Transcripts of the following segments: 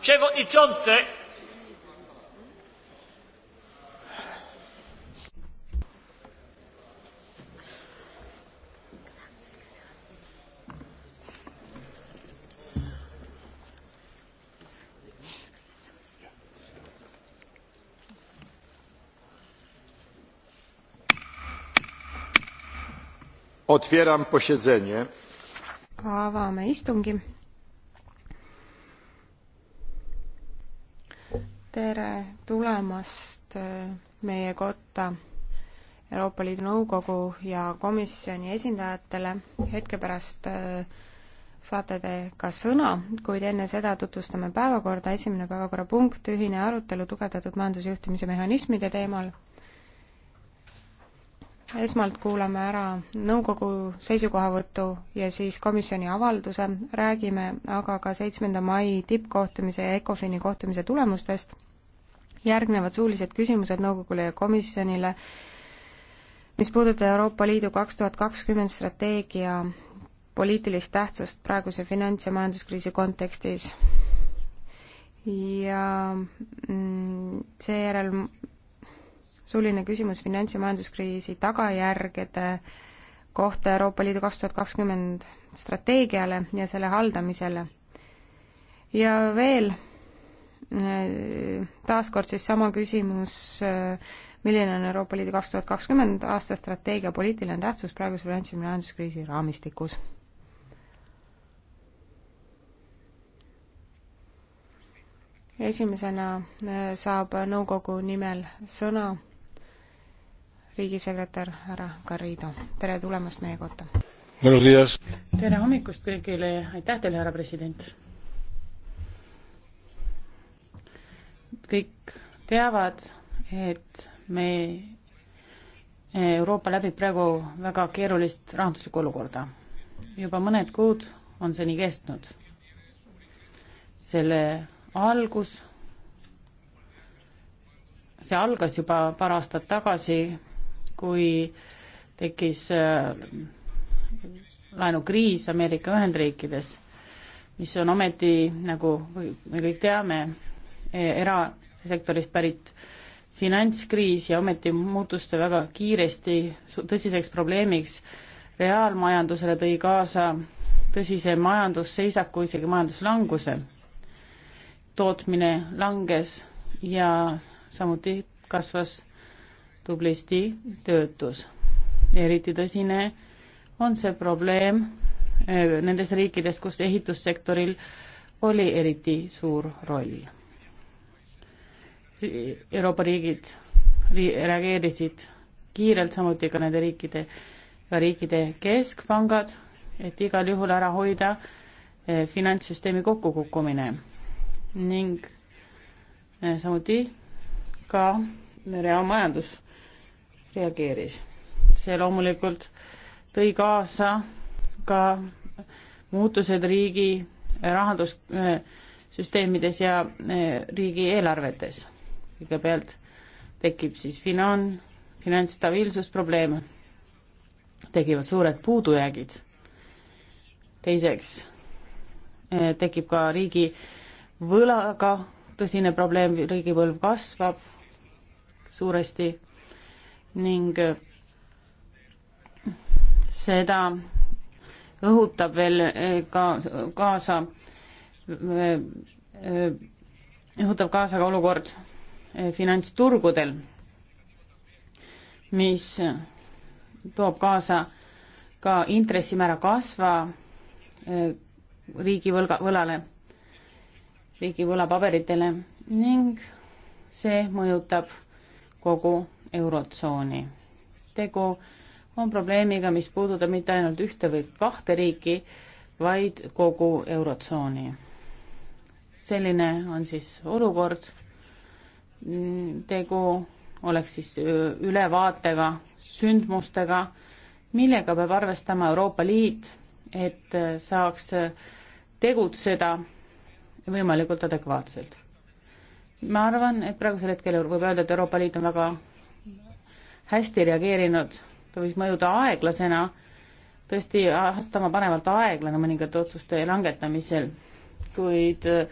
Przewodniczący! Otwieram posiedzenie. Avame istungi. tulemast äh, meie kotta Euroopa Liidu Nõukogu ja komisjoni esindajatele. hetke pärast äh, saate te ka sõna, kuid enne seda tutvustame päevakorda. esimene päevakorrapunkt, ühine arutelu tugevdatud majandusjuhtimise mehhanismide teemal. esmalt kuulame ära nõukogu seisukohavõtu ja siis komisjoni avalduse, räägime aga ka seitsmenda mai tippkohtumise ja ECOFIN-i kohtumise tulemustest järgnevad suulised küsimused nõukogule ja komisjonile, mis puudutab Euroopa Liidu kaks tuhat kakskümmend strateegia poliitilist tähtsust praeguse finants- ja majanduskriisi kontekstis. ja mm, seejärel suuline küsimus finants- ja majanduskriisi tagajärgede kohta Euroopa Liidu kaks tuhat kakskümmend strateegiale ja selle haldamisele. ja veel Äh, taaskord siis sama küsimus, äh, milline on Euroopa Liidu kaks tuhat kakskümmend aasta strateegia poliitiline tähtsus praeguse finants- ja majanduskriisi raamistikus? esimesena äh, saab nõukogu nimel sõna riigisekretär härra Garrido, tere tulemast meie kotta! tere hommikust kõigile, aitäh teile, härra president! kõik teavad, et me, Euroopa läbib praegu väga keerulist rahanduslikku olukorda. juba mõned kuud on see nii kestnud. selle algus, see algas juba paar aastat tagasi, kui tekkis äh, laenukriis Ameerika Ühendriikides, mis on ometi, nagu me kõik teame, E, erasektorist pärit finantskriis ja ometi muutus see väga kiiresti tõsiseks probleemiks reaalmajandusele, tõi kaasa tõsise majandusseisaku, isegi majanduslanguse. tootmine langes ja samuti kasvas tublisti töötus. eriti tõsine on see probleem e, nendes riikides, kus ehitussektoril oli eriti suur roll Euroopa riigid reageerisid kiirelt, samuti ka nende riikide, ka riikide keskpangad, et igal juhul ära hoida eh, finantssüsteemi kokkukukkumine ning eh, samuti ka reaalmajandus reageeris. see loomulikult tõi kaasa ka muutused riigi rahandussüsteemides ja eh, riigieelarvetes kõigepealt tekib siis finan-, finantsstabiilsusprobleem, tekivad suured puudujäägid. teiseks eh, tekib ka riigi võlaga tõsine probleem, riigivõlv kasvab suuresti ning eh, seda õhutab veel eh, ka kaasa, õhutab kaasa ka olukord, Eh, finantsturgudel, mis toob kaasa ka intressimäära kasva eh, riigivõlga, võlale, riigivõlapaberitele ning see mõjutab kogu Eurotsooni. tegu on probleemiga, mis puudutab mitte ainult ühte või kahte riiki, vaid kogu Eurotsooni. selline on siis olukord tegu oleks siis ülevaatega, sündmustega, millega peab arvestama Euroopa Liit, et saaks tegutseda võimalikult adekvaatselt. ma arvan, et praegusel hetkel võib öelda, et Euroopa Liit on väga hästi reageerinud, ta võis mõjuda aeglasena, tõesti astuma panevalt aeglane mõningate otsuste langetamisel, kuid äh,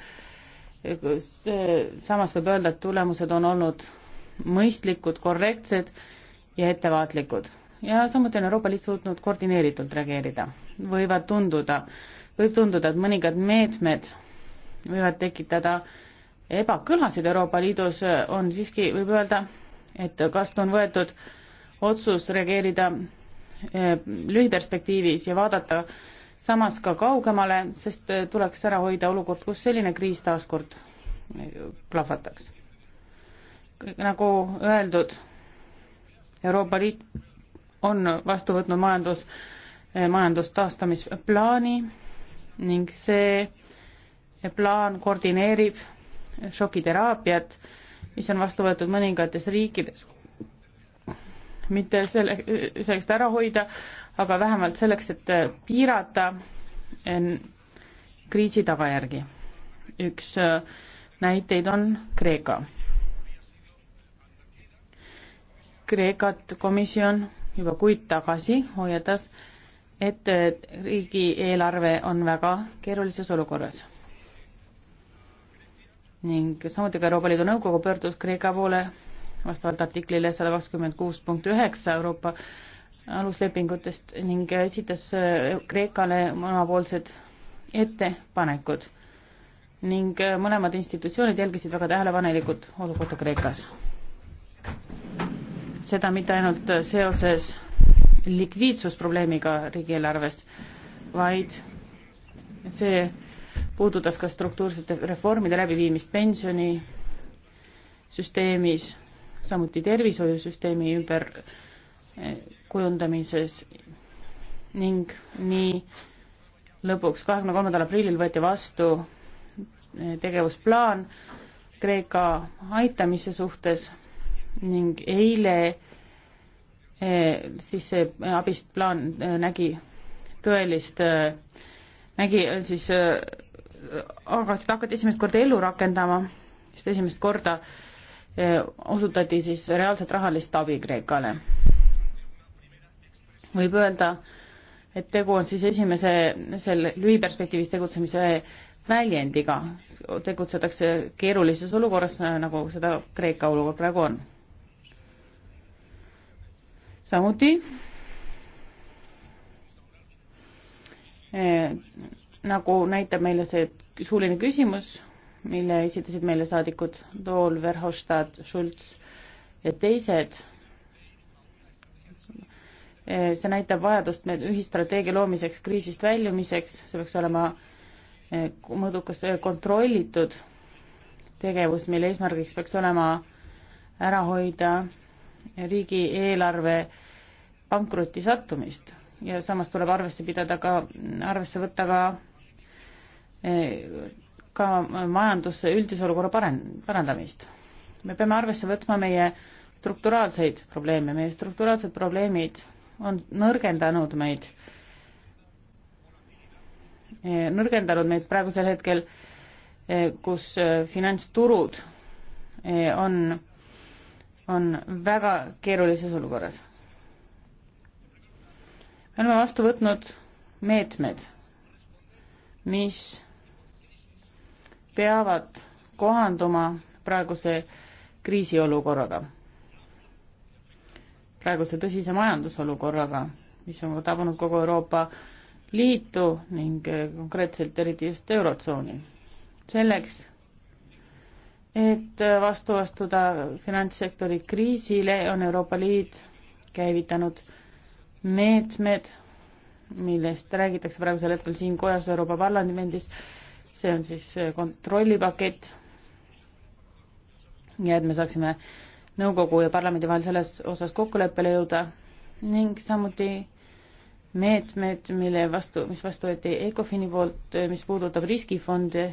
samas võib öelda, et tulemused on olnud mõistlikud, korrektsed ja ettevaatlikud ja samuti on Euroopa Liit suutnud koordineeritult reageerida. võivad tunduda, võib tunduda, et mõningad meetmed võivad tekitada ebakõlasid Euroopa Liidus, on siiski, võib öelda, et kas on võetud otsus reageerida eh, lühiperspektiivis ja vaadata, samas ka kaugemale, sest äh, tuleks ära hoida olukord, kus selline kriis taaskord äh, plahvataks. nagu öeldud, Euroopa Liit on vastu võtnud majandus, äh, majandustaastamisplaani ning see plaan koordineerib šokiteraapiat, mis on vastu võetud mõningates riikides mitte selle, selleks ära hoida, aga vähemalt selleks, et äh, piirata kriisi tagajärgi. üks äh, näiteid on Kreeka. Kreekat komisjon juba kuid tagasi hoiatas, et äh, riigieelarve on väga keerulises olukorras. ning samuti ka Euroopa Liidu Nõukogu pöördus Kreeka poole vastavalt artiklile sada kakskümmend kuus punkt üheksa Euroopa aluslepingutest ning esitas äh, Kreekale omapoolsed ettepanekud ning äh, mõlemad institutsioonid jälgisid väga tähelepanelikult olukorda Kreekas. seda mitte ainult äh, seoses likviidsusprobleemiga riigieelarves, vaid see puudutas ka struktuursete reformide läbiviimist pensionisüsteemis samuti tervishoiusüsteemi ümber eh, kujundamises ning nii lõpuks kahekümne kolmandal aprillil võeti vastu eh, tegevusplaan Kreeka aitamise suhtes ning eile eh, siis see abist plaan nägi tõelist, nägi siis, aga seda hakati esimest korda ellu rakendama, sest esimest korda äh, osutati siis reaalset rahalist abi Kreekale. võib öelda, et tegu on siis esimese selle lühiperspektiivis tegutsemise väljendiga, tegutsetakse keerulises olukorras, nagu seda Kreeka olukord praegu on. samuti eh, nagu näitab meile see suuline küsimus mille esitasid meile saadikud Tool, Verhofstadt, Schulz ja teised. see näitab vajadust meil ühistrateegia loomiseks kriisist väljumiseks, see peaks olema eh, mõõdukas eh, kontrollitud tegevus, mille eesmärgiks peaks olema ära hoida riigieelarve pankrotti sattumist ja samas tuleb arvesse pidada ka, arvesse võtta ka eh, ka majanduse üldise olukorra paren-, parandamist. me peame arvesse võtma meie strukturaalseid probleeme, meie strukturaalsed probleemid on nõrgendanud meid, e, nõrgendanud meid praegusel hetkel, e, kus e, finantsturud on, on väga keerulises olukorras. me oleme vastu võtnud meetmed, mis peavad kohanduma praeguse kriisiolukorraga, praeguse tõsise majandusolukorraga, mis on tabanud kogu Euroopa Liitu ning konkreetselt eriti just Eurotsooni. selleks, et vastu astuda finantssektori kriisile, on Euroopa Liit käivitanud meetmed, millest räägitakse praegusel hetkel siin kojas Euroopa Parlamendis, see on siis äh, kontrollipakett. ja et me saaksime nõukogu ja parlamendi vahel selles osas kokkuleppele jõuda ning samuti meetmed, mille vastu, mis vastu võeti ECOFIN-i poolt, äh, mis puudutab riskifonde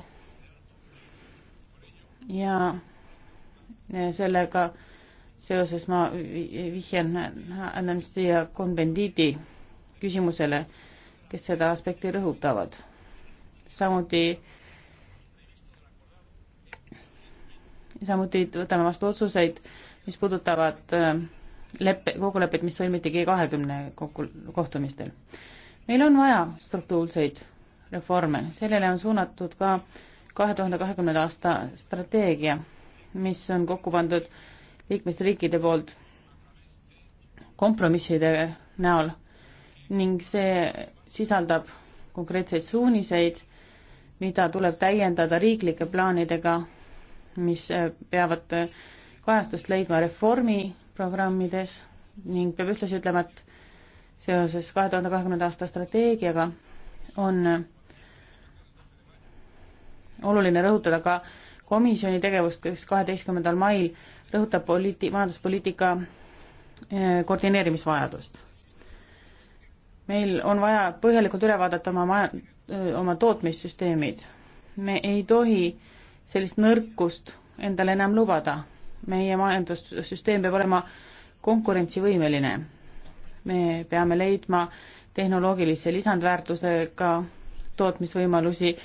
ja äh, sellega seoses ma vihjan Amnesty ja Convenditi küsimusele, kes seda aspekti rõhutavad samuti samuti võtame vastu otsuseid, mis puudutavad äh, leppe, kokkuleppeid, mis sõlmiti G kahekümne kokku, kohtumistel. meil on vaja struktuurseid reforme, sellele on suunatud ka kahe tuhande kahekümnenda aasta strateegia, mis on kokku pandud liikmesriikide poolt kompromisside näol ning see sisaldab konkreetseid suuniseid mida tuleb täiendada riiklike plaanidega, mis äh, peavad äh, kajastust leidma reformiprogrammides ning peab ühtlasi ütlema, et seoses kahe tuhande kahekümnenda aasta strateegiaga on äh, oluline rõhutada ka komisjoni tegevust, kes kaheteistkümnendal mail rõhutab poliiti-, majanduspoliitika koordineerimisvajadust. meil on vaja põhjalikult üle vaadata oma maja-, oma tootmissüsteemid. me ei tohi sellist nõrkust endale enam lubada. meie majandussüsteem peab olema konkurentsivõimeline. me peame leidma tehnoloogilise lisandväärtusega tootmisvõimalusi,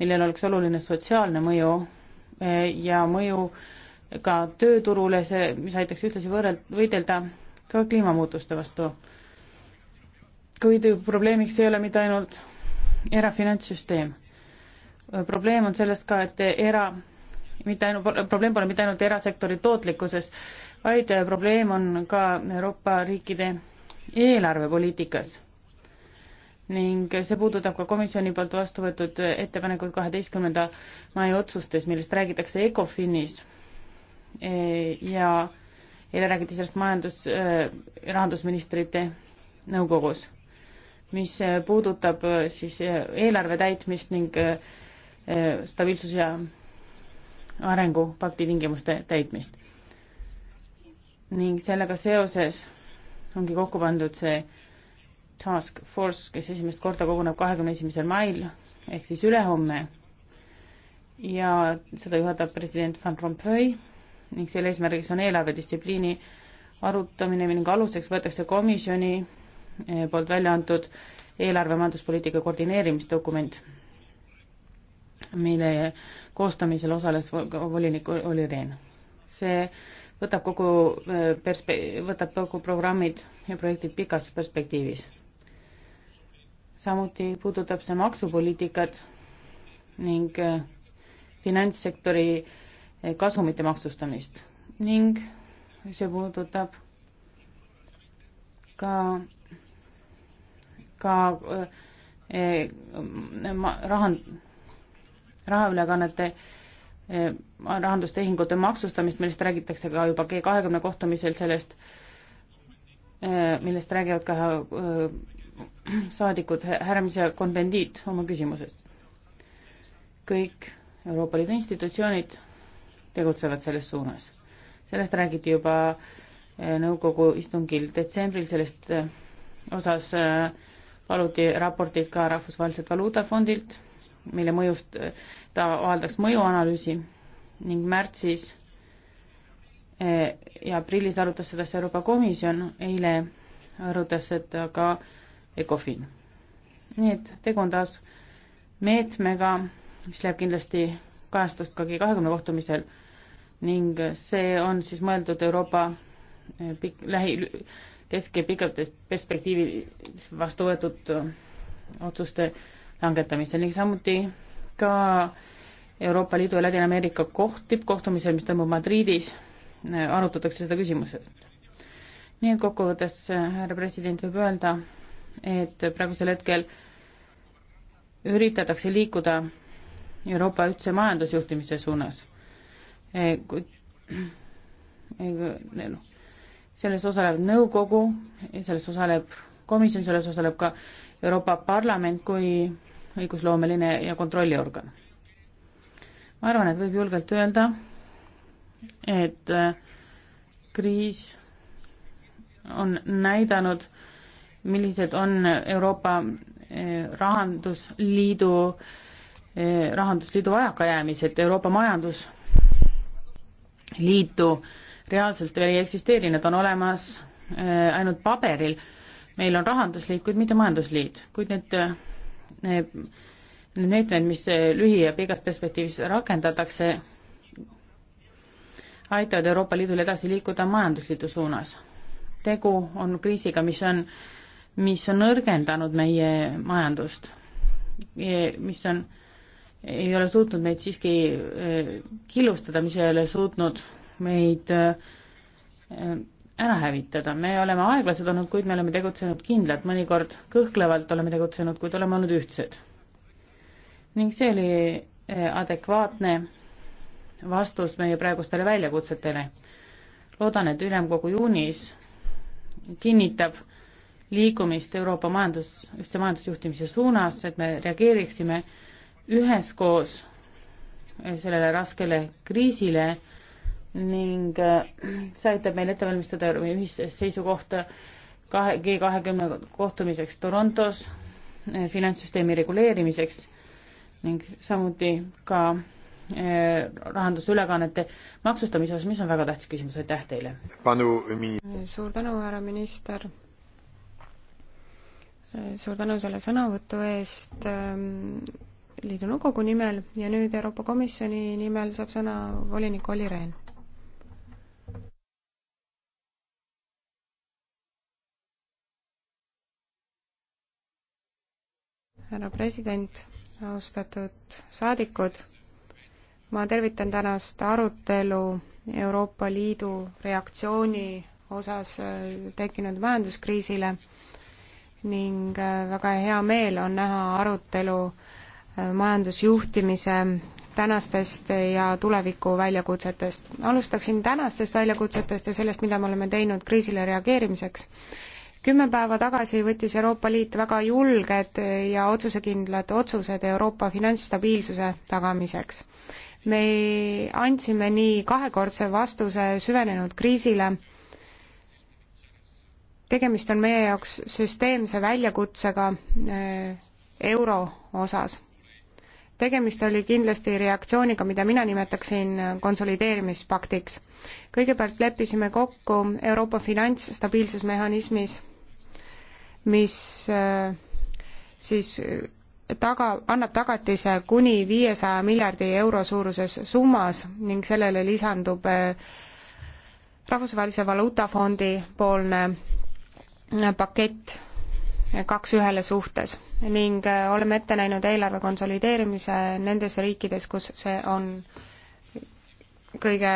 millel oleks oluline sotsiaalne mõju ja mõju ka tööturule, see, mis aitaks ühtlasi võrreld-, võidelda ka kliimamuutuste vastu. kuid probleemiks ei ole mitte ainult erafinantssüsteem. probleem on selles ka, et era, mitte ainult, probleem pole mitte ainult erasektori tootlikkuses, vaid probleem on ka Euroopa riikide eelarvepoliitikas. ning see puudutab ka komisjoni poolt vastu võetud ettepanekut kaheteistkümnenda mai otsustes, millest räägitakse ECOFINis e, ja eile räägiti sellest majandus- äh,, rahandusministrite nõukogus mis äh, puudutab äh, siis äh, eelarve täitmist ning stabiilsus- ja arengupakti tingimuste täitmist. ning sellega seoses ongi kokku pandud see task force, kes esimest korda koguneb kahekümne esimesel mail ehk siis ülehomme ja seda juhatab president Van Rompuy ning selle eesmärgiks on eelarvedistsipliini arutamine, mille aluseks võetakse komisjoni Eh, poolt välja antud eelarve majanduspoliitika koordineerimisdokument, mille koostamisel osales volinik Olli Rehn. see võtab kogu eh, perspe-, võtab kogu programmid ja projektid pikas perspektiivis. samuti puudutab see maksupoliitikat ning eh, finantssektori kasumite maksustamist ning see puudutab ka ka eh, eh rahan-, rahaülekannete eh, rahandustehingute maksustamist, millest räägitakse ka juba G kahekümne kohtumisel, sellest eh,, millest räägivad ka eh, saadikud Härms ja Konvendiit oma küsimusest. kõik Euroopa Liidu institutsioonid tegutsevad selles suunas. sellest räägiti juba eh, nõukogu istungil detsembris, sellest osas äh, paluti raportit ka Rahvusvaheliselt Valuutafondilt, mille mõjust ta avaldaks mõjuanalüüsi ning märtsis eh, ja aprillis arutas seda siis Euroopa Komisjon, eile arutas seda ka ECOFIN. nii et tegu on taas meetmega, mis läheb kindlasti kajastust ka G20 kohtumisel ning see on siis mõeldud Euroopa eh, pikk, lähi, kesk- ja pikalt perspektiivis vastu võetud otsuste langetamisel ning samuti ka Euroopa Liidu ja Ladina-Ameerika koht, tippkohtumisel, mis toimub Madridis, arutatakse seda küsimust. nii et kokkuvõttes, härra president, võib öelda, et praegusel hetkel üritatakse liikuda Euroopa ühtse majandusjuhtimise suunas. kuid noh, selles osaleb nõukogu, selles osaleb komisjon, selles osaleb ka Euroopa Parlament kui õigusloomeline ja kontrolliorgan. ma arvan, et võib julgelt öelda, et äh, kriis on näidanud, millised on Euroopa äh, rahandusliidu, äh, rahandusliidu vajakajäämised, Euroopa majandusliitu reaalselt veel ei eksisteeri, need on olemas äh, ainult paberil. meil on rahandusliit, kuid mitte majandusliit, kuid need, äh, need meetmed, mis äh, lühi- ja pikas perspektiivis rakendatakse, aitavad Euroopa Liidul edasi liikuda majandusliidu suunas. tegu on kriisiga, mis on, mis on nõrgendanud meie majandust, mis on, ei ole suutnud meid siiski killustada, mis ei ole suutnud meid äh, ära hävitada, me oleme aeglased olnud, kuid me oleme tegutsenud kindlalt, mõnikord kõhklevalt oleme tegutsenud, kuid oleme olnud ühtsed. ning see oli äh, adekvaatne vastus meie praegustele väljakutsetele. loodan, et ülemkogu juunis kinnitab liikumist Euroopa majandus, ühtse majandusjuhtimise suunas, et me reageeriksime üheskoos sellele raskele kriisile ning äh, see aitab meil ette valmistada ühisseisukohta kahe, G kahekümne kohtumiseks Torontos äh, finantssüsteemi reguleerimiseks ning samuti ka äh, rahandusülekannete maksustamise osas, mis on väga tähtis küsimus, aitäh teile! suur tänu, härra minister! suur tänu selle sõnavõtu eest ähm, liidu nõukogu nimel ja nüüd Euroopa Komisjoni nimel saab sõna volinik Olli Rehn härra president, austatud saadikud, ma tervitan tänast arutelu Euroopa Liidu reaktsiooni osas äh, tekkinud majanduskriisile ning äh, väga hea meel on näha arutelu äh, majandusjuhtimise tänastest ja tuleviku väljakutsetest. alustaksin tänastest väljakutsetest ja sellest, mida me oleme teinud kriisile reageerimiseks kümme päeva tagasi võttis Euroopa Liit väga julged ja otsusekindlad otsused Euroopa finantsstabiilsuse tagamiseks. me andsime nii kahekordse vastuse süvenenud kriisile, tegemist on meie jaoks süsteemse väljakutsega eh, euro osas tegemist oli kindlasti reaktsiooniga, mida mina nimetaksin konsolideerimispaktiks. kõigepealt leppisime kokku Euroopa finantsstabiilsusmehhanismis, mis äh, siis äh, taga, annab tagatise kuni viiesaja miljardi euro suuruses summas ning sellele lisandub äh, rahvusvahelise valuutafondi poolne pakett kaks ühele suhtes ning äh, oleme ette näinud eelarve konsolideerimise nendes riikides, kus see on kõige,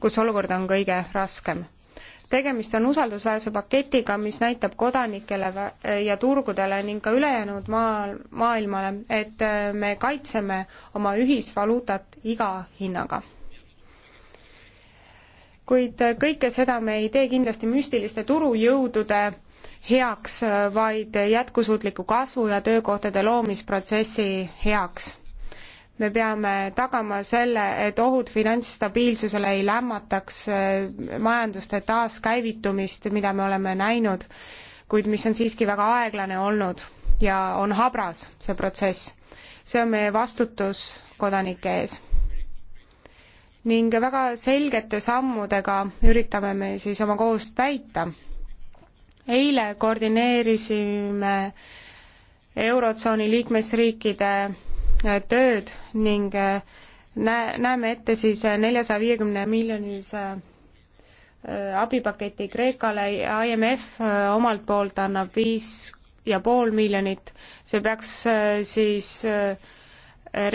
kus olukord on kõige raskem. tegemist on usaldusväärse paketiga, mis näitab kodanikele ja turgudele ning ka ülejäänud maa, maailmale, et äh, me kaitseme oma ühisvaluutat iga hinnaga kuid äh, kõike seda me ei tee kindlasti müstiliste turujõudude heaks, äh, vaid jätkusuutliku kasvu ja töökohtade loomisprotsessi heaks. me peame tagama selle, et ohud finantsstabiilsusele ei lämmataks äh, majanduste taaskäivitumist, mida me oleme näinud, kuid mis on siiski väga aeglane olnud ja on habras, see protsess. see on meie vastutus kodanike ees ning väga selgete sammudega üritame me siis oma kohust täita eile koordineerisime Eurotsooni liikmesriikide äh, tööd ning äh, näeme ette siis äh, neljasaja viiekümne miljonilise abipaketi Kreekale ja IMF omalt poolt annab viis ja pool miljonit, see peaks siis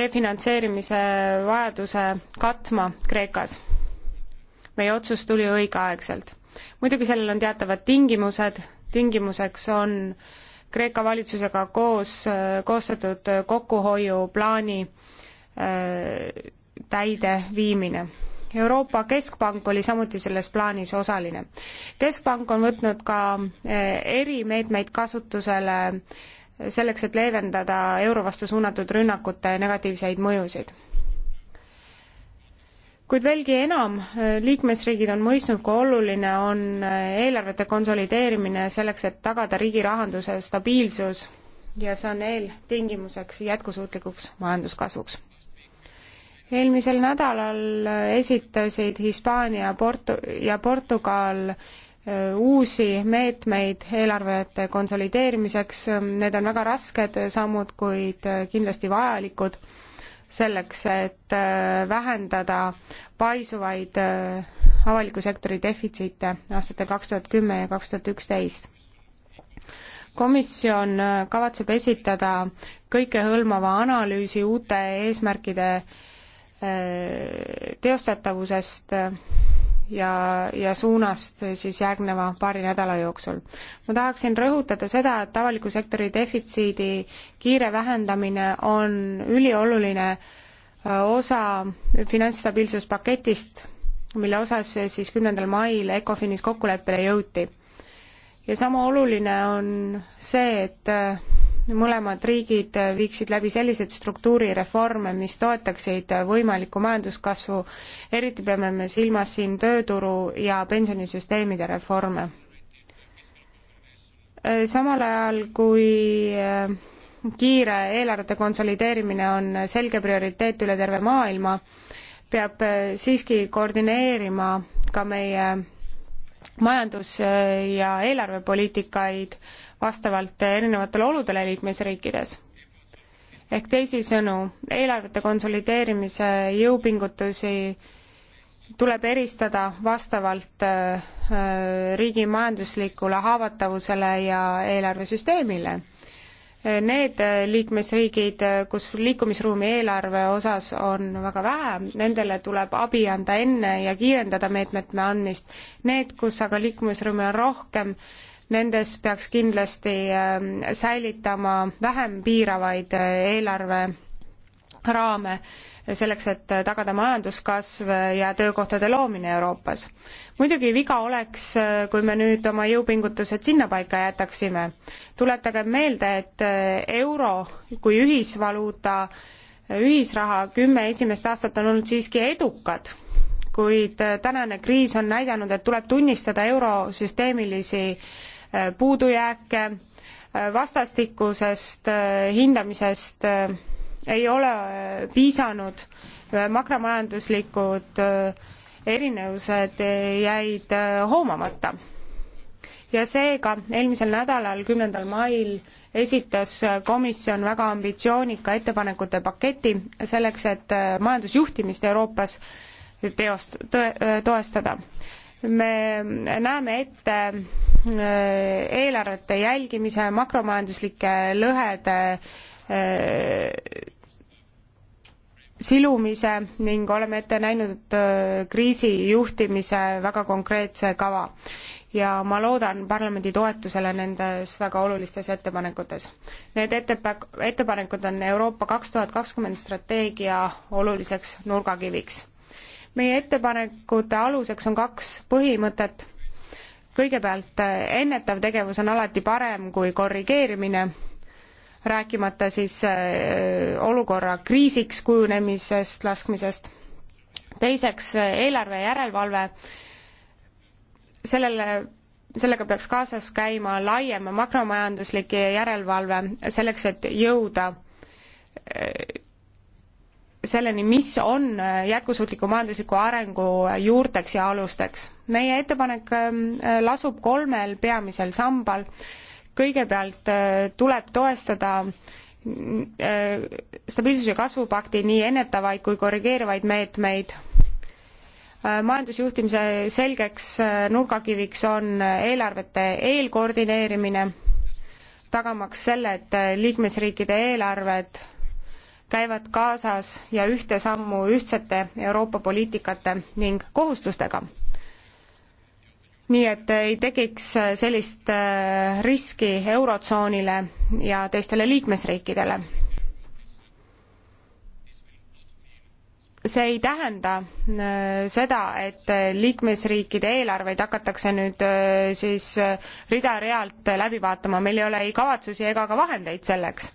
refinantseerimise vajaduse katma Kreekas. meie otsus tuli õigeaegselt muidugi sellel on teatavad tingimused, tingimuseks on Kreeka valitsusega koos äh, koostatud kokkuhoiuplaani äh, täideviimine. Euroopa Keskpank oli samuti selles plaanis osaline. keskpank on võtnud ka äh, erimeetmeid kasutusele selleks, et leevendada euro vastu suunatud rünnakute negatiivseid mõjusid kuid veelgi enam, äh, liikmesriigid on mõistnud, kui oluline on äh, eelarvete konsolideerimine selleks, et tagada riigi rahanduse stabiilsus ja see on eeltingimuseks jätkusuutlikuks majanduskasvuks. eelmisel nädalal äh, esitasid Hispaania Portu- ja Portugal uusi meetmeid eelarvete konsolideerimiseks, need on väga rasked sammud, kuid kindlasti vajalikud selleks, et äh, vähendada paisuvaid äh, avaliku sektori defitsiite aastatel kaks tuhat kümme ja kaks tuhat üksteist. komisjon äh, kavatseb esitada kõikehõlmava analüüsi uute eesmärkide teostatavusest ja, ja suunast siis järgneva paari nädala jooksul. ma tahaksin rõhutada seda, et avaliku sektori defitsiidi kiire vähendamine on ülioluline äh, osa finantsstabiilsuspaketist, mille osas siis kümnendal mail ECOFINis kokkuleppele jõuti. ja sama oluline on see, et äh, mõlemad riigid viiksid läbi selliseid struktuurireforme, mis toetaksid võimalikku majanduskasvu, eriti peame me silmas siin tööturu ja pensionisüsteemide reforme. samal ajal, kui eh, kiire eelarvete konsolideerimine on selge prioriteet üle terve maailma, peab eh, siiski koordineerima ka meie majandus- ja eelarvepoliitikaid vastavalt erinevatele oludele liikmesriikides. ehk teisisõnu, eelarvete konsolideerimise jõupingutusi tuleb eristada vastavalt äh, äh, riigi majanduslikule haavatavusele ja eelarvesüsteemile need liikmesriigid, kus liikumisruumi eelarve osas on väga vähe, nendele tuleb abi anda enne ja kiirendada meetmete andmist. Need, kus aga liikumisruumi on rohkem, nendes peaks kindlasti ähm, säilitama vähem piiravaid äh, eelarveraame selleks, et tagada majanduskasv ja töökohtade loomine Euroopas. muidugi viga oleks, kui me nüüd oma jõupingutused sinnapaika jätaksime. tuletagem meelde, et euro kui ühisvaluuta, ühisraha kümme esimest aastat on olnud siiski edukad, kuid tänane kriis on näidanud, et tuleb tunnistada eurosüsteemilisi äh, puudujääke, äh, vastastikusest äh, hindamisest ei ole äh, piisanud, äh, makromajanduslikud äh, erinevused jäid hoomamata. ja seega eelmisel nädalal, kümnendal mail esitas komisjon väga ambitsioonika ettepanekute paketi selleks, et majandusjuhtimist Euroopas teost-, toestada me näeme ette eelarvete jälgimise, makromajanduslike lõhede silumise ning oleme ette näinud äh, kriisi juhtimise väga konkreetse kava ja ma loodan parlamendi toetusele nendes väga olulistes ettepanekutes. Need ettepa-, ettepanekud on Euroopa kaks tuhat kakskümmend strateegia oluliseks nurgakiviks. meie ettepanekute aluseks on kaks põhimõtet. kõigepealt, äh, ennetav tegevus on alati parem kui korrigeerimine rääkimata siis äh, olukorra kriisiks kujunemisest, laskmisest. teiseks, eelarve järelevalve, sellele sellega peaks kaasas käima laiem makromajanduslik järelevalve selleks, et jõuda äh, selleni, mis on jätkusuutliku majandusliku arengu juurteks ja alusteks. meie ettepanek ähm, äh, lasub kolmel peamisel sambal kõigepealt äh, tuleb toestada äh, stabiilsuse kasvupakti nii ennetavaid kui korrigeerivaid meetmeid. Äh, majandusjuhtimise selgeks nurgakiviks on eelarvete eelkoordineerimine, tagamaks selle, et liikmesriikide eelarved käivad kaasas ja ühte sammu ühtsete Euroopa poliitikate ning kohustustega nii et ei tekiks sellist äh, riski Eurotsoonile ja teistele liikmesriikidele. see ei tähenda äh, seda, et liikmesriikide eelarveid hakatakse nüüd äh, siis rida-realt läbi vaatama, meil ei ole ei kavatsusi ega ka vahendeid selleks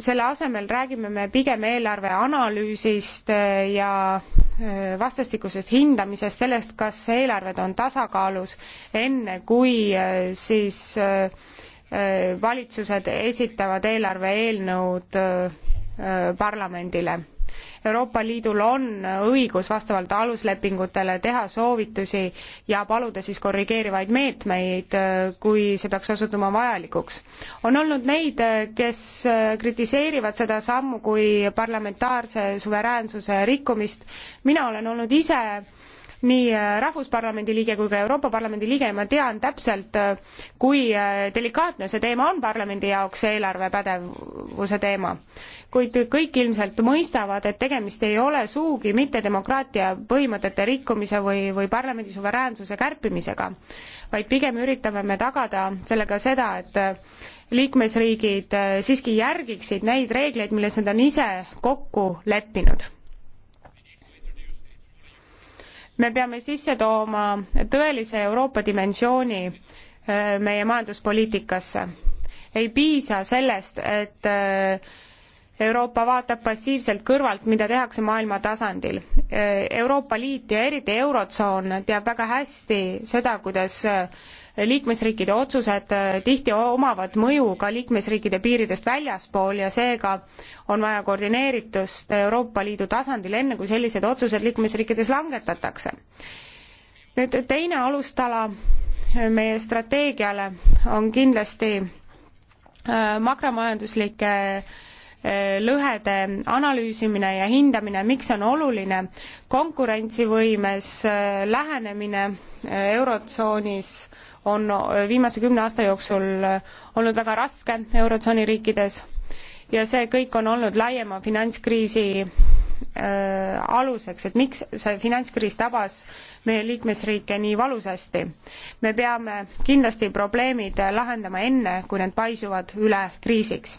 selle asemel räägime me pigem eelarve analüüsist äh, ja äh, vastastikusest hindamisest, sellest, kas eelarved on tasakaalus, enne kui äh, siis valitsused esitavad eelarve eelnõud parlamendile Euroopa Liidul on õigus vastavalt aluslepingutele teha soovitusi ja paluda siis korrigeerivaid meetmeid, äh, kui see peaks osutuma vajalikuks. on olnud neid, äh, kes äh, kritiseerivad seda sammu kui parlamentaarse suveräänsuse rikkumist, mina olen olnud ise nii äh, Rahvusparlamendi liige kui ka Euroopa Parlamendi liige ja ma tean täpselt, äh, kui äh, delikaatne see teema on parlamendi jaoks, see eelarvepädevuse teema. kuid kõik ilmselt mõistavad, et tegemist ei ole sugugi mitte demokraatia põhimõtete rikkumise või, või parlamendi suveräänsuse kärpimisega, vaid pigem üritame me tagada sellega seda, et liikmesriigid siiski järgiksid neid reegleid, milles nad on ise kokku leppinud me peame sisse tooma tõelise Euroopa dimensiooni äh, meie majanduspoliitikasse. ei piisa sellest, et äh, Euroopa vaatab passiivselt kõrvalt, mida tehakse maailma tasandil. Äh, Euroopa Liit ja eriti Eurotsoon teab väga hästi seda, kuidas liikmesriikide otsused äh, tihti omavad mõju ka liikmesriikide piiridest väljaspool ja seega on vaja koordineeritust Euroopa Liidu tasandil, enne kui sellised otsused liikmesriikides langetatakse. nüüd teine alustala meie strateegiale on kindlasti äh, makromajanduslike äh, lõhede analüüsimine ja hindamine, miks on oluline, konkurentsivõimes lähenemine Eurotsoonis on viimase kümne aasta jooksul olnud väga raske Eurotsooni riikides ja see kõik on olnud laiema finantskriisi äh, aluseks, et miks see finantskriis tabas meie liikmesriike nii valusasti. me peame kindlasti probleemid lahendama enne, kui need paisuvad üle kriisiks.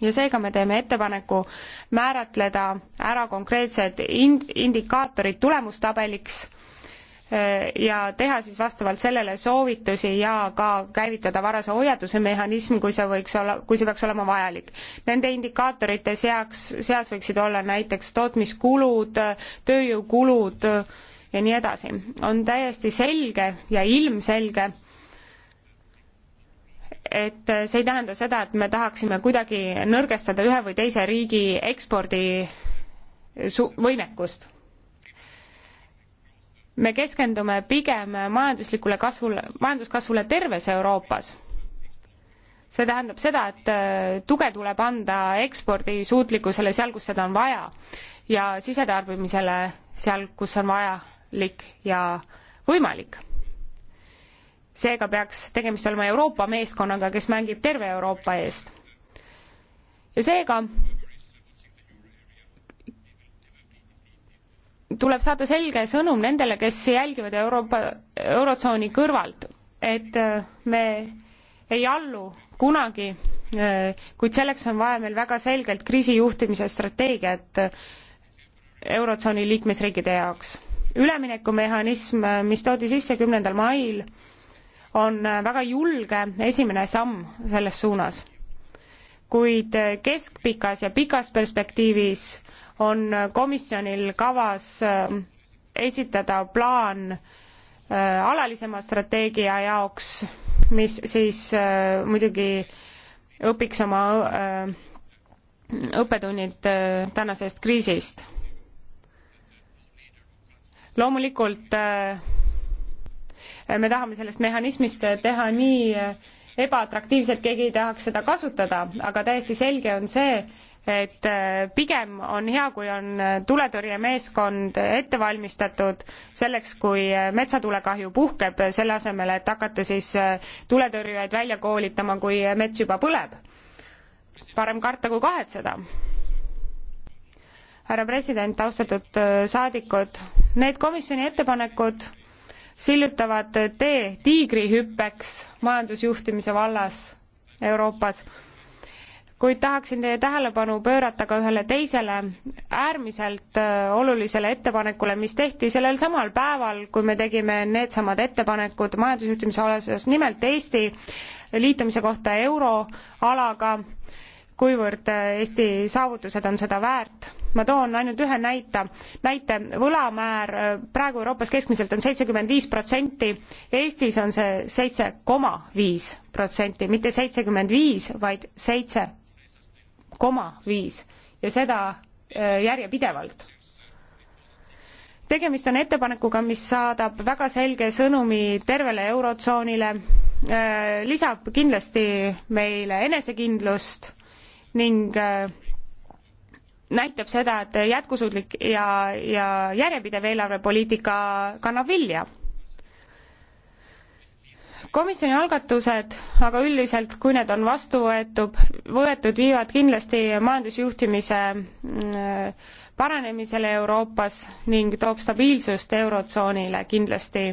ja seega me teeme ettepaneku määratleda ära konkreetsed ind-, indikaatorid tulemustabeliks ja teha siis vastavalt sellele soovitusi ja ka käivitada varase hoiatuse mehhanism, kui see võiks olla, kui see peaks olema vajalik. Nende indikaatorite seaks, seas võiksid olla näiteks tootmiskulud, tööjõukulud ja nii edasi. on täiesti selge ja ilmselge, et see ei tähenda seda, et me tahaksime kuidagi nõrgestada ühe või teise riigi ekspordi su-, võimekust me keskendume pigem majanduslikule kasvule, majanduskasvule terves Euroopas. see tähendab seda, et äh, tuge tuleb anda ekspordisuutlikkusele seal, kus seda on vaja ja sisetarbimisele seal, kus on vajalik ja võimalik. seega peaks tegemist olema Euroopa meeskonnaga, kes mängib terve Euroopa eest. ja seega tuleb saada selge sõnum nendele, kes jälgivad Euroopa, Eurotsooni kõrvalt, et äh, me ei allu kunagi, äh, kuid selleks on vaja meil väga selgelt kriisijuhtimise strateegiat äh, Eurotsooni liikmesriikide jaoks. üleminekumehhanism, mis toodi sisse kümnendal mail, on väga julge esimene samm selles suunas. kuid keskpikas ja pikas perspektiivis on komisjonil kavas äh, esitada plaan äh, alalisema strateegia jaoks, mis siis äh, muidugi õpiks oma õppetunnid tänasest kriisist. loomulikult me tahame sellest mehhanismist teha nii ebaatraktiivselt keegi ei tahaks seda kasutada, aga täiesti selge on see, et äh, pigem on hea, kui on äh, tuletõrjemeeskond ette valmistatud selleks, kui äh, metsatulekahju puhkeb, selle asemel, et hakata siis tuletõrjujaid välja koolitama, kui mets juba põleb. parem karta kui kahetseda. härra president, austatud saadikud, need komisjoni ettepanekud sillutavad tee tiigrihüppeks majandusjuhtimise vallas Euroopas kuid tahaksin teie tähelepanu pöörata ka ühele teisele äärmiselt äh, olulisele ettepanekule, mis tehti sellel samal päeval, kui me tegime needsamad ettepanekud majandusjuhtimise osas, nimelt Eesti liitumise kohta euroalaga, kuivõrd äh, Eesti saavutused on seda väärt ma toon ainult ühe näite, näite, võlamäär äh, praegu Euroopas keskmiselt on seitsekümmend viis protsenti, Eestis on see seitse koma viis protsenti, mitte seitsekümmend viis, vaid seitse koma viis ja seda äh, järjepidevalt. tegemist on ettepanekuga, mis saadab väga selge sõnumi tervele Eurotsoonile, äh, lisab kindlasti meile enesekindlust ning äh, näitab seda, et jätkusuutlik ja, ja järjepidev eelarvepoliitika kannab vilja komisjoni algatused aga üldiselt, kui need on vastu võetud, võetud, viivad kindlasti majandusjuhtimise mm, paranemisele Euroopas ning toob stabiilsust Eurotsoonile kindlasti.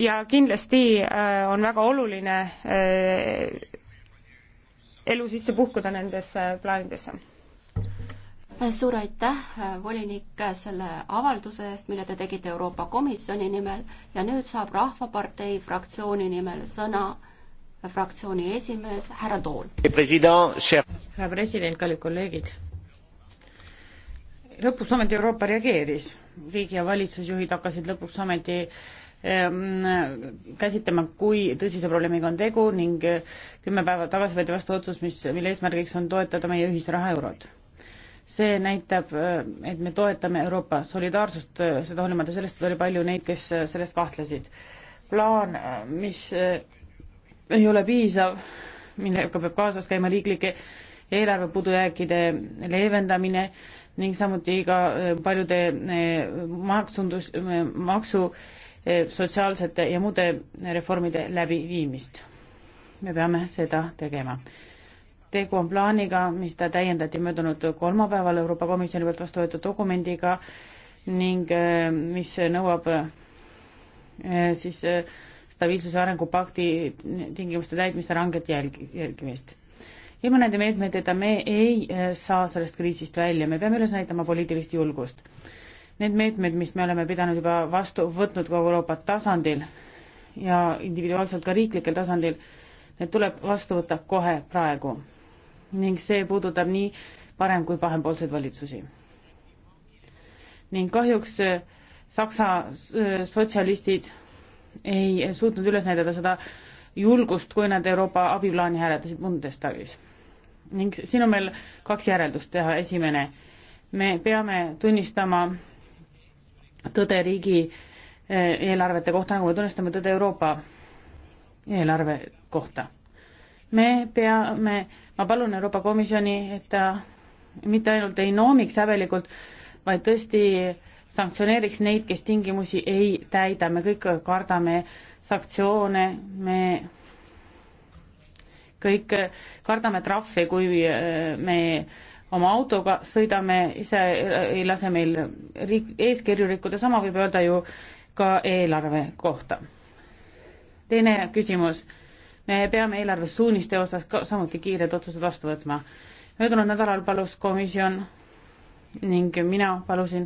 ja kindlasti äh, on väga oluline äh, elu sisse puhkuda nendesse plaanidesse suur aitäh, äh, volinik, selle avalduse eest, mille te tegite Euroopa Komisjoni nimel ja nüüd saab Rahvapartei fraktsiooni nimel sõna fraktsiooni esimees härra Tool. härra president, kallid kolleegid. lõpuks ometi Euroopa reageeris, riigi ja valitsusjuhid hakkasid lõpuks ometi ähm, käsitlema, kui tõsise probleemiga on tegu ning äh, kümme päeva tagasi võeti vastu otsus, mis, mille eesmärgiks on toetada meie ühisraha eurot see näitab, et me toetame Euroopa solidaarsust, seda hoolimata sellest, et oli palju neid, kes sellest kahtlesid. plaan, mis eh, ei ole piisav, millega peab kaasas käima riiklike eelarve pudujääkide leevendamine ning samuti ka eh, paljude eh, maksundus, maksu sotsiaalsete ja muude reformide läbiviimist. me peame seda tegema tegu on plaaniga, mis ta täiendati möödunud kolmapäeval Euroopa Komisjoni poolt vastu võetud dokumendiga ning äh, mis nõuab äh, siis äh, stabiilsuse arengupakti tingimuste täitmiste ranget jälg-, jälgimist. ilma nende meetmeteta me ei saa sellest kriisist välja, me peame üles näitama poliitilist julgust. Need meetmed, mis me oleme pidanud juba vastu võtnud kogu Euroopa tasandil ja individuaalselt ka riiklikul tasandil, need tuleb vastu võtta kohe praegu ning see puudutab nii parem- kui parempoolseid valitsusi. ning kahjuks äh, Saksa äh, sotsialistid ei suutnud üles näidata seda julgust, kui nad Euroopa abiplaani hääletasid Bundestagis. ning siin on meil kaks järeldust teha, esimene, me peame tunnistama tõde riigi äh, eelarvete kohta, nagu me tunnistame tõde Euroopa eelarve kohta me peame, ma palun Euroopa Komisjoni, et ta mitte ainult ei noomiks häbelikult, vaid tõesti sanktsioneeriks neid, kes tingimusi ei täida, me kõik kardame sanktsioone, me kõik kardame trahvi, kui äh, me oma autoga sõidame, ise ei lase meil riik, eeskirju rikkuda, sama võib öelda ju ka eelarve kohta. teine küsimus me peame eelarvesuuniste osas ka samuti kiired otsused vastu võtma. möödunud nädalal palus komisjon ning mina palusin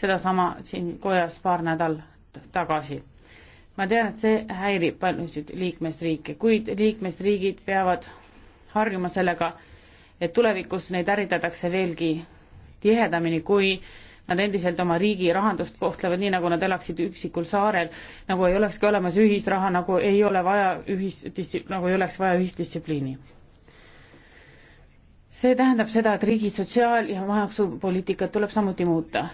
sedasama siin kojas paar nädalat tagasi. ma tean, et see häirib paljusid liikmesriike, kuid liikmesriigid peavad harjuma sellega, et tulevikus neid äritatakse veelgi tihedamini, kui nad endiselt oma riigi rahandust kohtlevad nii, nagu nad elaksid üksikul saarel, nagu ei olekski olemas ühisraha, nagu ei ole vaja ühisdistsipl-, nagu ei oleks vaja ühisdistsipliini. see tähendab seda, et riigi sotsiaal- ja maksupoliitikat tuleb samuti muuta.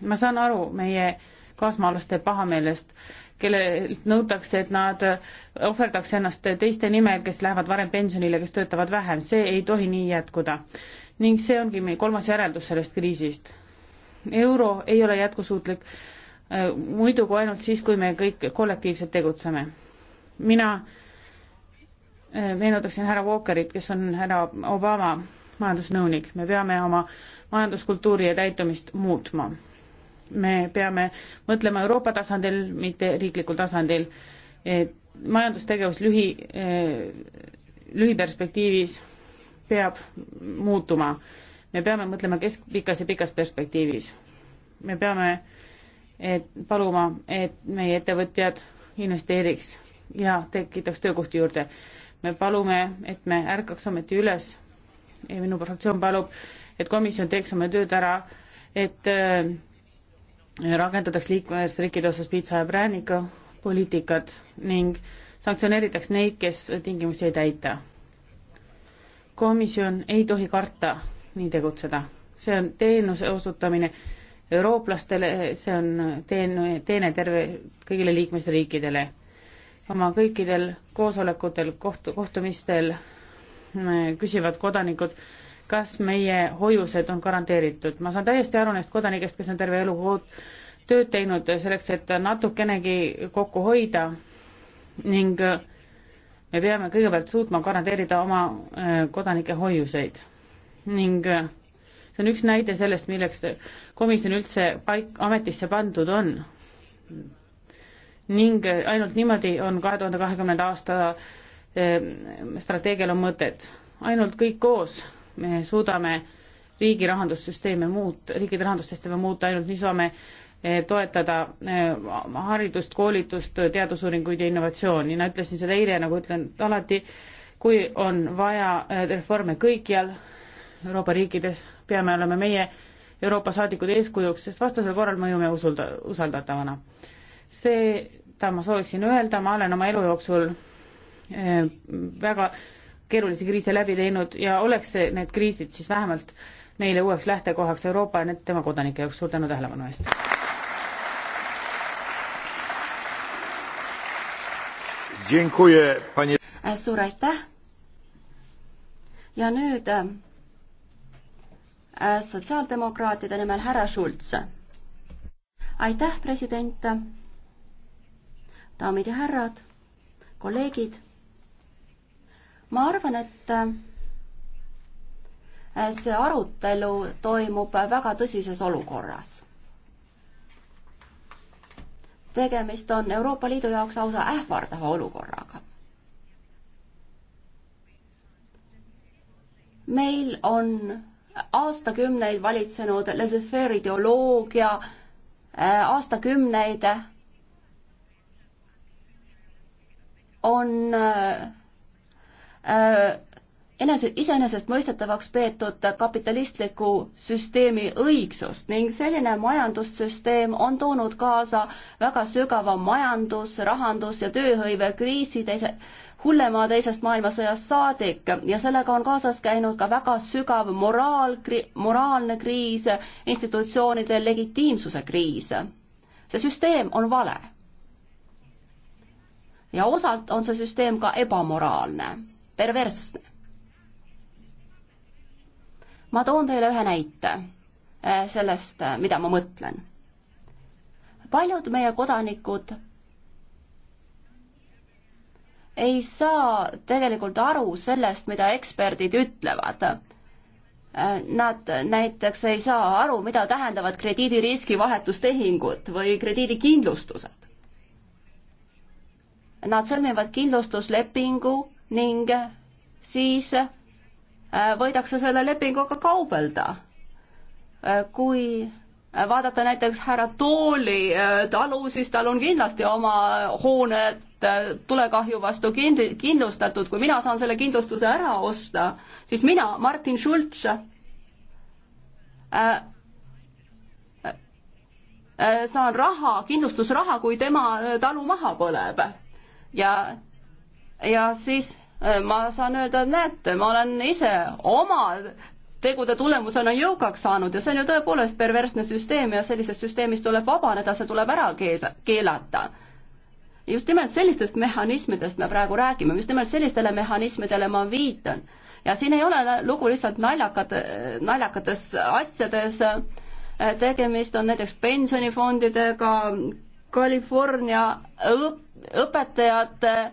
ma saan aru meie kaasmaalaste pahameelest, kellelt nõutakse, et nad ohverdaks ennast teiste nimel, kes lähevad varem pensionile, kes töötavad vähem, see ei tohi nii jätkuda. ning see ongi meie kolmas järeldus sellest kriisist euro ei ole jätkusuutlik äh, muidu kui ainult siis, kui me kõik kollektiivselt tegutseme. mina äh, meenutaksin härra Walkerit, kes on härra Obama majandusnõunik, me peame oma majanduskultuuri ja täitumist muutma. me peame mõtlema Euroopa tasandil, mitte riiklikul tasandil. majandustegevus lühi, äh, lühiperspektiivis peab muutuma me peame mõtlema keskpikas ja pikas perspektiivis. me peame et, paluma, et meie ettevõtjad investeeriks ja tekitaks töökohti juurde. me palume, et me ärkaks ometi üles. minu fraktsioon palub, et komisjon teeks oma tööd ära, et äh, rakendataks liikmesriikide osas piitsa ja präänika poliitikat ning sanktsioneeritaks neid, kes tingimusi ei täita. komisjon ei tohi karta nii tegutseda. see on teenuse osutamine eurooplastele, see on teen-, teene terve kõigile liikmesriikidele. oma kõikidel koosolekutel, kohtu, kohtumistel küsivad kodanikud, kas meie hoiused on garanteeritud. ma saan täiesti aru neist kodanikest, kes on terve elu tööd teinud selleks, et natukenegi kokku hoida ning me peame kõigepealt suutma garanteerida oma eh, kodanike hoiuseid ning äh, see on üks näide sellest, milleks komisjon üldse paik, ametisse pandud on. ning äh, ainult niimoodi on kahe tuhande kahekümnenda aasta äh, strateegial on mõtet. ainult kõik koos me suudame riigi rahandussüsteeme muut-, riikide rahandussüsteeme muuta, ainult nii saame toetada haridust, koolitust, teadusuuringuid ja innovatsiooni. ma nagu ütlesin seda eile ja nagu ütlen alati, kui on vaja reforme kõikjal, Euroopa riikides peame olema meie Euroopa saadikud eeskujuks, sest vastasel korral mõjume usulda, usaldatavana. seda ma sooviksin öelda, ma olen oma elu jooksul eh, väga keerulisi kriise läbi teinud ja oleks need kriisid siis vähemalt neile uueks lähtekohaks Euroopa ja need tema kodanike jaoks. suur tänu tähelepanu eest! suur aitäh! ja nüüd Äh, sotsiaaldemokraatide nimel härra Schulz. aitäh, president. daamid ja härrad, kolleegid. ma arvan, et äh, see arutelu toimub väga tõsises olukorras. tegemist on Euroopa Liidu jaoks lausa ähvardava olukorraga meil on aastakümneid valitsenud laissez-faire ideoloogia, äh, aastakümneid on äh, äh, enese, iseenesestmõistetavaks peetud kapitalistliku süsteemi õigsust ning selline majandussüsteem on toonud kaasa väga sügava majandus, rahandus ja tööhõive kriisi, teise, hullemaa teisest maailmasõjast saadik ja sellega on kaasas käinud ka väga sügav moraal, moraalne kriis, institutsioonide legitiimsuse kriis. see süsteem on vale. ja osalt on see süsteem ka ebamoraalne, perversne. ma toon teile ühe näite eh, sellest, eh, mida ma mõtlen. paljud meie kodanikud ei saa tegelikult aru sellest, mida eksperdid ütlevad. Nad näiteks ei saa aru, mida tähendavad krediidiriski vahetustehingud või krediidikindlustused. Nad sõlmivad kindlustuslepingu ning siis äh, võidakse selle lepinguga kaubelda. Äh, kui vaadata näiteks härra Tooli äh, talu, siis tal on kindlasti oma hooned äh, tulekahju vastu kind-, kindlustatud, kui mina saan selle kindlustuse ära osta, siis mina, Martin Schulz äh, äh, äh, saan raha, kindlustusraha, kui tema talu maha põleb. ja, ja siis ma saan öelda, et näete, ma olen ise oma tegude tulemusena jõukaks saanud ja see on ju tõepoolest perversne süsteem ja sellisest süsteemist tuleb vabaneda, see tuleb ära keelata. just nimelt sellistest mehhanismidest me praegu räägime, just nimelt sellistele mehhanismidele ma viitan. ja siin ei ole lugu lihtsalt naljakate, naljakates asjades, tegemist on näiteks pensionifondidega, California õp-, õpetajate äh,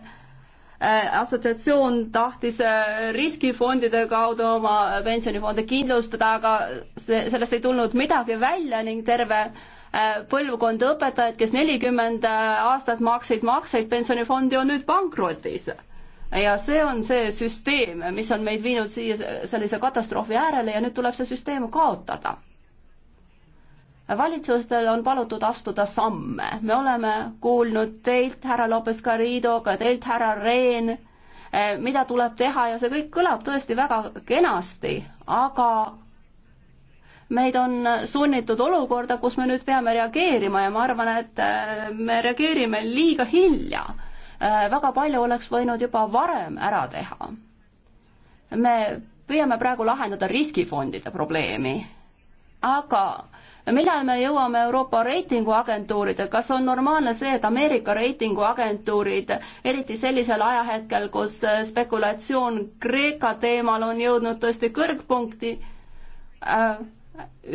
Äh, assotsiatsioon tahtis äh, riskifondide kaudu oma pensionifonde kindlustada, aga see, sellest ei tulnud midagi välja ning terve äh, põlvkond õpetajaid, kes nelikümmend aastat maksid makseid pensionifondi, on nüüd pankrotis. ja see on see süsteem, mis on meid viinud siia sellise katastroofi äärele ja nüüd tuleb see süsteem kaotada valitsustel on palutud astuda samme, me oleme kuulnud teilt, härra Lopez Garrido, ka teilt, härra Rehn, eh, mida tuleb teha ja see kõik kõlab tõesti väga kenasti, aga meid on sunnitud olukorda, kus me nüüd peame reageerima ja ma arvan, et eh, me reageerime liiga hilja. Eh, väga palju oleks võinud juba varem ära teha. me püüame praegu lahendada riskifondide probleemi, aga millal me jõuame Euroopa reitinguagentuuride, kas on normaalne see, et Ameerika reitinguagentuurid, eriti sellisel ajahetkel, kus äh, spekulatsioon Kreeka teemal on jõudnud tõesti kõrgpunkti äh,,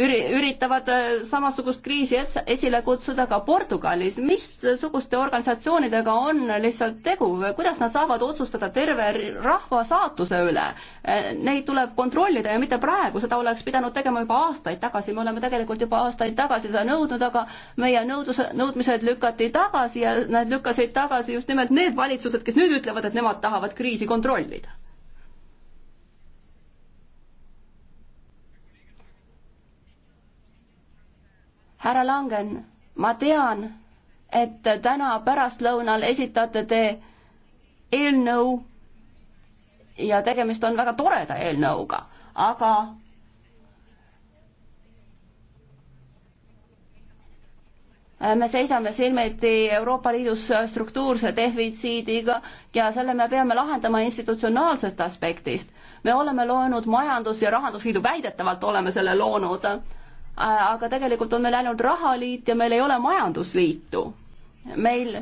üri-, üritavad äh, samasugust kriisi esile kutsuda ka Portugalis. missuguste organisatsioonidega on lihtsalt tegu, kuidas nad saavad otsustada terve rahva saatuse üle? Äh, neid tuleb kontrollida ja mitte praegu, seda oleks pidanud tegema juba aastaid tagasi, me oleme tegelikult juba aastaid tagasi seda nõudnud, aga meie nõudluse, nõudmised lükati tagasi ja nad lükkasid tagasi just nimelt need valitsused, kes nüüd ütlevad, et nemad tahavad kriisi kontrollida härra Langen, ma tean, et täna pärastlõunal esitate te eelnõu ja tegemist on väga toreda eelnõuga, aga me seisame silmiti Euroopa Liidus struktuurse defitsiidiga ja selle me peame lahendama institutsionaalsest aspektist. me oleme loonud majandus- ja rahandusliidu, väidetavalt oleme selle loonud Äh, aga tegelikult on meil ainult rahaliit ja meil ei ole majandusliitu. meil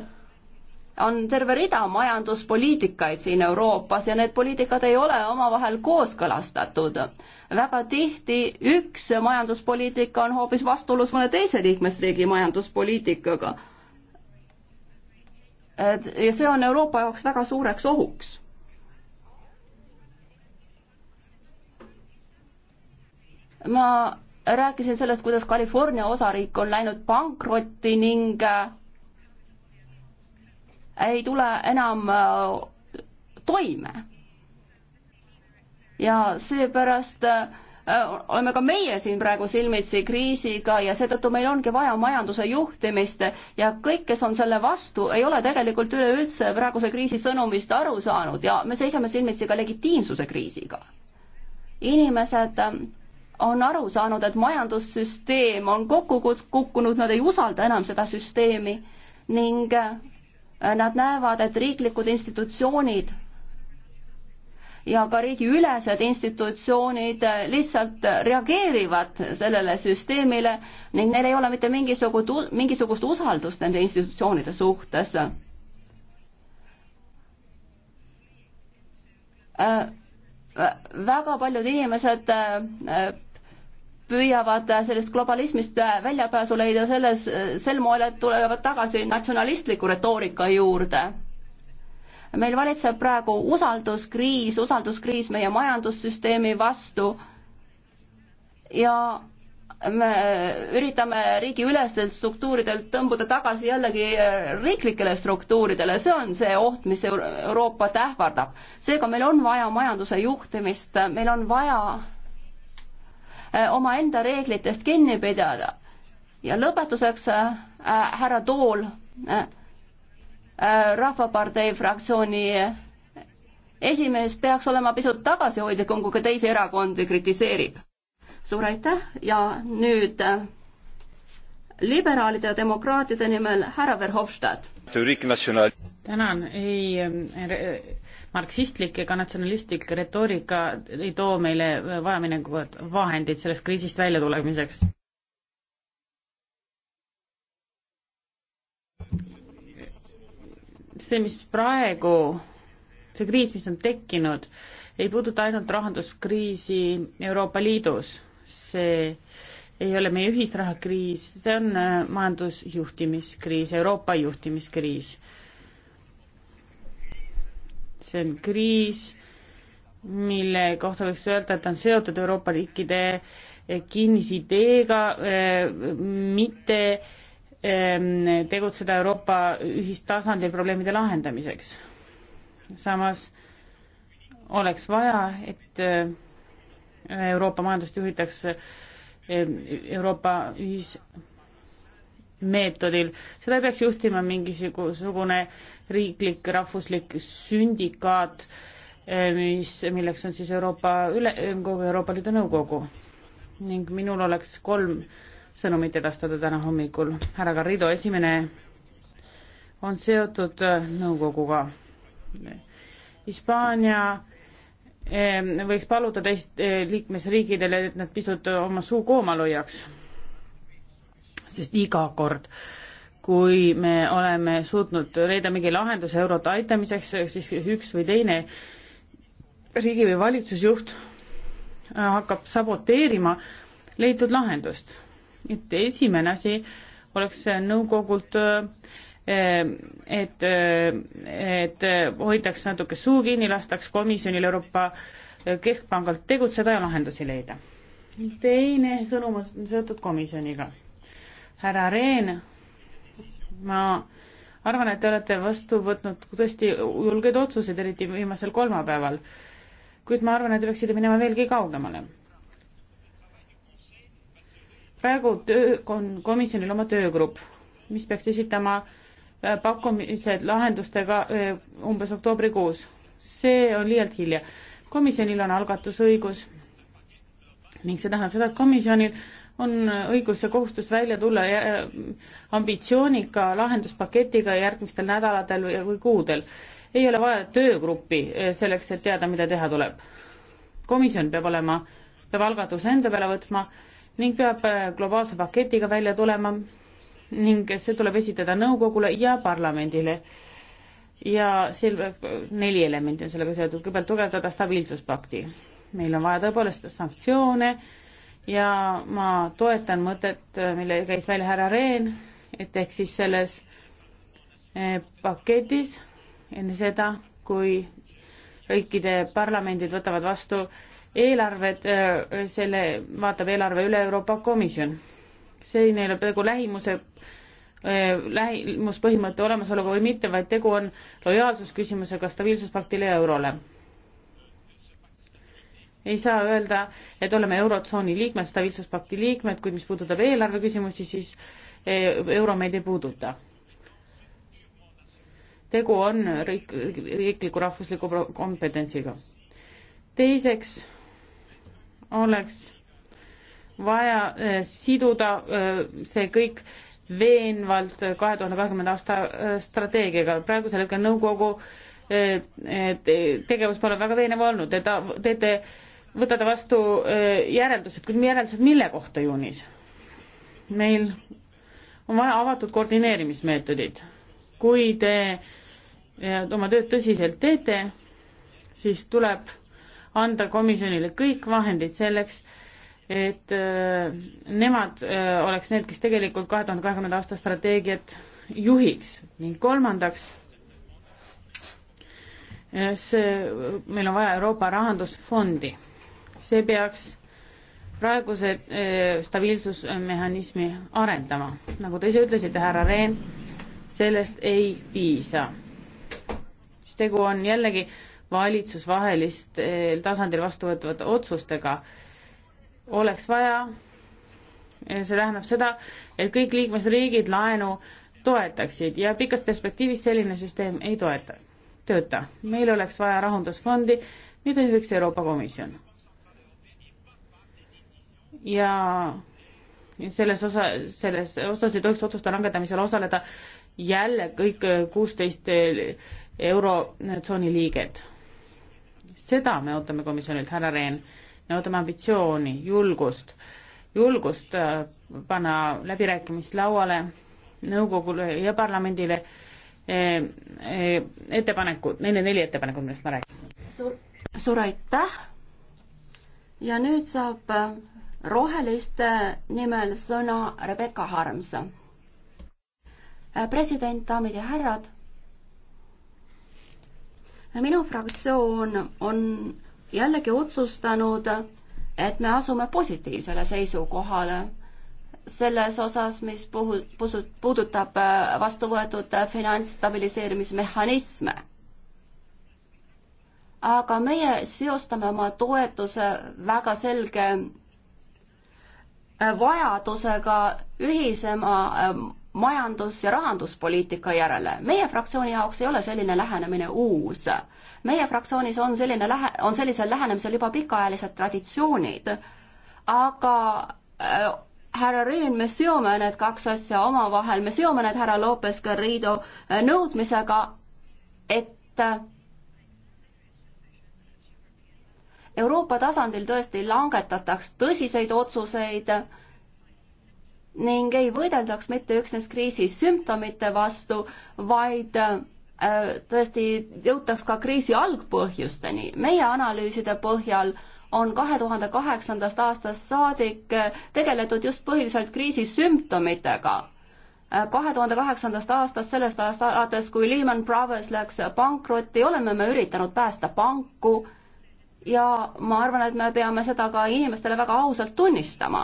on terve rida majanduspoliitikaid siin Euroopas ja need poliitikad ei ole omavahel kooskõlastatud. väga tihti üks majanduspoliitika on hoopis vastuolus mõne teise liikmesriigi majanduspoliitikaga. ja see on Euroopa jaoks väga suureks ohuks ma rääkisin sellest, kuidas California osariik on läinud pankrotti ning äh, ei tule enam äh, toime. ja seepärast äh, oleme ka meie siin praegu silmitsi kriisiga ja seetõttu meil ongi vaja majanduse juhtimist ja kõik, kes on selle vastu, ei ole tegelikult üleüldse praeguse kriisi sõnumist aru saanud ja me seisame silmitsi ka legitiimsuse kriisiga. inimesed on aru saanud, et majandussüsteem on kokku kukkunud, nad ei usalda enam seda süsteemi ning äh, nad näevad, et riiklikud institutsioonid ja ka riigiülesed institutsioonid äh, lihtsalt äh, reageerivad sellele süsteemile ning neil ei ole mitte mingisugust, mingisugust usaldust nende institutsioonide suhtes äh,. Äh, väga paljud inimesed äh, püüavad sellest globalismist väljapääsu leida selles, sel moel, et tulevad tagasi natsionalistliku retoorika juurde. meil valitseb praegu usalduskriis, usalduskriis meie majandussüsteemi vastu ja me üritame riigiülestelt struktuuridelt tõmbuda tagasi jällegi riiklikele struktuuridele, see on see oht, mis Euroopat ähvardab. seega meil on vaja majanduse juhtimist, meil on vaja Äh, omaenda reeglitest kinni pidada. ja lõpetuseks äh, äh härra Tool äh,, äh Rahvapartei fraktsiooni esimees peaks olema pisut tagasihoidlikum, kui ka teisi erakondi kritiseerib. suur aitäh ja nüüd liberaalide ja demokraatide nimel härra Verhofstadt. tänan, ei ähm, marksistlik ega natsionalistlik retoorika ei too meile vajaminevad vahendid sellest kriisist välja tulemiseks. see, mis praegu, see kriis, mis on tekkinud, ei puuduta ainult rahanduskriisi Euroopa Liidus, see ei ole meie ühisrahakriis, see on äh, majandusjuhtimiskriis, Euroopa juhtimiskriis see on kriis, mille kohta võiks öelda, et ta on seotud Euroopa riikide eh, kinnisideega eh, mitte ehm, tegutseda Euroopa ühistasandil probleemide lahendamiseks. samas oleks vaja, et eh, Euroopa majandust juhitaks Euroopa ühis- meetodil, seda ei peaks juhtima mingisugune riiklik rahvuslik sündikaat, eh, mis, milleks on siis Euroopa üle, kogu Euroopa Liidu Nõukogu. ning minul oleks kolm sõnumit edastada täna hommikul. härra Garrido, esimene on seotud eh, nõukoguga. Hispaania eh, võiks paluda teist liikmesriigidele, et nad pisut oma suu koomal hoiaks sest iga kord, kui me oleme suutnud leida mingi lahenduse eurot aitamiseks, siis üks või teine riigi või valitsusjuht äh, hakkab saboteerima leitud lahendust. et esimene asi oleks nõukogult äh, et, äh, et hoitaks natuke suu kinni, lastaks komisjonil Euroopa Keskpangalt tegutseda ja lahendusi leida. teine sõnum on seotud komisjoniga härra Rehn, ma arvan, et te olete vastu võtnud tõesti julgeid otsuseid, eriti viimasel kolmapäeval. kuid ma arvan, et te peaksite minema veelgi kaugemale. praegu töö, on komisjonil oma töögrupp, mis peaks esitama äh, pakkumised lahendustega äh, umbes oktoobrikuus. see on liialt hilja. komisjonil on algatusõigus ning see tähendab seda, et komisjonil on õigus ja kohustus välja tulla äh, ambitsioonika lahenduspaketiga järgmistel nädalatel või kuudel. ei ole vaja töögruppi äh, selleks, et teada, mida teha tuleb. komisjon peab olema, peab algatuse enda peale võtma ning peab äh, globaalse paketiga välja tulema ning see tuleb esitada nõukogule ja parlamendile. ja siin neli elementi on sellega seotud, kõigepealt tugevdada stabiilsuspakti. meil on vaja tõepoolest sanktsioone ja ma toetan mõtet, äh, mille käis välja härra Rehn, et ehk siis selles äh, paketis enne seda, kui kõikide parlamendid võtavad vastu eelarved, äh, selle vaatab eelarve üle Euroopa Komisjon. selline ei ole peaaegu lähimuse, lähimuspõhimõtte olemasoluga või mitte, vaid tegu on lojaalsusküsimusega stabiilsuspaktile ja eurole ei saa öelda, et oleme Eurotsooni liikmed, stabiilsuspakti liikmed, kuid mis puudutab eelarve küsimusi, siis eh, euro meid ei puuduta. tegu on riik, riikliku rahvusliku kompetentsiga. teiseks oleks vaja eh, siduda eh, see kõik veenvalt kahe tuhande kahekümnenda aasta strateegiaga, praegusel hetkel nõukogu tegevus pole väga veenev olnud ja ta, teete te, võtate vastu äh, järeldused, kuid järeldused mille kohta juunis? meil on vaja avatud koordineerimismeetodid. kui te äh, oma tööd tõsiselt teete, siis tuleb anda komisjonile kõik vahendid selleks, et äh, nemad oleks need, kes tegelikult kahe tuhande kahekümnenda aasta strateegiat juhiks ning kolmandaks see, meil on vaja Euroopa Rahandusfondi see peaks praeguse eh, stabiilsusmehhanismi arendama. nagu te ise ütlesite, härra Rehn, sellest ei piisa. siis tegu on jällegi valitsusvahelistel tasandil vastu võetavate otsustega. oleks vaja, eh, see tähendab seda, et kõik liikmesriigid laenu toetaksid ja pikas perspektiivis selline süsteem ei toeta, tööta. meil oleks vaja rahandusfondi, mida juhiks Euroopa Komisjon ja selles osa, selles osas ei tohiks otsuste langetamisel osaleda jälle kõik kuusteist eurotsooni liiget. seda me ootame komisjonilt, härra Rehn, me ootame ambitsiooni, julgust, julgust äh, panna läbirääkimislauale nõukogule ja parlamendile äh, äh, ettepanekud, neile neli ettepanekut, millest ma rääkisin. suur, suur aitäh ja nüüd saab roheliste nimel sõna Rebecca Harms. president, daamid ja härrad. minu fraktsioon on jällegi otsustanud, et me asume positiivsele seisukohale selles osas, mis puhu-, puudutab äh, vastu võetud finantsstabiliseerimismehhanisme. aga meie seostame oma toetuse väga selge Äh, vajadusega ühisema äh, majandus- ja rahanduspoliitika järele. meie fraktsiooni jaoks ei ole selline lähenemine uus. meie fraktsioonis on selline lähe-, on sellisel lähenemisel juba pikaajalised traditsioonid, aga äh, härra Rehn, me seome need kaks asja omavahel, me seome need härra Lopez Garrido äh, nõudmisega, et Euroopa tasandil tõesti langetataks tõsiseid otsuseid ning ei võideldaks mitte üksnes kriisi sümptomite vastu, vaid äh, tõesti jõutaks ka kriisi algpõhjusteni. meie analüüside põhjal on kahe tuhande kaheksandast aastast saadik äh, tegeletud just põhiliselt kriisi sümptomitega. Äh, kahe tuhande kaheksandast aastast, sellest aastast alates, kui Lehman Brothers läks pankrotti, oleme me üritanud päästa panku ja ma arvan, et me peame seda ka inimestele väga ausalt tunnistama.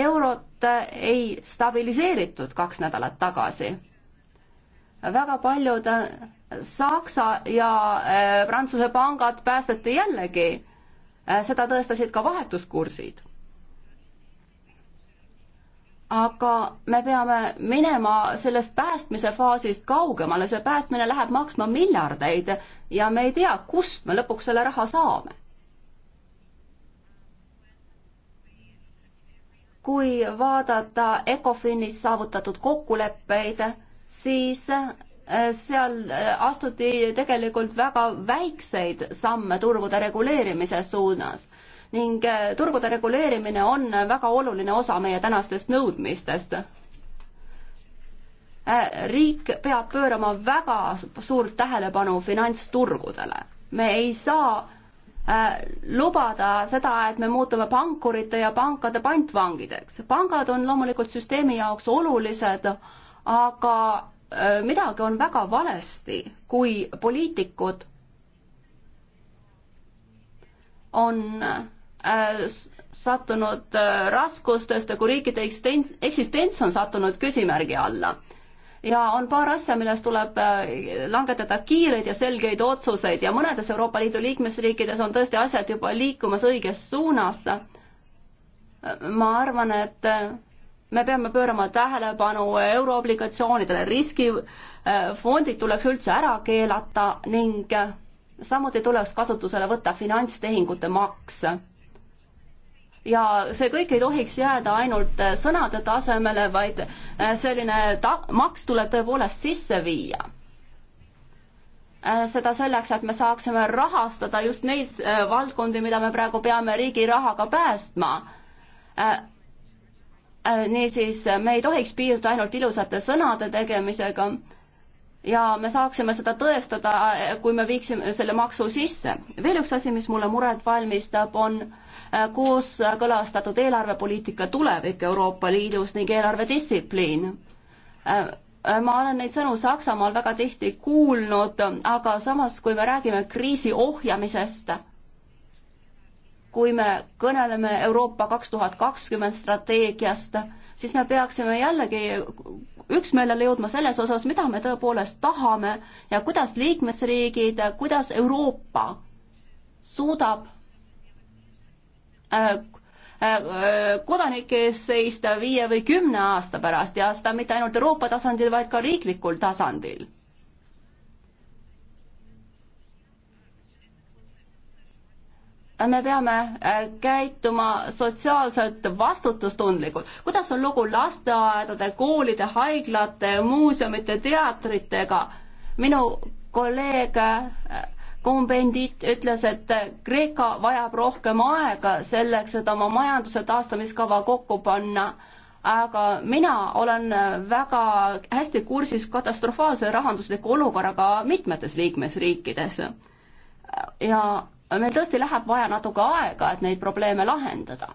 eurot ei stabiliseeritud kaks nädalat tagasi. väga paljud äh, Saksa ja äh, Prantsuse pangad päästeti jällegi, äh, seda tõestasid ka vahetuskursid aga me peame minema sellest päästmise faasist kaugemale, see päästmine läheb maksma miljardeid ja me ei tea, kust me lõpuks selle raha saame. kui vaadata ECOFINis saavutatud kokkuleppeid, siis eh, seal eh, astuti tegelikult väga väikseid samme turgude reguleerimise suunas ning äh, turgude reguleerimine on väga oluline osa meie tänastest nõudmistest äh, riik peab pöörama väga suurt tähelepanu finantsturgudele. me ei saa äh, lubada seda, et me muutume pankurite ja pankade pantvangideks. pangad on loomulikult süsteemi jaoks olulised, aga midagi on väga valesti, kui poliitikud on Äh, sattunud äh, raskustest ja kui riikide eksistents on sattunud küsimärgi alla. ja on paar asja, milles tuleb äh, langetada kiireid ja selgeid otsuseid ja mõnedes Euroopa Liidu liikmesriikides on tõesti asjad juba liikumas õiges suunas. ma arvan, et me peame pöörama tähelepanu euroobligatsioonidele, riskifondid tuleks üldse ära keelata ning samuti tuleks kasutusele võtta finantstehingute maks ja see kõik ei tohiks jääda ainult äh, sõnade tasemele, vaid äh, selline ta-, maks tuleb tõepoolest sisse viia. Äh, seda selleks, et me saaksime rahastada just neid valdkondi, mida me praegu peame riigi rahaga päästma. niisiis, me ei tohiks piirduda ainult ilusate sõnade tegemisega ja me saaksime seda tõestada, kui me viiksime selle maksu sisse. veel üks asi, mis mulle muret valmistab, on äh, kooskõlastatud eelarvepoliitika tulevik Euroopa Liidus ning eelarvedistsipliin. Äh, äh, ma olen neid sõnu Saksamaal väga tihti kuulnud, aga samas, kui me räägime kriisi ohjamisest, kui me kõneleme Euroopa kaks tuhat kakskümmend strateegiast, siis me peaksime jällegi üksmeelele jõudma selles osas, mida me tõepoolest tahame ja kuidas liikmesriigid, kuidas Euroopa suudab äh, äh, kodanike ees seista viie või kümne aasta pärast ja seda mitte ainult Euroopa tasandil, vaid ka riiklikul tasandil me peame äh, käituma sotsiaalselt vastutustundlikult. kuidas on lugu lasteaedade, koolide, haiglate, muuseumite, teatritega? minu kolleeg Kumbendit äh, ütles, et äh, Kreeka vajab rohkem aega selleks, et oma majanduse taastamiskava kokku panna, aga mina olen väga hästi kursis katastrofaalse rahandusliku olukorraga mitmetes liikmesriikides. ja meil tõesti läheb vaja natuke aega, et neid probleeme lahendada.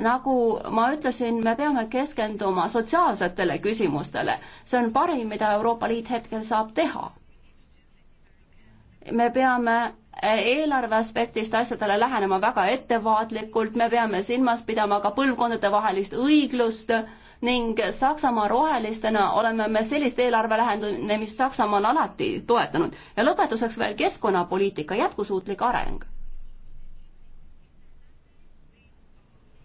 nagu ma ütlesin, me peame keskenduma sotsiaalsetele küsimustele, see on parim, mida Euroopa Liit hetkel saab teha. me peame eelarve aspektist asjadele lähenema väga ettevaatlikult, me peame silmas pidama ka põlvkondadevahelist õiglust, ning Saksamaa rohelistena oleme me sellist eelarve lähenemist Saksamaal alati toetanud. ja lõpetuseks veel keskkonnapoliitika jätkusuutlik areng.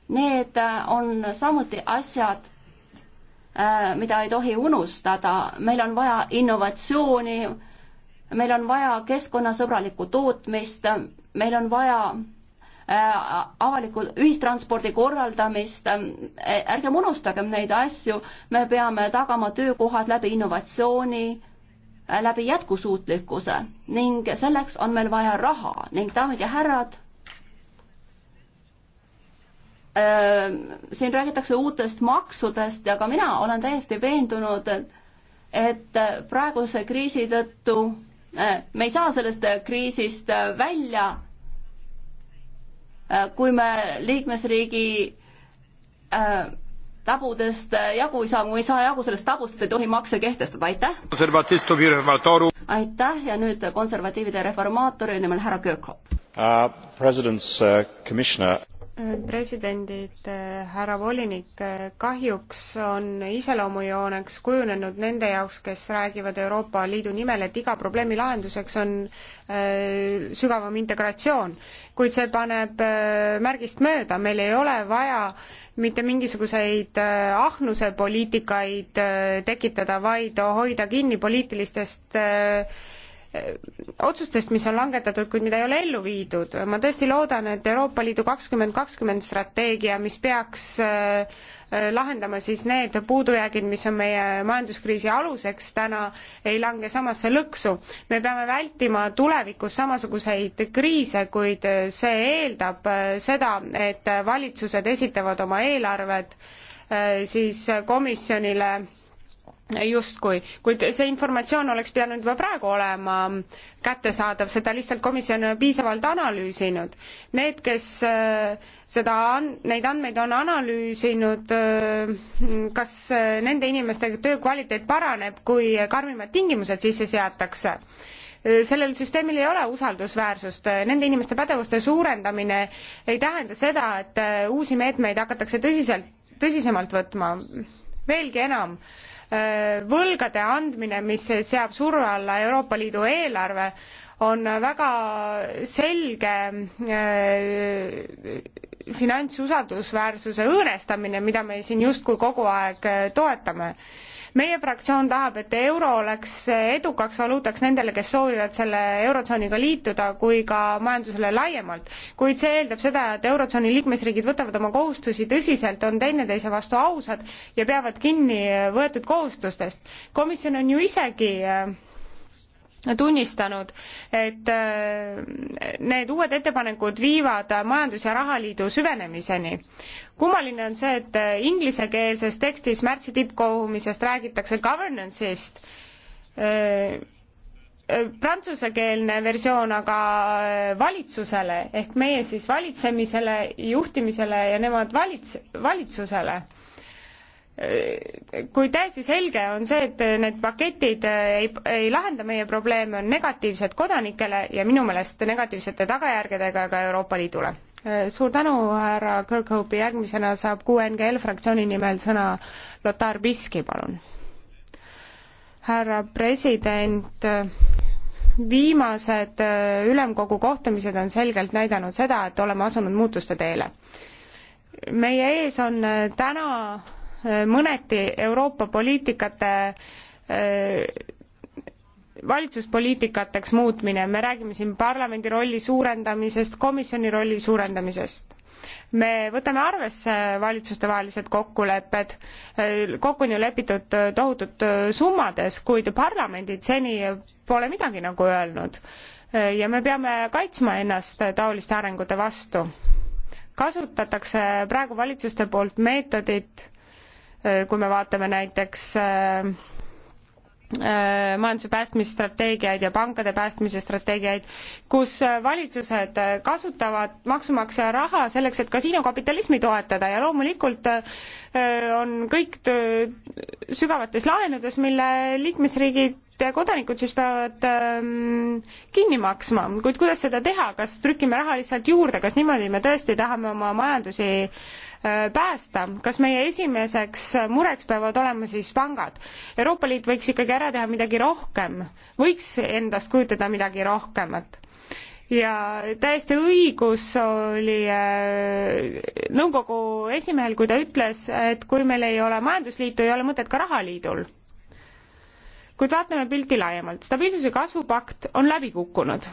Need on samuti asjad, äh, mida ei tohi unustada, meil on vaja innovatsiooni, meil on vaja keskkonnasõbralikku tootmist, meil on vaja Äh, avaliku ühistranspordi korraldamist, ähm, äh, ärgem unustagem neid asju, me peame tagama töökohad läbi innovatsiooni, äh, läbi jätkusuutlikkuse ning selleks on meil vaja raha ning daamid ja härrad, siin räägitakse uutest maksudest ja ka mina olen täiesti veendunud, et praeguse kriisi tõttu me ei saa sellest kriisist välja Äh, kui me liikmesriigi äh, tabudest äh, jagu ei saa, kui ei saa jagu sellest tabust, et ei tohi makse kehtestada, aitäh. aitäh ja nüüd konservatiivide reformaatori nimel härra Kirkhoop uh, presidendid, äh, härra volinik, äh, kahjuks on iseloomujooneks kujunenud nende jaoks, kes räägivad Euroopa Liidu nimel, et iga probleemi lahenduseks on äh, sügavam integratsioon. kuid see paneb äh, märgist mööda, meil ei ole vaja mitte mingisuguseid äh, ahnuse poliitikaid äh, tekitada, vaid hoida kinni poliitilistest äh, otsustest, mis on langetatud, kuid mida ei ole ellu viidud. ma tõesti loodan, et Euroopa Liidu kakskümmend kakskümmend strateegia, mis peaks äh, äh, lahendama siis need puudujäägid, mis on meie majanduskriisi aluseks täna, ei lange samasse lõksu. me peame vältima tulevikus samasuguseid kriise, kuid see eeldab äh, seda, et valitsused esitavad oma eelarved siis komisjonile justkui, kuid see informatsioon oleks pidanud juba praegu olema kättesaadav, seda lihtsalt komisjon ei ole piisavalt analüüsinud. Need, kes äh, seda, neid andmeid on analüüsinud, äh, kas äh, nende inimeste töö kvaliteet paraneb, kui karmimad tingimused sisse seatakse? sellel süsteemil ei ole usaldusväärsust, nende inimeste pädevuste suurendamine ei tähenda seda, et uusi meetmeid hakatakse tõsiselt, tõsisemalt võtma. veelgi enam äh,, Äh, võlgade andmine, mis seab surve alla Euroopa Liidu eelarve, on väga selge äh, finantsusaldusväärsuse õõnestamine, mida me siin justkui kogu aeg äh, toetame meie fraktsioon tahab, et euro oleks edukaks valuutaks nendele, kes soovivad selle eurotsooniga liituda, kui ka majandusele laiemalt. kuid see eeldab seda, et eurotsooni liikmesriigid võtavad oma kohustusi tõsiselt, on teineteise vastu ausad ja peavad kinni võetud kohustustest. komisjon on ju isegi äh, tunnistanud, et äh, need uued ettepanekud viivad Majandus- ja Rahaliidu süvenemiseni. kummaline on see, et äh, inglisekeelses tekstis märtsi tippkohumisest räägitakse governance'ist, äh, prantsusekeelne versioon aga valitsusele ehk meie siis valitsemisele, juhtimisele ja nemad valits-, valitsusele kui täiesti selge on see, et need paketid ei, ei lahenda meie probleeme, on negatiivsed kodanikele ja minu meelest negatiivsete tagajärgedega ka Euroopa Liidule. suur tänu, härra Kirkhope, järgmisena saab QNGL fraktsiooni nimel sõna Lotar Biski, palun. härra president, viimased äh, ülemkogu kohtumised on selgelt näidanud seda, et oleme asunud muutuste teele. meie ees on äh, täna mõneti Euroopa poliitikate eh, valitsuspoliitikateks muutmine, me räägime siin parlamendi rolli suurendamisest, komisjoni rolli suurendamisest me võtame arvesse valitsustevahelised kokkulepped, eh, kokku on ju lepitud tohutud summades, kuid parlamendid seni pole midagi nagu öelnud. Eh, ja me peame kaitsma ennast taoliste arengute vastu. kasutatakse praegu valitsuste poolt meetodit, Äh, kui me vaatame näiteks äh, äh, majanduse päästmisstrateegiaid ja pankade päästmise strateegiaid, kus valitsused kasutavad maksumaksja raha selleks, et kasiinokapitalismi toetada ja loomulikult on kõik sügavates laenudes, mille liikmesriigid kodanikud siis peavad ähm, kinni maksma, kuid kuidas seda teha, kas trükime raha lihtsalt juurde, kas niimoodi me tõesti tahame oma majandusi äh, Äh, päästa. kas meie esimeseks mureks peavad olema siis pangad? Euroopa Liit võiks ikkagi ära teha midagi rohkem, võiks endast kujutada midagi rohkemat ja täiesti õigus oli äh, nõukogu esimehel, kui ta ütles, et kui meil ei ole majandusliitu, ei ole mõtet ka rahaliidul. kuid vaatame pilti laiemalt, stabiilsuse kasvupakt on läbi kukkunud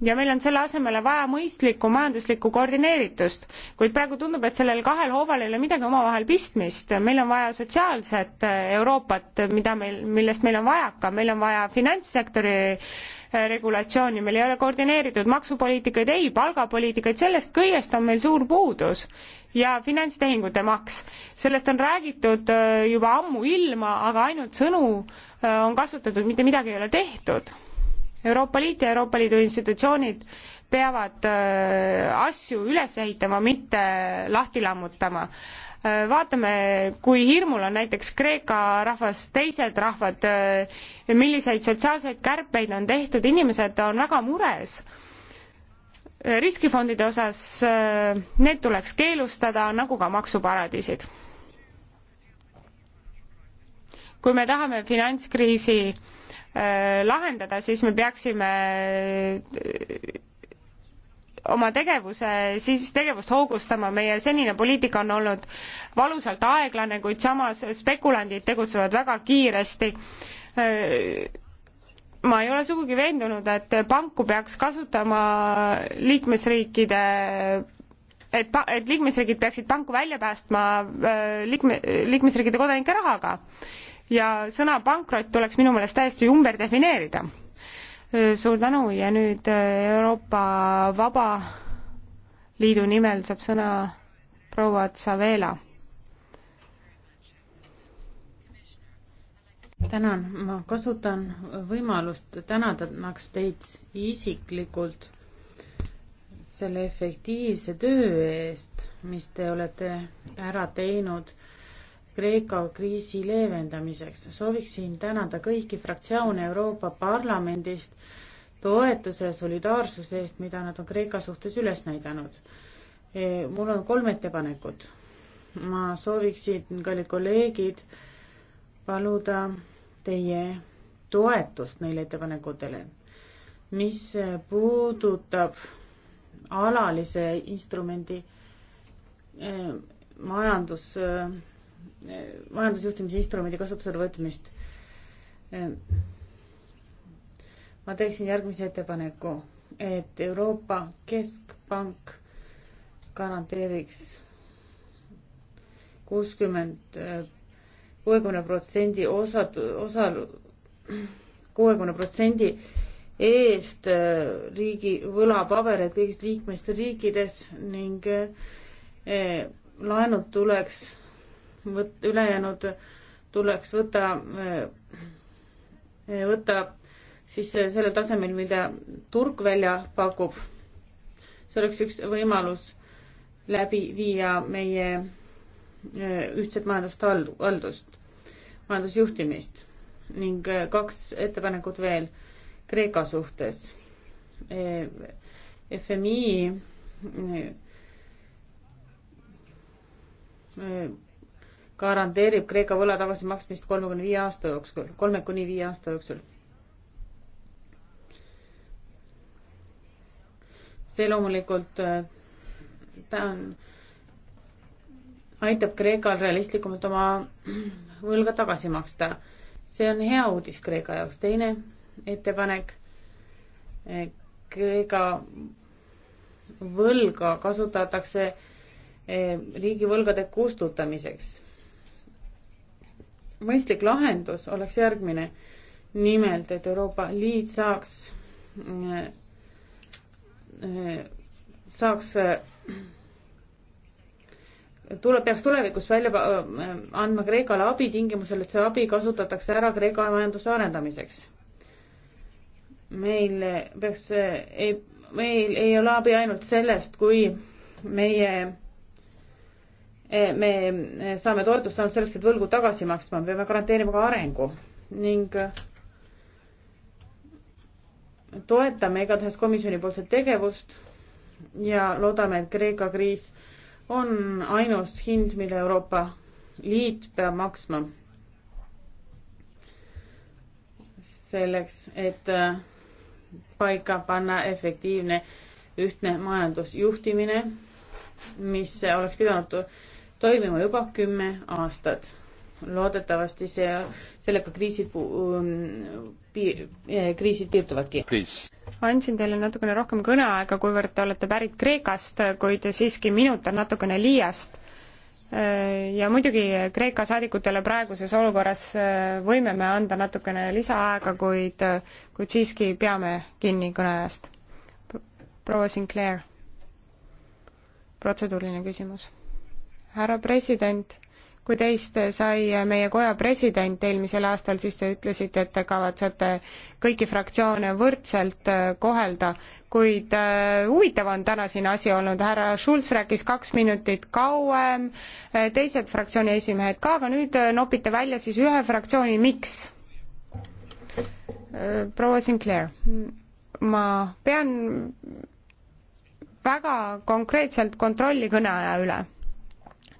ja meil on selle asemele vaja mõistlikku majanduslikku koordineeritust. kuid praegu tundub, et sellel kahel hooval ei ole midagi omavahel pistmist, meil on vaja sotsiaalset eh, Euroopat, mida meil, millest meil on vajaka, meil on vaja finantssektori eh, regulatsiooni, meil ei ole koordineeritud maksupoliitikaid, ei palgapoliitikaid, sellest kõigest on meil suur puudus. ja finantstehingute maks, sellest on räägitud eh, juba ammuilma, aga ainult sõnu on kasutatud, mitte midagi ei ole tehtud Euroopa Liit ja Euroopa Liidu institutsioonid peavad äh, asju üles ehitama, mitte lahti lammutama. Äh, vaatame, kui hirmul on näiteks Kreeka rahvas, teised rahvad, äh, milliseid sotsiaalseid kärpeid on tehtud, inimesed on väga mures riskifondide osas need tuleks keelustada, nagu ka maksuparadiisid. kui me tahame finantskriisi Äh, lahendada, siis me peaksime äh, oma tegevuse, siis tegevust hoogustama, meie senine poliitika on olnud valusalt aeglane, kuid samas spekulandid tegutsevad väga kiiresti. Äh, ma ei ole sugugi veendunud, et panku peaks kasutama liikmesriikide et pa-, et liikmesriigid peaksid panku välja päästma liikme, liikmesriikide kodanike rahaga ja sõna pankrot tuleks minu meelest täiesti ümber defineerida. suur tänu ja nüüd äh, Euroopa Vabaliidu nimel saab sõna proua Tsavela. tänan, ma kasutan võimalust tänadamaks teid isiklikult selle efektiivse töö eest, mis te olete ära teinud Kreeka kriisi leevendamiseks. sooviksin tänada kõiki fraktsioone Euroopa Parlamendist toetuse ja solidaarsuse eest, mida nad on Kreeka suhtes üles näidanud. E, mul on kolm ettepanekut. ma sooviksin, kallid kolleegid, paluda teie toetust neile ettepanekutele, mis puudutab alalise instrumendi e, majandus äh, majandusjuhtimise instrumendi kasutusele võtmist. ma teeksin järgmise ettepaneku, et Euroopa Keskpank garanteeriks kuuskümmend, eh, kuuekümne protsendi osad, osal, kuuekümne protsendi eest eh, riigi võlapabereid kõigis liikmesriikides ning eh, laenud tuleks võt-, ülejäänud tuleks võtta, eh, võtta siis sellel tasemel, mida turg välja pakub. see oleks üks võimalus läbi viia meie eh, ühtset majandust haldust, majandusjuhtimist ning eh, kaks ettepanekut veel Kreeka suhtes. FMI garanteerib Kreeka võla tagasimaksmist kolmekümne viie aasta jooksul, kolme kuni viie aasta jooksul. see loomulikult äh, ta on, aitab Kreekal realistlikumalt oma võlga tagasi maksta. see on hea uudis Kreeka jaoks. teine ettepanek, äh, Kreeka võlga kasutatakse äh, riigivõlgade kustutamiseks mõistlik lahendus oleks järgmine. nimelt, et Euroopa Liit saaks, saaks, tuleb, peaks tulevikus välja andma Kreekale abi tingimusel, et see abi kasutatakse ära Kreeka majanduse arendamiseks. meil peaks, ei, meil ei ole abi ainult sellest, kui meie Eh, me eh, saame toetust ainult selleks, et võlgu tagasi maksma, me peame garanteerima ka arengu ning eh, toetame igatahes komisjoni poolset tegevust ja loodame, et Kreeka kriis on ainus hind, mille Euroopa Liit peab maksma. selleks, et paika panna efektiivne ühtne majandusjuhtimine, mis oleks pidanud toimima juba kümme aastat. loodetavasti see, sellega um, eh, kriisid, kriisid piirduvadki. andsin teile natukene rohkem kõneaega, kuivõrd te olete pärit Kreekast, kuid siiski minut on natukene liiast eh, ja muidugi Kreeka saadikutele praeguses olukorras eh, võime me anda natukene lisaaega, kuid, kuid siiski peame kinni kõneajast. proua Sinclair, protseduuriline küsimus härra president, kui teist sai meie koja president eelmisel aastal, siis te ütlesite, et te kavatsete kõiki fraktsioone võrdselt äh, kohelda, kuid äh, huvitav on täna siin asi olnud, härra Schulz rääkis kaks minutit kauem, äh, teised fraktsiooni esimehed ka, aga nüüd nopite välja siis ühe fraktsiooni, miks? proua Sinclair, ma pean väga konkreetselt kontrolli kõneaja üle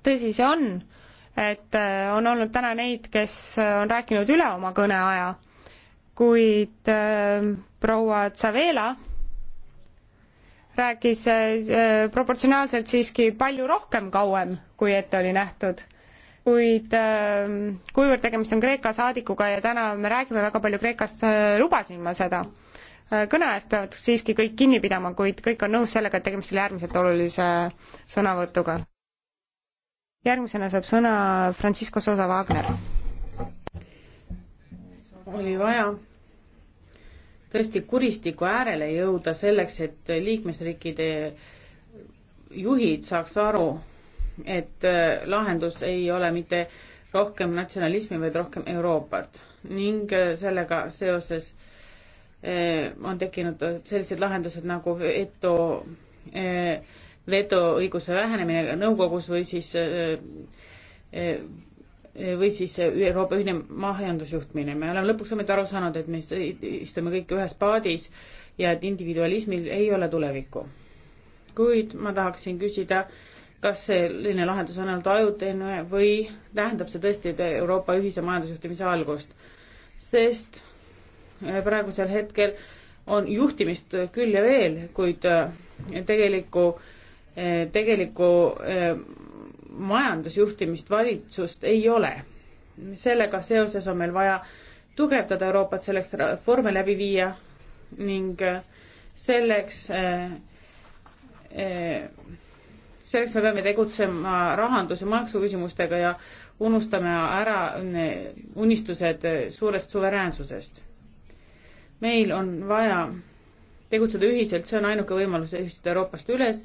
tõsi see on, et äh, on olnud täna neid, kes äh, on rääkinud üle oma kõneaja, kuid äh, proua Tsavela rääkis proportsionaalselt siiski palju rohkem kauem, kui ette oli nähtud. kuid kuivõrd tegemist on Kreeka saadikuga ja täna me räägime väga palju Kreekast, lubasin ma seda. kõneajast peavad siiski kõik kinni pidama, kuid kõik on nõus sellega, et tegemist oli äärmiselt olulise sõnavõtuga järgmisena saab sõna Francisco Sosa Wagner. oli vaja tõesti kuristiku äärele jõuda selleks, et liikmesriikide juhid saaks aru, et äh, lahendus ei ole mitte rohkem natsionalismi, vaid rohkem Euroopat ning äh, sellega seoses äh, on tekkinud sellised lahendused nagu veto vetoõiguse vähenemine nõukogus või siis äh, äh, või siis Euroopa ühine majandusjuhtmine. me oleme lõpuks ometi aru saanud, et me istume kõik ühes paadis ja et individualismil ei ole tulevikku. kuid ma tahaksin küsida, kas selline lahendus on ainult ajutine või tähendab see tõesti Euroopa ühise majandusjuhtimise algust? sest äh, praegusel hetkel on juhtimist küll ja veel, kuid tegelikku äh, Eh, tegelikku eh, majandusjuhtimist, valitsust ei ole. sellega seoses on meil vaja tugevdada Euroopat, selleks reforme läbi viia ning eh, selleks, selleks me peame tegutsema rahandus- ja maksuküsimustega ja unustame ära unistused suurest suveräänsusest. meil on vaja tegutseda ühiselt, see on ainuke võimalus ühistada Euroopast üles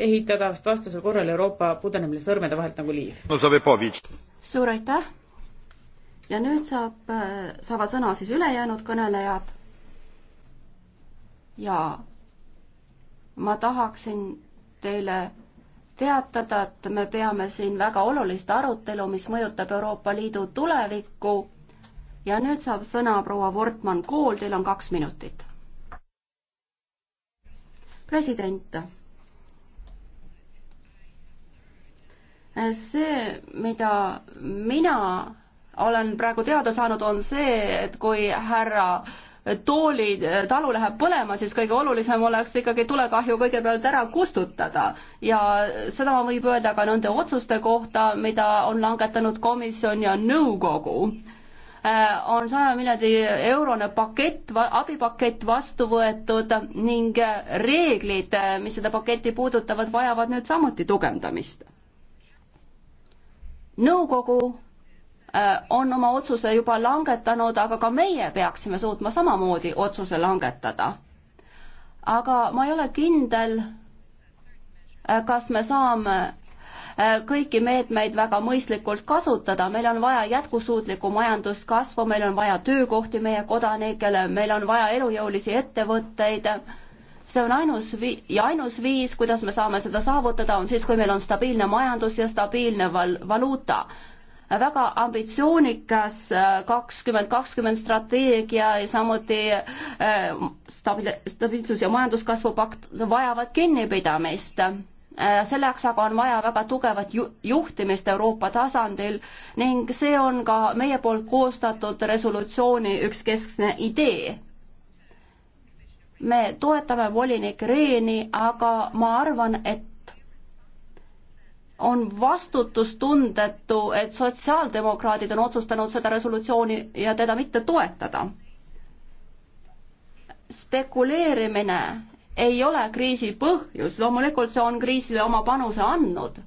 ehitada, sest vastasel korral Euroopa pudeneb neil sõrmede vahelt nagu liiv no,. suur aitäh! ja nüüd saab, äh, saavad sõna siis ülejäänud kõnelejad. ja ma tahaksin teile teatada, et me peame siin väga olulist arutelu, mis mõjutab Euroopa Liidu tulevikku. ja nüüd saab sõna proua Wortmann Kool, teil on kaks minutit. president see, mida mina olen praegu teada saanud, on see, et kui härra tooli talu läheb põlema, siis kõige olulisem oleks ikkagi tulekahju kõigepealt ära kustutada ja seda võib öelda ka nende otsuste kohta, mida on langetanud komisjon ja nõukogu. Äh, on saja miljardi eurone pakett, abipakett vastu võetud ning reeglid, mis seda paketti puudutavad, vajavad nüüd samuti tugevdamist nõukogu äh, on oma otsuse juba langetanud, aga ka meie peaksime suutma samamoodi otsuse langetada. aga ma ei ole kindel, äh, kas me saame äh, kõiki meetmeid väga mõistlikult kasutada, meil on vaja jätkusuutlikku majanduskasvu, meil on vaja töökohti meie kodanikele, meil on vaja elujõulisi ettevõtteid see on ainus vi-, ja ainus viis, kuidas me saame seda saavutada, on siis, kui meil on stabiilne majandus ja stabiilne val-, valuuta. väga ambitsioonikas äh, kakskümmend kakskümmend strateegia ja samuti äh, stabi-, stabiilsus- ja majanduskasvu pakt vajavad kinnipidamist äh, selleks aga on vaja väga tugevat ju juhtimist Euroopa tasandil ning see on ka meie poolt koostatud resolutsiooni üks keskne idee me toetame volinik Reeni, aga ma arvan, et on vastutustundetu, et sotsiaaldemokraadid on otsustanud seda resolutsiooni ja teda mitte toetada. spekuleerimine ei ole kriisi põhjus, loomulikult see on kriisile oma panuse andnud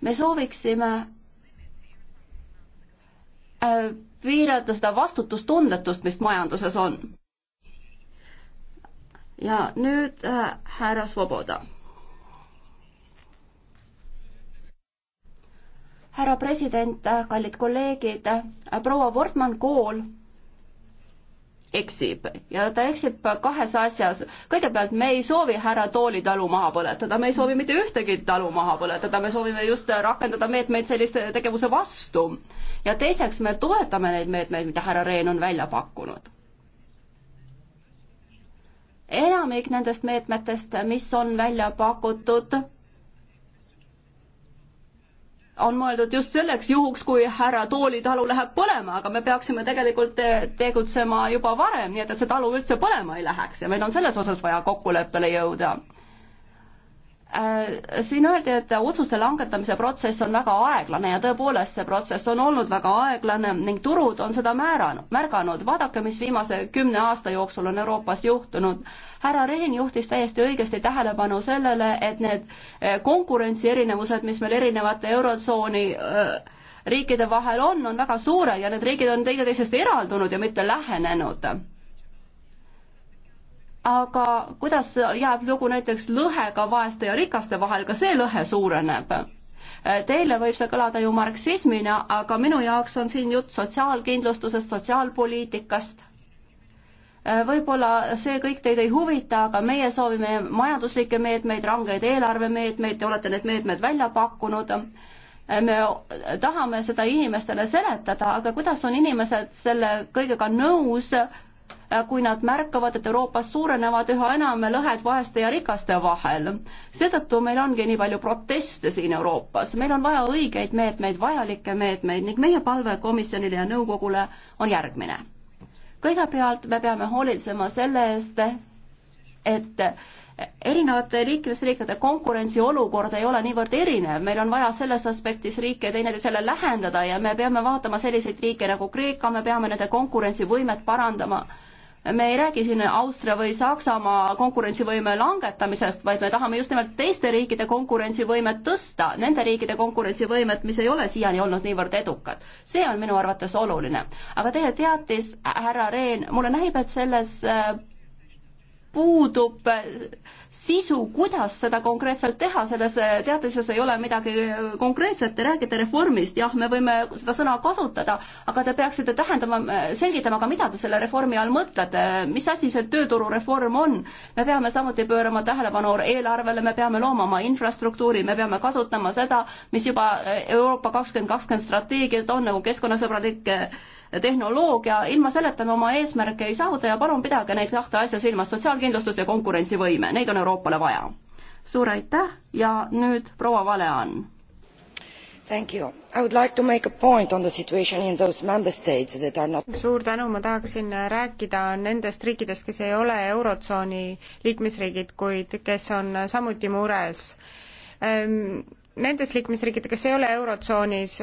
me sooviksime, Äh, piirata seda vastutustundetust, mis majanduses on. ja nüüd äh, härra Svoboda. härra president, äh, kallid kolleegid, äh, proua Wortmann Kool eksib ja ta eksib kahes asjas. kõigepealt me ei soovi härra Tooli talu maha põletada, me ei soovi mitte ühtegi talu maha põletada, me soovime just rakendada meetmeid sellise tegevuse vastu. ja teiseks, me toetame neid meetmeid, mida härra Rehn on välja pakkunud. enamik nendest meetmetest, mis on välja pakutud, on mõeldud just selleks juhuks, kui härra Tooli talu läheb põlema, aga me peaksime tegelikult tegutsema juba varem, nii et, et see talu üldse põlema ei läheks ja meil on selles osas vaja kokkuleppele jõuda Äh, siin öeldi, et otsuste langetamise protsess on väga aeglane ja tõepoolest see protsess on olnud väga aeglane ning turud on seda määranud, märganud. vaadake, mis viimase kümne aasta jooksul on Euroopas juhtunud. härra Rehn juhtis täiesti õigesti tähelepanu sellele, et need äh, konkurentsierinevused, mis meil erinevate eurotsooni äh, riikide vahel on, on väga suured ja need riigid on teineteisest eraldunud ja mitte lähenenud aga kuidas jääb lugu näiteks lõhega vaeste ja rikaste vahel, ka see lõhe suureneb? Äh, teile võib see kõlada ju marksismina, aga minu jaoks on siin jutt sotsiaalkindlustusest, sotsiaalpoliitikast. Äh, võib-olla see kõik teid ei huvita, aga meie soovime majanduslikke meetmeid, rangeid eelarvemeetmeid, te olete need meetmed välja pakkunud äh, me tahame seda inimestele seletada, aga kuidas on inimesed selle kõigega nõus, Äh, kui nad märkavad, et Euroopas suurenevad üha enam lõhed vaeste ja rikaste vahel. seetõttu meil ongi nii palju proteste siin Euroopas, meil on vaja õigeid meetmeid, vajalikke meetmeid ning meie palve komisjonile ja nõukogule on järgmine. kõigepealt me peame hoolitsema selle eest, et erinevate liikmesriikide konkurentsiolukord ei ole niivõrd erinev, meil on vaja selles aspektis riike teineteisele lähendada ja me peame vaatama selliseid riike nagu Kreeka, me peame nende konkurentsivõimet parandama. me ei räägi siin Austria või Saksamaa konkurentsivõime langetamisest, vaid me tahame just nimelt teiste riikide konkurentsivõimet tõsta, nende riikide konkurentsivõimet, mis ei ole siiani olnud niivõrd edukad. see on minu arvates oluline. aga teie teatis, härra Rehn, mulle näib, et selles äh, puudub sisu, kuidas seda konkreetselt teha, selles teatises ei ole midagi konkreetset, te räägite reformist, jah, me võime seda sõna kasutada, aga te peaksite tähendama, selgitama ka, mida te selle reformi all mõtlete, mis asi see tööturureform on. me peame samuti pöörama tähelepanu eelarvele, me peame looma oma infrastruktuuri, me peame kasutama seda, mis juba Euroopa kakskümmend kakskümmend strateegias on nagu keskkonnasõbralik tehnoloogia, ilma selleta me oma eesmärke ei saavuta ja palun pidage neid kahte asja silmas, sotsiaalkindlustus ja konkurentsivõime, neid on Euroopale vaja. suur aitäh ja nüüd proua Valean. Thank you. I would like to make a point on the situation in those member states that are not suur tänu, ma tahaksin rääkida nendest riikidest, kes ei ole Eurotsooni liikmesriigid, kuid kes on samuti mures ähm, nendes liikmesriigid, kes ei ole Eurotsoonis,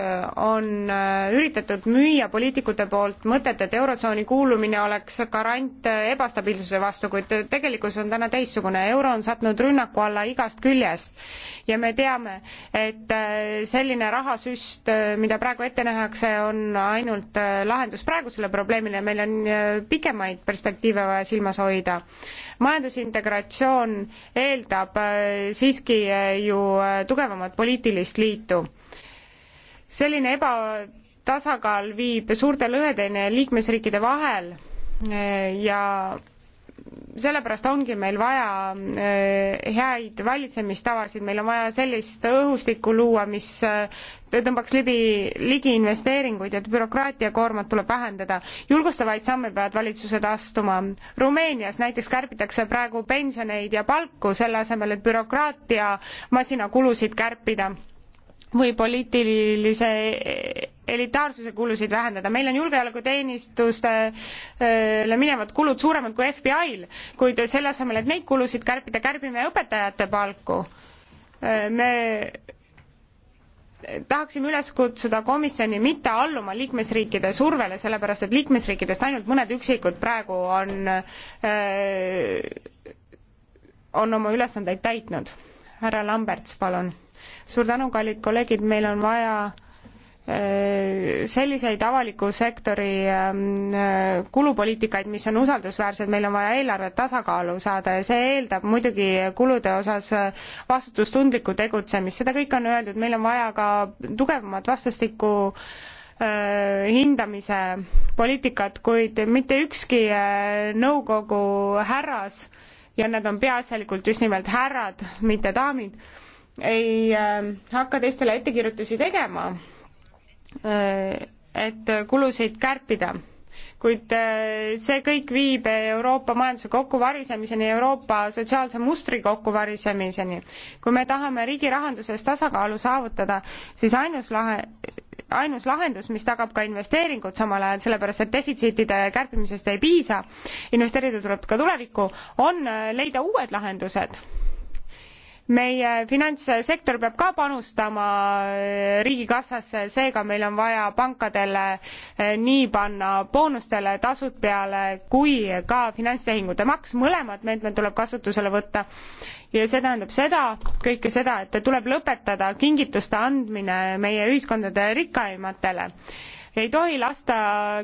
on äh, üritatud müüa poliitikute poolt mõtet, et Eurotsooni kuulumine oleks garant äh, ebastabiilsuse vastu, kuid äh, tegelikkus on täna teistsugune. euro on sattunud rünnaku alla igast küljest ja me teame, et selline rahasüst, mida praegu ette nähakse, on ainult lahendus praegusele probleemile, meil on pikemaid perspektiive vaja silmas hoida. majandusintegratsioon eeldab siiski ju tugevamat poliitilist liitu. selline ebatasakaal viib suurte lõhedeni liikmesriikide vahel eh, ja sellepärast ongi meil vaja äh, häid valitsemistavasid, meil on vaja sellist õhustikku luua, mis äh, tõmbaks libi, ligi investeeringuid, et bürokraatiakoormat tuleb vähendada. julgustavaid samme peavad valitsused astuma. Rumeenias näiteks kärbitakse praegu pensioneid ja palku, selle asemel, et bürokraatia masina kulusid kärpida või poliitilise elitaarsuse kulusid vähendada, meil on julgeolekuteenistustele äh, minevad kulud suuremad kui FBI-l, kuid selle asemel, et neid kulusid kärpida, kärbime õpetajate palku. Äh, me tahaksime üles kutsuda komisjoni mitte alluma liikmesriikide survele, sellepärast et liikmesriikidest ainult mõned üksikud praegu on, äh, on oma ülesandeid täitnud. härra Lamberts, palun suur tänu, kallid kolleegid, meil on vaja äh, selliseid avaliku sektori ähm, äh, kulupoliitikaid, mis on usaldusväärsed, meil on vaja eelarvet tasakaalu saada ja see eeldab muidugi kulude osas äh, vastutustundlikku tegutsemist, seda kõike on öeldud, meil on vaja ka tugevamat vastastikku hindamise poliitikat, kuid mitte ükski nõukogu härras ja nad on peaasjalikult just nimelt härrad, mitte daamid ei ähm, hakka teistele ettekirjutusi tegema, äh, et kulusid kärpida. kuid äh, see kõik viib Euroopa majanduse kokkuvarisemiseni, Euroopa sotsiaalse mustri kokkuvarisemiseni. kui me tahame riigi rahanduses tasakaalu saavutada, siis ainus lahe, ainus lahendus, mis tagab ka investeeringud samal ajal, sellepärast et defitsiitide kärpimisest ei piisa, investeerida tuleb ka tulevikku, on äh, leida uued lahendused meie finantssektor peab ka panustama eh, riigikassasse, seega meil on vaja pankadele eh, nii panna boonustele tasud peale kui ka finantstehingute maks, mõlemad meetmed tuleb kasutusele võtta. ja see tähendab seda, kõike seda, et tuleb lõpetada kingituste andmine meie ühiskondade rikkaimatele ei tohi lasta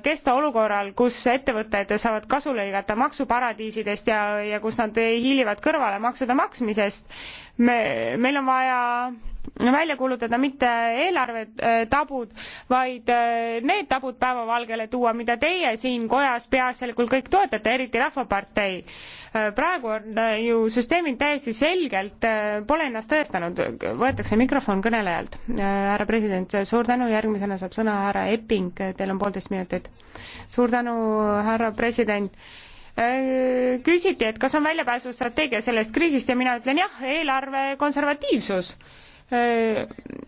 kesta olukorral, kus ettevõtted saavad kasu lõigata maksuparadiisidest ja, ja kus nad hiilivad kõrvale maksude maksmisest. me, meil on vaja välja kuulutada mitte eelarvetabud, äh, vaid äh, need tabud päevavalgele tuua, mida teie siin kojas peaasjalikult kõik toetate, eriti Rahvapartei. Äh, praegu on ju süsteemid täiesti selgelt, pole ennast tõestanud, võetakse mikrofon kõnelejalt. härra president, suur tänu, järgmisena saab sõna härra Epping, teil on poolteist minutit. suur tänu, härra president küsiti, et kas on väljapääsustrateegia sellest kriisist ja mina ütlen jah, eelarve konservatiivsus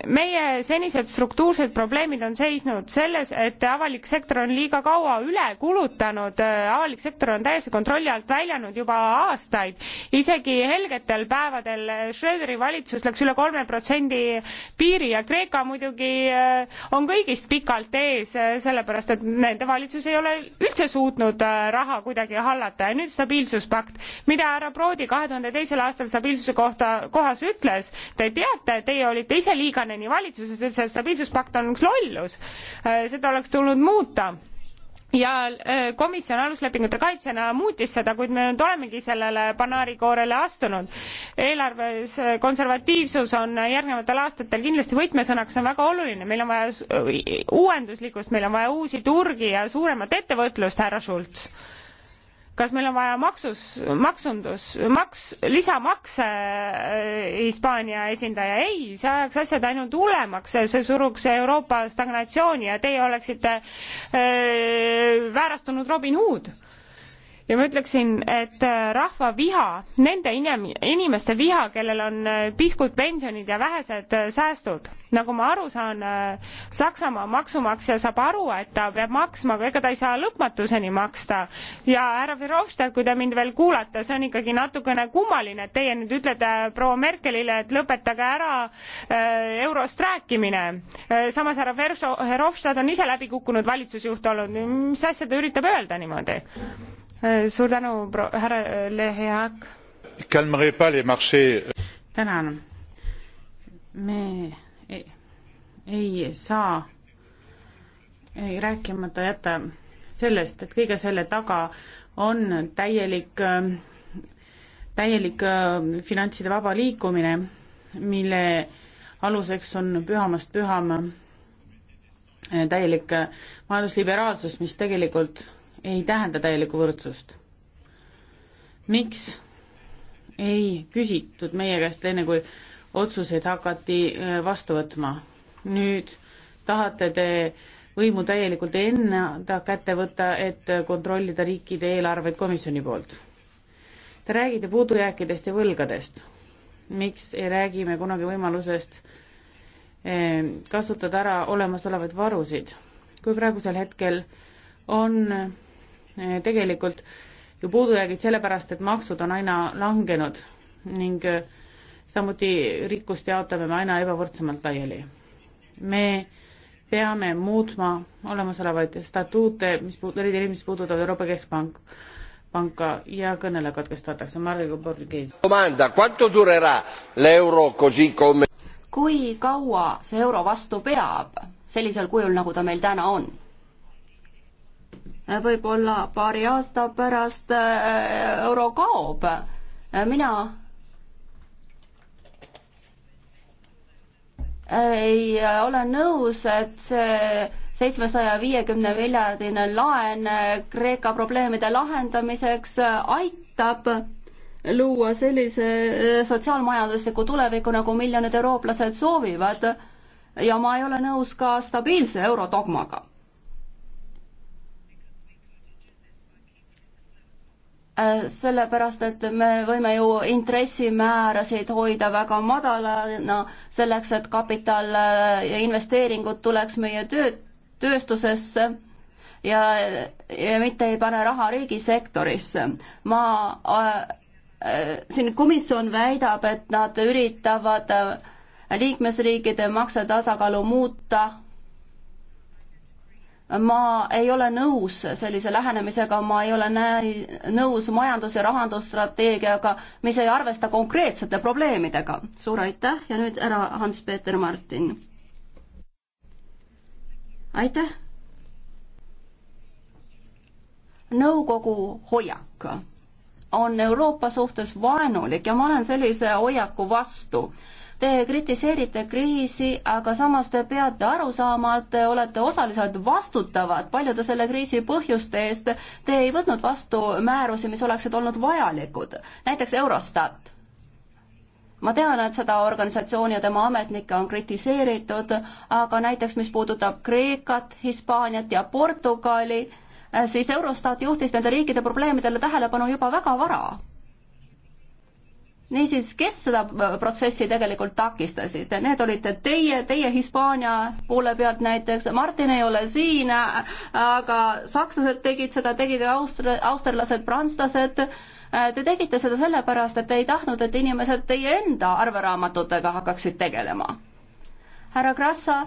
meie senised struktuursed probleemid on seisnud selles, et avalik sektor on liiga kaua üle kulutanud, avalik sektor on täiesti kontrolli alt väljanud juba aastaid. isegi helgetel päevadel Schröderi valitsus läks üle kolme protsendi piiri ja Kreeka muidugi on kõigist pikalt ees, sellepärast et nende valitsus ei ole üldse suutnud raha kuidagi hallata ja nüüd stabiilsuspakt, mida härra Proodi kahe tuhande teisel aastal stabiilsuse kohta, kohas ütles, te teate, et teie olite ise Liiganeni valitsuses, ütles, et stabiilsuspakt on üks lollus. Äh, seda oleks tulnud muuta ja äh, komisjon aluslepingute kaitsjana muutis seda, kuid me nüüd olemegi sellele banaarikoorele astunud. eelarves äh, konservatiivsus on järgnevatel aastatel kindlasti võtmesõnaks, see on väga oluline, meil on vaja uuenduslikkust, meil on vaja uusi turgi ja suuremat ettevõtlust, härra Schultz kas meil on vaja maksus, maksundus, maks, lisamakse äh, Hispaania esindaja, ei, see ajaks asjad ainult hullemaks, see suruks Euroopa stagnatsiooni ja teie oleksite öö, äh, väärastunud Robin Hood ja ma ütleksin, et äh, rahva viha, nende inim-, inimeste viha, kellel on äh, piskud pensionid ja vähesed äh, säästud, nagu ma aru saan, Saksamaa maksumaksja saab aru, et ta peab maksma, aga ega ta ei saa lõpmatuseni maksta. ja härra Verhofstadt, kui te mind veel kuulate, see on ikkagi natukene kummaline, et teie nüüd ütlete proua Merkelile, et lõpetage ära äh, eurost rääkimine. samas härra Verhofstadt on ise läbi kukkunud valitsusjuht olnud, mis asja ta üritab öelda niimoodi? Eh, suur tänu, härra eh, Lehjak. tänan. me ei, ei saa ei rääkimata jätta sellest, et kõige selle taga on täielik, eh, täielik finantside vaba liikumine, mille aluseks on pühamast püham täielik majandusliberaalsus, mis tegelikult ei tähenda täielikku võrdsust. miks ei küsitud meie käest enne, kui otsuseid hakati äh, vastu võtma? nüüd tahate te võimu täielikult enne ta kätte võtta, et äh, kontrollida riikide eelarveid komisjoni poolt. Te räägite puudujääkidest ja võlgadest. miks ei räägi me kunagi võimalusest äh, kasutada ära olemasolevaid varusid? kui praegusel hetkel on Eh, tegelikult ju puudujäägid sellepärast, et maksud on aina langenud ning eh, samuti rikkust jaotame me aina ebavõrdsemalt laiali. me peame muutma olemasolevaid statuute, mis puud-, eriti neid, mis puudutavad Euroopa Keskpank, panka ja kõnele katkestatakse. Margo Borghese. kui kaua see euro vastu peab sellisel kujul, nagu ta meil täna on? võib-olla paari aasta pärast äh, euro kaob. Äh, mina ei äh, ole nõus, et see seitsmesaja viiekümne miljardine laen Kreeka probleemide lahendamiseks aitab luua sellise sotsiaalmajandusliku tuleviku, nagu miljonid eurooplased soovivad. ja ma ei ole nõus ka stabiilse eurodogmaga Äh, sellepärast, et me võime ju intressimäärasid hoida väga madalana, selleks et kapital äh, ja investeeringud tuleks meie töö, tööstusesse ja, ja mitte ei pane raha riigisektorisse. ma äh,, äh siin komisjon väidab, et nad üritavad liikmesriikide maksetasakaalu muuta ma ei ole nõus sellise lähenemisega, ma ei ole näi-, nõus majandus- ja rahandusstrateegiaga, mis ei arvesta konkreetsete probleemidega. suur aitäh ja nüüd ära Hans-Peeter Martin. aitäh. nõukogu hoiak on Euroopa suhtes vaenulik ja ma olen sellise hoiaku vastu Te kritiseerite kriisi, aga samas te peate aru saama, et te olete osaliselt vastutavad paljude selle kriisi põhjuste eest. Te ei võtnud vastu määrusi, mis oleksid olnud vajalikud, näiteks Eurostat ma tean, et seda organisatsiooni ja tema ametnikke on kritiseeritud, aga näiteks mis puudutab Kreekat, Hispaaniat ja Portugali, siis Eurostat juhtis nende riikide probleemidele tähelepanu juba väga vara niisiis, kes seda äh, protsessi tegelikult takistasid, need olite teie, teie Hispaania poole pealt näiteks, Martin ei ole siin, äh, aga sakslased tegid seda, tegid austr-, austerlased, prantslased, äh, te tegite seda sellepärast, et te ei tahtnud, et inimesed teie enda arveraamatutega hakkaksid tegelema. härra Krassa,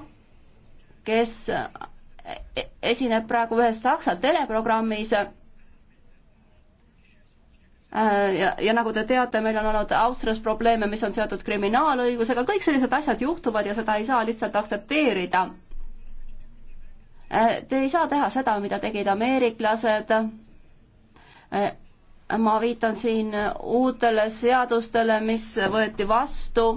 kes e-, esineb praegu ühes Saksa teleprogrammis, Äh, ja, ja nagu te teate, meil on olnud Austrias probleeme, mis on seotud kriminaalõigusega, kõik sellised asjad juhtuvad ja seda ei saa lihtsalt aktsepteerida. Äh, te ei saa teha seda, mida tegid ameeriklased. Äh, ma viitan siin uutele seadustele, mis võeti vastu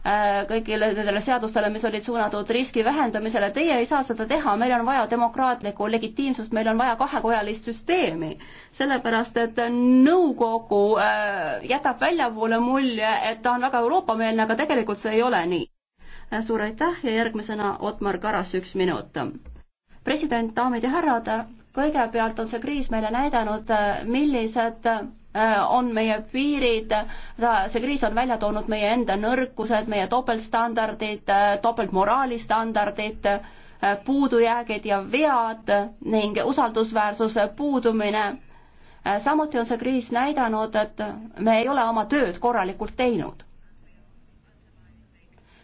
Äh, kõigile nendele seadustele, mis olid suunatud riski vähendamisele, teie ei saa seda teha, meil on vaja demokraatlikku legitiimsust, meil on vaja kahekojalist süsteemi. sellepärast, et nõukogu äh, jätab väljapoole mulje, et ta on väga Euroopa-meelne, aga tegelikult see ei ole nii. Äh, suur aitäh ja järgmisena Otmar Karas, üks minut. president, daamid ja härrad, kõigepealt on see kriis meile näidanud, millised Äh, on meie piirid, äh, see kriis on välja toonud meie enda nõrkused, meie topeltstandardid, äh, topeltmoraali standardid, puudujäägid ja vead ning usaldusväärsuse puudumine. samuti on see kriis näidanud, et me ei ole oma tööd korralikult teinud.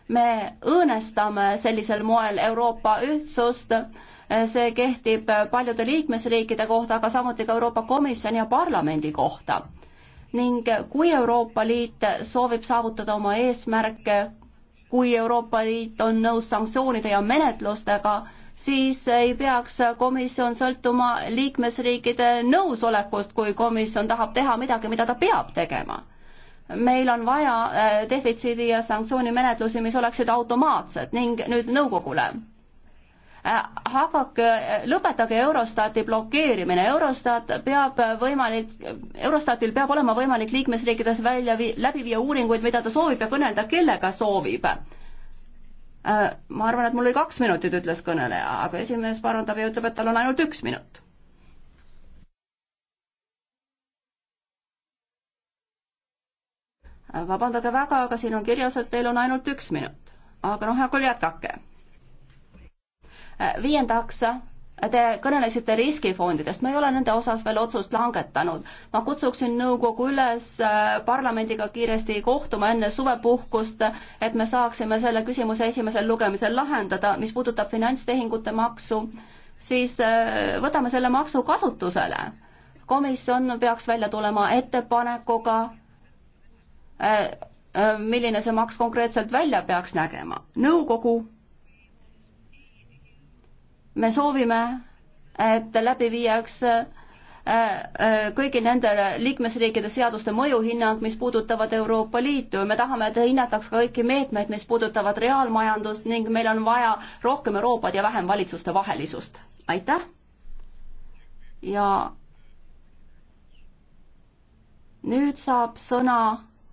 me õõnestame sellisel moel Euroopa ühtsust Äh, see kehtib äh, paljude liikmesriikide kohta, aga samuti ka Euroopa Komisjoni ja parlamendi kohta. ning äh, kui Euroopa Liit soovib saavutada oma eesmärke, kui Euroopa Liit on nõus sanktsioonide ja menetlustega, siis ei peaks komisjon sõltuma liikmesriikide nõusolekust, kui komisjon tahab teha midagi, mida ta peab tegema. meil on vaja defitsiidi ja sanktsioonimenetlusi, mis oleksid automaatsed ning nüüd nõukogule Äh, hakake, äh, lõpetage Eurostati blokeerimine, Eurostat peab äh, võimalik, Eurostatil peab olema võimalik liikmesriikides välja vii-, läbi viia uuringuid, mida ta soovib ja kõnelda, kellega soovib. ma arvan, et mul oli kaks minutit, ütles kõneleja, aga esimees parandab ja ütleb, et tal on ainult üks minut vabandage väga, aga siin on kirjas, et teil on ainult üks minut. aga noh, hea küll, jätkake viiendaks, te kõnelesite riskifondidest, ma ei ole nende osas veel otsust langetanud. ma kutsuksin nõukogu üles äh, parlamendiga kiiresti kohtuma enne suvepuhkust, et me saaksime selle küsimuse esimesel lugemisel lahendada, mis puudutab finantstehingute maksu, siis äh, võtame selle maksu kasutusele. komisjon peaks välja tulema ettepanekuga, äh, milline see maks konkreetselt välja peaks nägema. nõukogu me soovime, et läbi viiakse äh, äh, kõigi nende liikmesriikide seaduste mõjuhinnang, mis puudutavad Euroopa Liitu. me tahame, et hinnataks ka kõiki meetmeid, mis puudutavad reaalmajandust ning meil on vaja rohkem Euroopat ja vähem valitsuste vahelisust. aitäh! ja nüüd saab sõna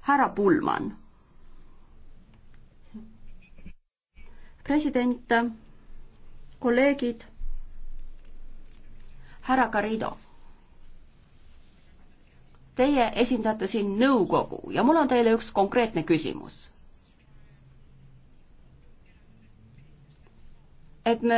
härra Pullmann. president kolleegid, härra Garrido, teie esindate siin nõukogu ja mul on teile üks konkreetne küsimus. et me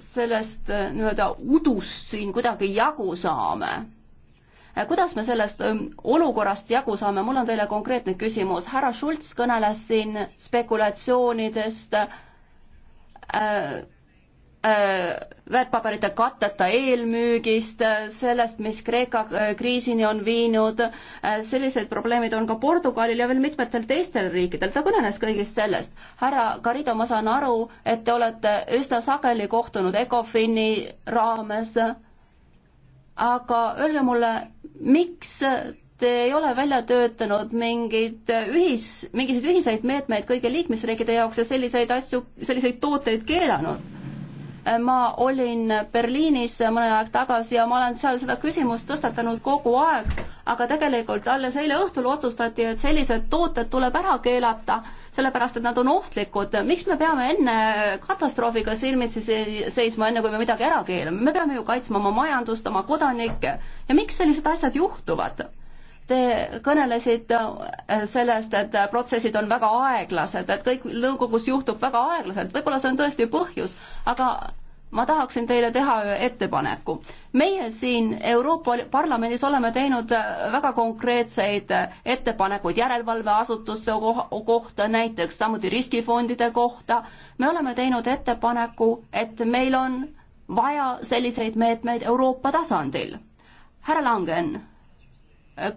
sellest äh, nii-öelda udust siin kuidagi jagu saame äh, kuidas me sellest ähm, olukorrast jagu saame, mul on teile konkreetne küsimus, härra Schultz kõneles siin spekulatsioonidest äh,, Äh, väärtpaberite katteta eelmüügist, äh, sellest, mis Kreeka äh, kriisini on viinud, sellised probleemid on ka Portugalil ja veel mitmetel teistel riikidel, ta kõneles kõigist sellest. härra Garrido, ma saan aru, et te olete üsna sageli kohtunud Ecofini raames, aga öelge mulle, miks te ei ole välja töötanud mingeid ühis, mingiseid ühiseid meetmeid kõigi liikmesriikide jaoks ja selliseid asju, selliseid tooteid keelanud? ma olin Berliinis mõne aeg tagasi ja ma olen seal seda küsimust tõstatanud kogu aeg, aga tegelikult alles eile õhtul otsustati, et sellised tooted tuleb ära keelata, sellepärast et nad on ohtlikud. miks me peame enne katastroofiga silmitsi seisma, enne kui me midagi ära keelame? me peame ju kaitsma oma majandust, oma kodanikke ja miks sellised asjad juhtuvad? Te kõnelesite äh, sellest, et protsessid on väga aeglased, et kõik nõukogus juhtub väga aeglaselt, võib-olla see on tõesti põhjus, aga ma tahaksin teile teha ühe ettepaneku. meie siin Euroopa Parlamendis oleme teinud äh, väga konkreetseid äh, ettepanekuid järelevalveasutuste kohta, näiteks samuti riskifondide kohta. me oleme teinud ettepaneku, et meil on vaja selliseid meetmeid Euroopa tasandil. härra Langen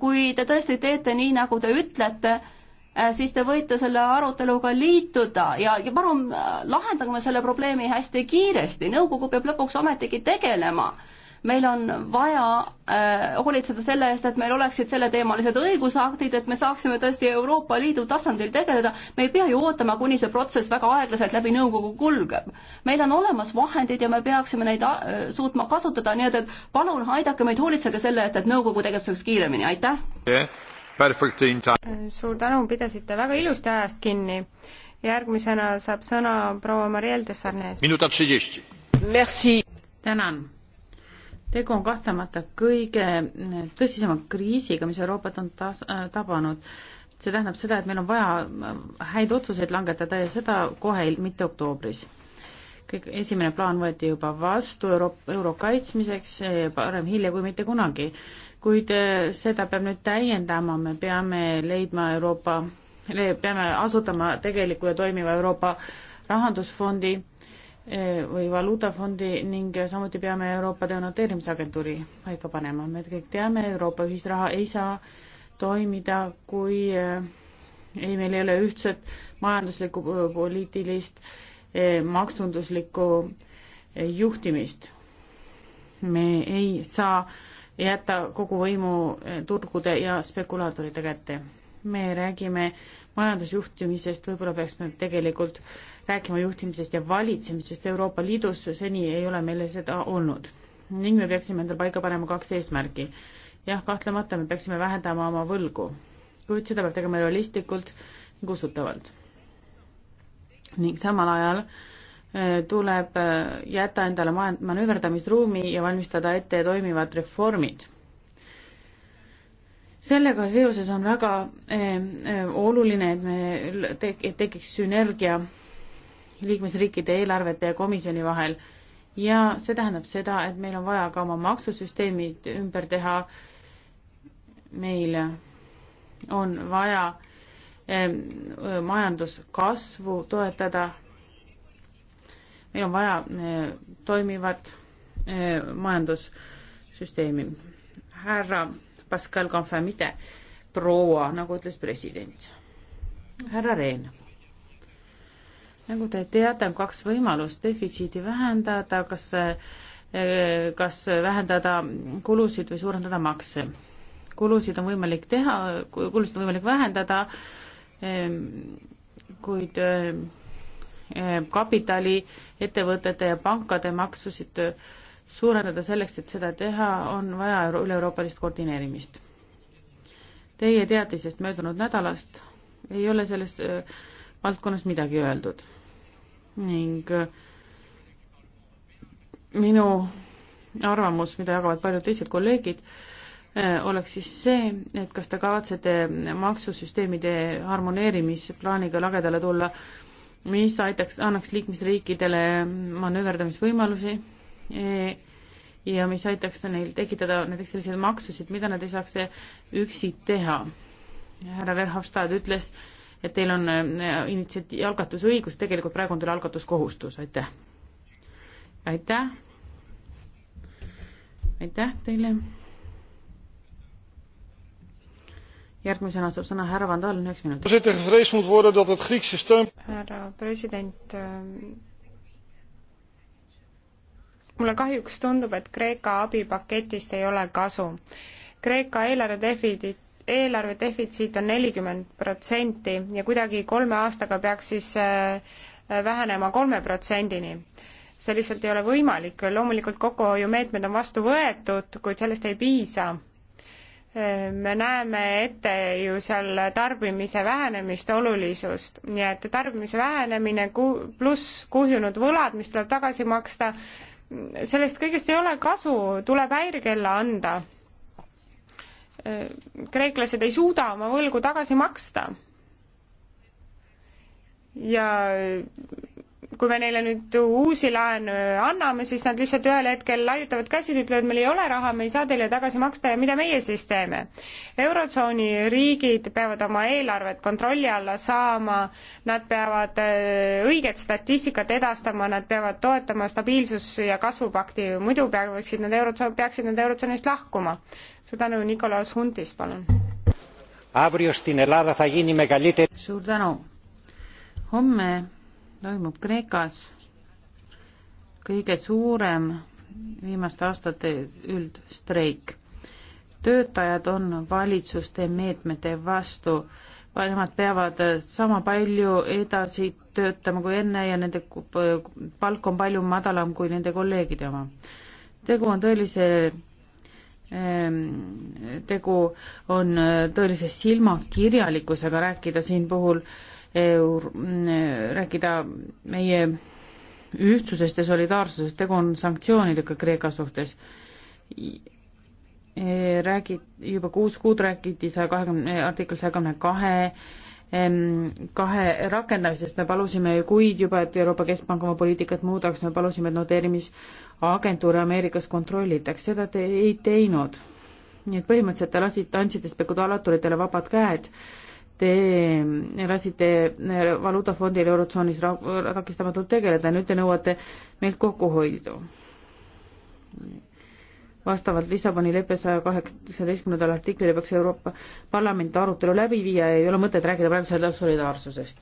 kui te tõesti teete nii, nagu te ütlete, äh, siis te võite selle aruteluga liituda ja, ja palun äh, lahendame selle probleemi hästi kiiresti, nõukogu peab lõpuks ometigi tegelema äh, meil on vaja äh, hoolitseda selle eest, et meil oleksid selleteemalised õigusaktid, et me saaksime tõesti Euroopa Liidu tasandil tegeleda. me ei pea ju ootama, kuni see protsess väga aeglaselt läbi nõukogu kulgeb. meil on olemas vahendid ja me peaksime neid äh, suutma kasutada, nii et, et palun aidake meid, hoolitsege selle eest, et nõukogu tegutseks kiiremini, aitäh yeah,! Äh, suur tänu, pidasite väga ilusti ajast kinni. järgmisena saab sõna proua Marielle Desarnes. tänan tegu on kahtlemata kõige tõsisema kriisiga, mis Euroopat on tas-, äh, tabanud. see tähendab seda, et meil on vaja äh, häid otsuseid langetada ja seda kohe, mitte oktoobris. kõik, esimene plaan võeti juba vastu euro, euro kaitsmiseks, parem hilja kui mitte kunagi. kuid äh, seda peab nüüd täiendama, me peame leidma Euroopa, peame asutama tegeliku ja toimiva Euroopa rahandusfondi või valuutafondi ning samuti peame Euroopa Denoteerimisagentuuri paika panema. me kõik teame, Euroopa ühisraha ei saa toimida, kui eh, ei, meil ei ole ühtset majanduslikku, poliitilist, eh, maksunduslikku eh, juhtimist. me ei saa jätta kogu võimu turgude ja spekulaatorite kätte. me räägime majandusjuhtimisest, võib-olla peaks me tegelikult äh, rääkima juhtimisest ja valitsemisest Euroopa Liidus, seni ei ole meile seda olnud. ning me peaksime endale paika panema kaks eesmärki. jah, kahtlemata me peaksime vähendama oma võlgu, kuid seda peab tegema realistlikult ning usutavalt. ning samal ajal eh, tuleb eh, jätta endale manööverdamisruumi ja valmistada ette toimivad reformid sellega seoses on väga eh, eh, oluline, et me te, et tekiks sünergia liikmesriikide eelarvete ja komisjoni vahel. ja see tähendab seda, et meil on vaja ka oma maksusüsteemid ümber teha, meil on vaja majanduskasvu toetada, meil on vaja e, toimivat e, majandussüsteemi. härra Pascal Confamite, proua, nagu ütles president. härra Rehn nagu te teate, on kaks võimalust defitsiidi vähendada, kas, eh, kas vähendada kulusid või suurendada makse. kulusid on võimalik teha, kulusid on võimalik vähendada, eh, kuid eh, kapitali, ettevõtete ja pankade maksusid suurendada selleks, et seda teha, on vaja üle-euroopalist koordineerimist. Teie teadisest möödunud nädalast ei ole selles valdkonnas midagi öeldud. ning äh, minu arvamus, mida jagavad paljud teised kolleegid, äh, oleks siis see, et kas te kavatsete maksusüsteemide harmoneerimisplaaniga lagedale tulla, mis aitaks, annaks liikmesriikidele manööverdamisvõimalusi e, ja mis aitaks neil tekitada näiteks selliseid maksusid, mida nad ei saaks üksi teha. härra Verhofstadt ütles, et teil on äh, initsiati-, algatusõigus, tegelikult praegu on teil algatuskohustus, aitäh. aitäh. aitäh teile. järgmisena saab sõna härra Van Dalen, üks minut. härra president, ähm, mulle kahjuks tundub, et Kreeka abipaketist ei ole kasu Kreeka eelarve defitsiit eelarve defitsiit on nelikümmend protsenti ja kuidagi kolme aastaga peaks siis äh, vähenema kolme protsendini. see lihtsalt ei ole võimalik, loomulikult kokkuhoiumeetmed on vastu võetud, kuid sellest ei piisa. Äh, me näeme ette ju seal tarbimise vähenemist olulisust, nii et tarbimise vähenemine ku-, pluss kuhjunud võlad, mis tuleb tagasi maksta, sellest kõigest ei ole kasu, tuleb häirekella anda Äh, kreeklased ei suuda oma võlgu tagasi maksta. ja kui me neile nüüd uusi laene anname, siis nad lihtsalt ühel hetkel laiutavad käsid, ütlevad, meil ei ole raha, me ei saa teile tagasi maksta ja mida meie siis teeme? eurotsooni riigid peavad oma eelarvet kontrolli alla saama, nad peavad äh, õiget statistikat edastama, nad peavad toetama stabiilsus- ja kasvupakti, muidu peaksid nad eurotsoon, peaksid nad eurotsoonist lahkuma. suur tänu, Nikolaus Huntis, palun. suur tänu. homme toimub Kreekas kõige suurem viimaste aastate üldstreik. töötajad on valitsuste meetmete vastu, nemad peavad sama palju edasi töötama kui enne ja nende palk on palju madalam kui nende kolleegide oma. tegu on tõelise ehm, tegu on tõelise silmakirjalikkusega rääkida siin puhul äh, eur-, mm, rääkida meie ühtsusest ja solidaarsusest, tegu on sanktsioonidega Kreeka suhtes. E, Räägi-, juba kuus kuud räägiti saja kahekümne, artikkel saja kahekümne kahe kahe rakendamisest me palusime kuid juba, et Euroopa Keskpank oma poliitikat muudaks, me palusime, et noteerimisagentuure Ameerikas kontrollitaks, seda te ei teinud. nii et põhimõtteliselt te lasite, andsite spekulaatoritele vabad käed te lasite valuutafondil Eurotsoonis takistamatult tegeleda, nüüd te nõuate meilt kokkuhoidu. vastavalt Lissaboni leppe saja kaheksateistkümnendale artiklile peaks Euroopa Parlament arutelu läbi viia ja ei ole mõtet rääkida praegu sellest solidaarsusest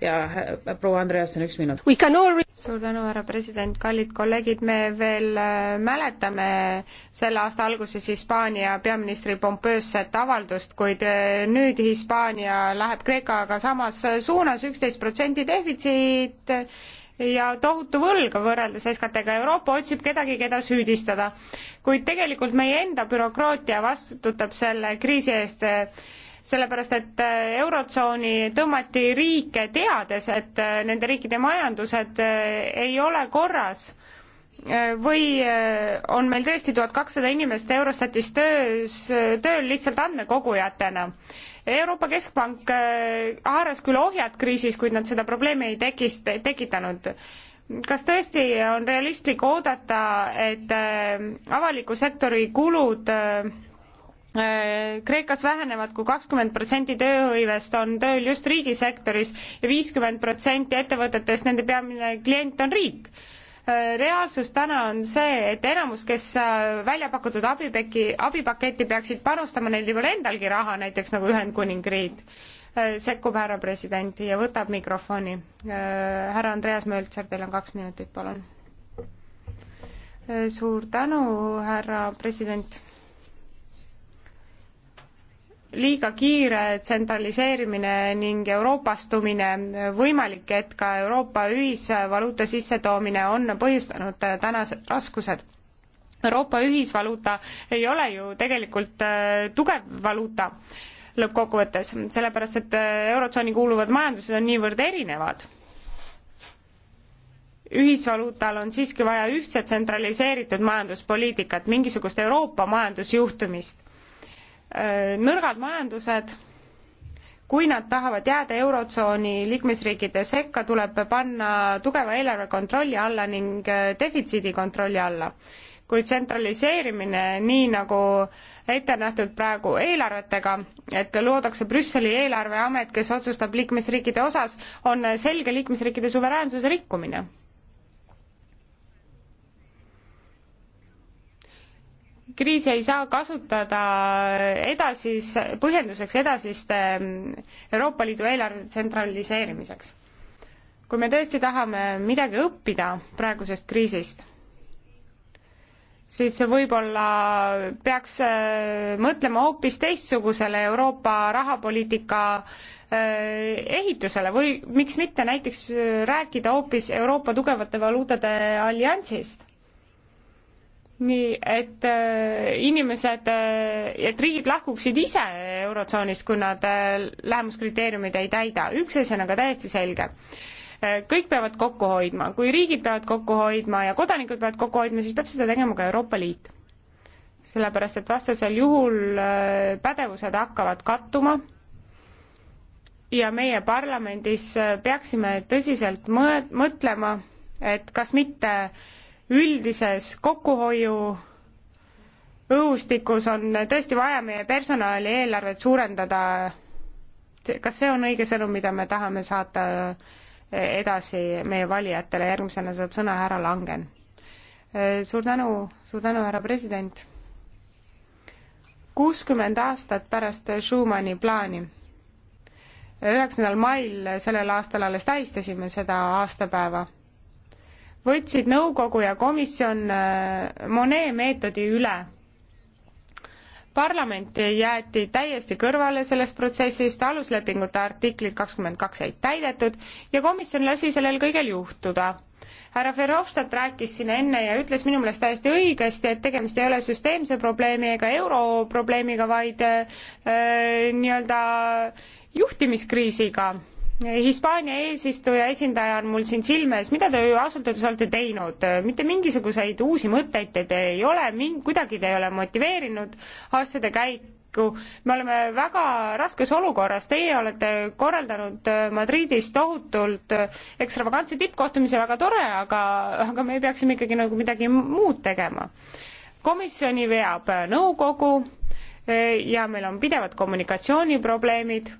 ja äh, proua Andreasen, üks minut. All... suur tänu, härra president, kallid kolleegid, me veel äh, mäletame selle aasta alguses Hispaania peaministri pompoosset avaldust, kuid äh, nüüd Hispaania läheb Kreekaga samas suunas, üksteist protsenti defitsiit ja tohutu võlg võrreldes SKT-ga. Euroopa otsib kedagi, keda süüdistada. kuid tegelikult meie enda bürokraatia vastutab selle kriisi eest sellepärast et äh, Eurotsooni tõmmati riike teades, et äh, nende riikide majandused äh, ei ole korras või on meil tõesti tuhat kakssada inimest Eurostatis töös, tööl lihtsalt andmekogujatena. Euroopa Keskpank haaras küll ohjad kriisis, kuid nad seda probleemi ei tekist-, tekitanud. kas tõesti on realistlik oodata, et avaliku sektori kulud Kreekas vähenevad kui, kui kakskümmend protsenti tööhõivest on tööl just riigisektoris ja viiskümmend protsenti ettevõtetest, nende peamine klient on riik. reaalsus täna on see, et enamus, kes äh, välja pakutud abipeki, abipaketti peaksid panustama, neil ei ole endalgi raha, näiteks nagu Ühendkuningriik äh, sekkub härra president ja võtab mikrofoni. Äh, härra Andreas Möltser, teil on kaks minutit, palun. suur tänu, härra president liiga kiire tsentraliseerimine ning euroopastumine, võimalik, et ka Euroopa ühisvaluuta sissetoomine on põhjustanud tänased raskused. Euroopa ühisvaluuta ei ole ju tegelikult äh, tugev valuuta lõppkokkuvõttes, sellepärast et äh, Eurotsooni kuuluvad majandused on niivõrd erinevad ühisvaluutal on siiski vaja ühtset tsentraliseeritud majanduspoliitikat, mingisugust Euroopa majandusjuhtumist Äh, nõrgad majandused, kui nad tahavad jääda Eurotsooni liikmesriikide sekka, tuleb panna tugeva eelarve kontrolli alla ning äh, defitsiidi kontrolli alla. kuid tsentraliseerimine, nii nagu ette nähtud praegu eelarvetega, et loodakse Brüsseli eelarveamet, kes otsustab liikmesriikide osas, on selge liikmesriikide suveräänsuse rikkumine kriisi ei saa kasutada edasis, põhjenduseks edasiste mm, Euroopa Liidu eelarve tsentraliseerimiseks. kui me tõesti tahame midagi õppida praegusest kriisist, siis võib-olla peaks äh, mõtlema hoopis teistsugusele Euroopa rahapoliitika äh, ehitusele või miks mitte näiteks äh, rääkida hoopis Euroopa tugevate valuutade alliansist nii et äh, inimesed, äh, et riigid lahkuksid ise Eurotsoonist, kui nad äh, lähemuskriteeriumeid ei täida, üks asi on aga täiesti selge kõik peavad kokku hoidma, kui riigid peavad kokku hoidma ja kodanikud peavad kokku hoidma, siis peab seda tegema ka Euroopa Liit. sellepärast, et vastasel juhul pädevused hakkavad kattuma ja meie parlamendis peaksime tõsiselt mõtlema, et kas mitte äh, üldises kokkuhoiu õhustikus on tõesti vaja meie personali eelarvet suurendada. kas see on õige sõnum, mida me tahame saata e, edasi meie valijatele, järgmisena saab sõna härra Langen. E, suur tänu, suur tänu, härra president. kuuskümmend aastat pärast Schumanni plaani üheksandal mail sellel aastal alles tähistasime seda aastapäeva võtsid nõukogu ja komisjon äh, Monet meetodi üle. parlament jäeti täiesti kõrvale sellest protsessist, aluslepingute artiklit kakskümmend kaks ei täidetud ja komisjon lasi sellel kõigel juhtuda härra Verhofstadt rääkis siin enne ja ütles minu meelest täiesti õigesti, et tegemist ei ole süsteemse probleemi ega europrobleemiga, vaid äh, äh, nii-öelda juhtimiskriisiga Hispaania eesistuja esindaja on mul siin silme ees, mida te ausalt öeldes olete teinud, mitte mingisuguseid uusi mõtteid te, te ei ole, kuidagi te ei ole motiveerinud asjade käiku, me oleme väga raskes olukorras, teie olete korraldanud äh, Madridis tohutult äh, ekstravagantse tippkohtumise, väga tore, aga, aga me peaksime ikkagi nagu midagi muud tegema. komisjoni veab nõukogu äh, ja meil on pidevad kommunikatsiooniprobleemid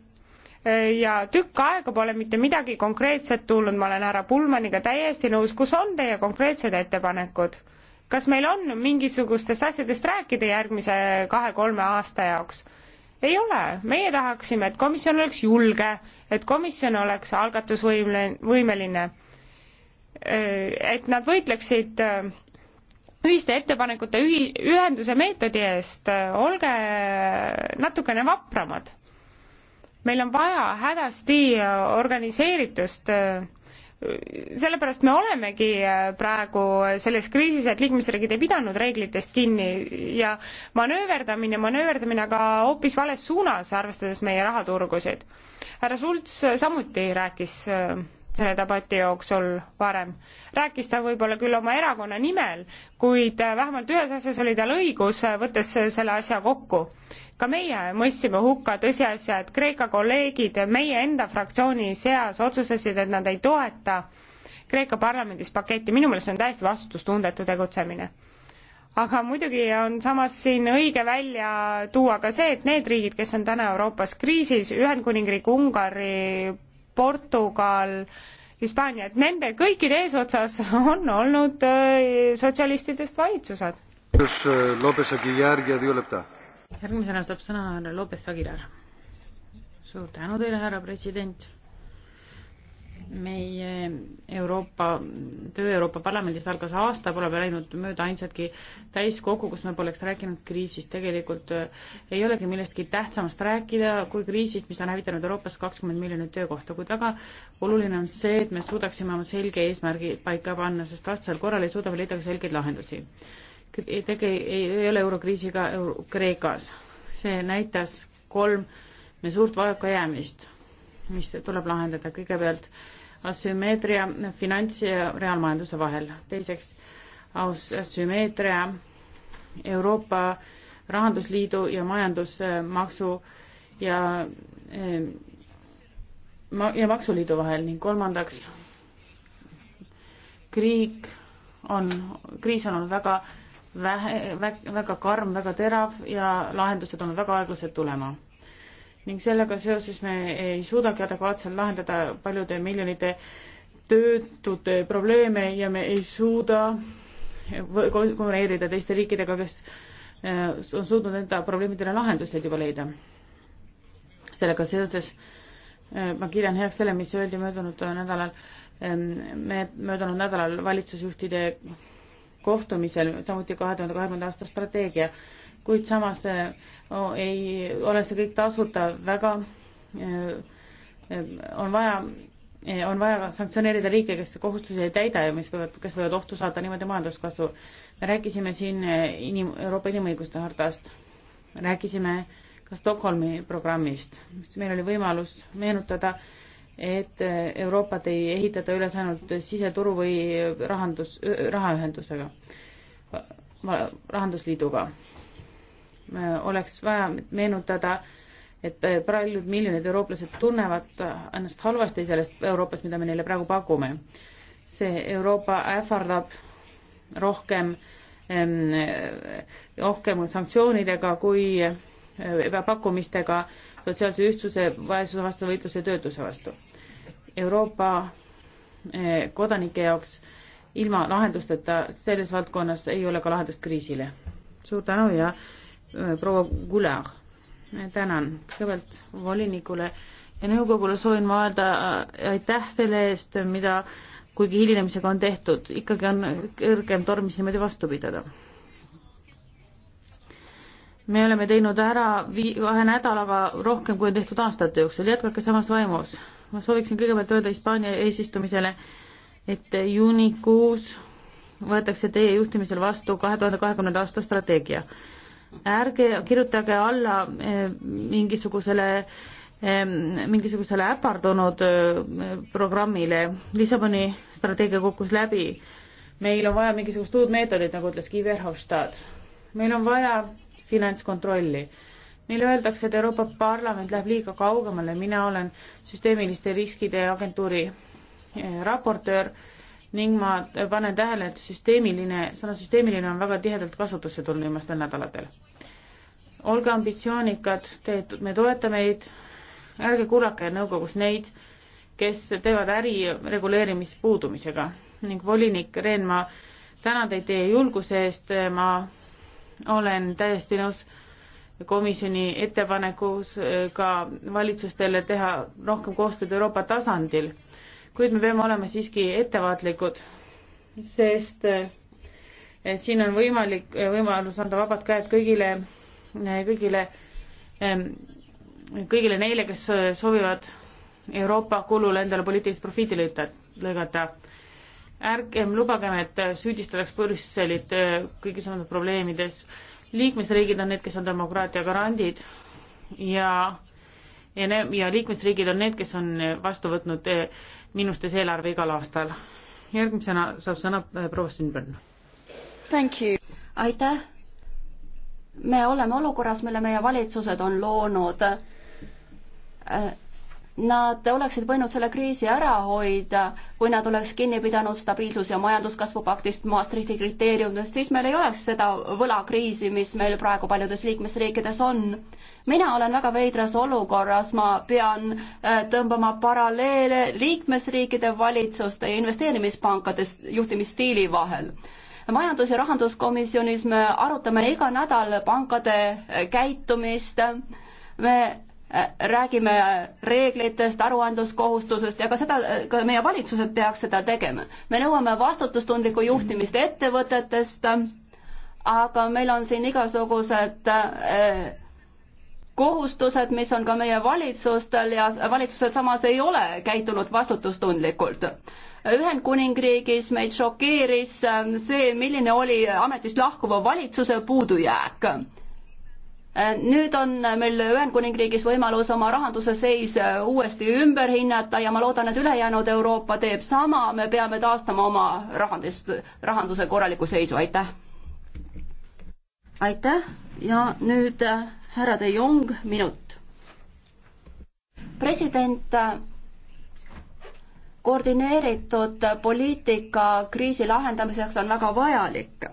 ja tükk aega pole mitte midagi konkreetset tulnud, ma olen härra Pulmaniga täiesti nõus, kus on teie konkreetsed ettepanekud? kas meil on mingisugustest asjadest rääkida järgmise kahe-kolme aasta jaoks? ei ole, meie tahaksime, et komisjon oleks julge, et komisjon oleks algatusvõimeline, võimeline, et nad võitleksid äh, ühiste ettepanekute ühi-, ühenduse meetodi eest, olge natukene vapramad meil on vaja hädasti äh, organiseeritust äh, sellepärast me olemegi äh, praegu selles kriisis, et liikmesriigid ei pidanud reeglitest kinni ja manööverdamine, manööverdamine aga hoopis vales suunas, arvestades meie rahaturgusid. härra Schulz samuti rääkis selle debati jooksul varem. rääkis ta võib-olla küll oma erakonna nimel, kuid äh, vähemalt ühes asjas oli tal õigus, äh, võttes selle asja kokku. ka meie mõistsime hukka tõsiasja, et Kreeka kolleegid meie enda fraktsiooni seas otsustasid, et nad ei toeta Kreeka parlamendis paketti, minu meelest see on täiesti vastutustundetu tegutsemine aga muidugi on samas siin õige välja tuua ka see, et need riigid, kes on täna Euroopas kriisis, Ühendkuningriik, Ungari, Portugal, Hispaania, et nende kõikide eesotsas on olnud äh, sotsialistidest valitsused. Äh, järgmisena saab sõna härra Lopez Aguilar. suur tänu teile, härra president meie Euroopa, töö Euroopa Parlamendis algas aasta, pole veel läinud mööda ainsatki täiskogu, kus me poleks rääkinud kriisist, tegelikult äh, ei olegi millestki tähtsamast rääkida kui kriisist, mis on hävitanud Euroopas kakskümmend miljonit töökohta, kuid väga oluline on see, et me suudaksime oma selge eesmärgi paika panna, sest vastasel korral ei suuda me leida ka selgeid lahendusi. tege-, ei ole eurokriisiga euro Kreekas, see näitas kolm suurt vajakajäämist mis tuleb lahendada kõigepealt asümmeetria finants ja reaalmajanduse vahel, teiseks asümmeetria Euroopa Rahandusliidu ja Majandusmaksu ja eh, ja Maksuliidu vahel ning kolmandaks kriik on, kriis on olnud väga vähe, väga karm, väga terav ja lahendused on väga aeglased tulema ning sellega seoses me ei suudagi adekvaatselt lahendada paljude miljonite töötute probleeme ja me ei suuda konkureerida teiste riikidega, kes äh, on suutnud enda probleemidele lahendused juba leida. sellega seoses äh, ma kiidan heaks selle, mis öeldi möödunud nädalal, ähm, me möödunud nädalal valitsusjuhtide kohtumisel, samuti kahe tuhande kahekümnenda aasta strateegia äh, kuid samas no, eh, ei ole see kõik tasuta, väga eh, eh, on vaja, on vaja sanktsioneerida riike, kes kohustusi ei täida ja mis võivad, kes võivad ohtu saada niimoodi majanduskasvu. me rääkisime siin inim-, Euroopa Inimõiguste hartast, rääkisime ka Stockholmi programmist, mis meil oli võimalus meenutada, et Euroopat ei ehitata üles ainult siseturu või rahandus, rahaühendusega, rahandusliiduga Äh, oleks vaja meenutada, et äh, paljud miljonid eurooplased tunnevad ennast halvasti sellest Euroopast, mida me neile praegu pakume. see Euroopa ähvardab rohkem, ähm, rohkem sanktsioonidega kui äh, pakkumistega sotsiaalse ühtsuse, vaesuse vastu võitluse ja töötuse vastu. Euroopa kodanike jaoks ilma lahendusteta selles valdkonnas ei ole ka lahendust kriisile. suur tänu ja Äh, proua Gulag. Äh, tänan kõigepealt volinikule ja nõukogule soovin ma öelda äh, aitäh selle eest, mida kuigi hilinemisega on tehtud, ikkagi on kõrgem tormis niimoodi vastu pidada. me oleme teinud ära vii-, kahe nädalaga rohkem, kui on tehtud aastate jooksul, jätkake samas vaimus. ma sooviksin kõigepealt öelda Hispaania eesistumisele, et juunikuus võetakse teie juhtimisel vastu kahe tuhande kahekümnenda aasta strateegia ärge kirjutage alla eh, mingisugusele eh, mingisugusele äpardunud eh, programmile. Lissaboni strateegia kukkus läbi. meil on vaja mingisugust uut meetodit, nagu ütles Guy Verhofstadt. meil on vaja finantskontrolli meile öeldakse, et Euroopa Parlament läheb liiga kaugemale, mina olen süsteemiliste riskide agentuuri raportöör ning ma panen tähele, et süsteemiline, sõna süsteemiline on väga tihedalt kasutusse tulnud viimastel nädalatel. olge ambitsioonikad, te, me toetame meid, ärge kuulake nõukogus neid, kes teevad äri reguleerimispuudumisega ning volinik Rehn, ma tänan teid teie julguse eest, ma olen täiesti nõus komisjoni ettepanekus ka valitsustele teha rohkem koostööd Euroopa tasandil kuid me peame olema siiski ettevaatlikud, sest eh, siin on võimalik, eh, võimalus anda vabad käed kõigile, eh, kõigile, kõigile neile, kes soovivad Euroopa kulul endale poliitilist profiiti lõigata. ärgem lubagem, et süüdistataks Brüsselit kõigis oma probleemides. liikmesriigid on need, kes on demokraatia garandid ja ja, ja liikmesriigid on need, kes on vastu võtnud miinustes eelarve igal aastal. järgmisena saab sõna äh, proua Sünbel. aitäh. me oleme olukorras, mille meie valitsused on loonud äh, Nad oleksid võinud selle kriisi ära hoida, kui nad oleks kinni pidanud stabiilsus- ja majanduskasvu paktist, Maastrichti kriteeriumidest, siis meil ei oleks seda võlakriisi, mis meil praegu paljudes liikmesriikides on. mina olen väga veidras olukorras, ma pean äh, tõmbama paralleele liikmesriikide valitsuste ja investeerimispankade juhtimisstiili vahel majandus- ja rahanduskomisjonis me arutame iga nädal pankade äh, käitumist, me Äh, räägime reeglitest, aruandluskohustusest ja ka seda, äh, ka meie valitsused peaks seda tegema. me nõuame vastutustundlikku juhtimist ettevõtetest, aga meil on siin igasugused äh, kohustused, mis on ka meie valitsustel ja valitsused samas ei ole käitunud vastutustundlikult. Ühendkuningriigis meid šokeeris see, milline oli ametist lahkuva valitsuse puudujääk nüüd on meil Ühendkuningriigis võimalus oma rahanduse seis äh, uuesti ümber hinnata ja ma loodan, et ülejäänud Euroopa teeb sama, me peame taastama oma rahandist, rahanduse korraliku seisu, aitäh. aitäh ja nüüd äh, härra De Jong, minut. president, äh, koordineeritud poliitika kriisi lahendamiseks on väga vajalik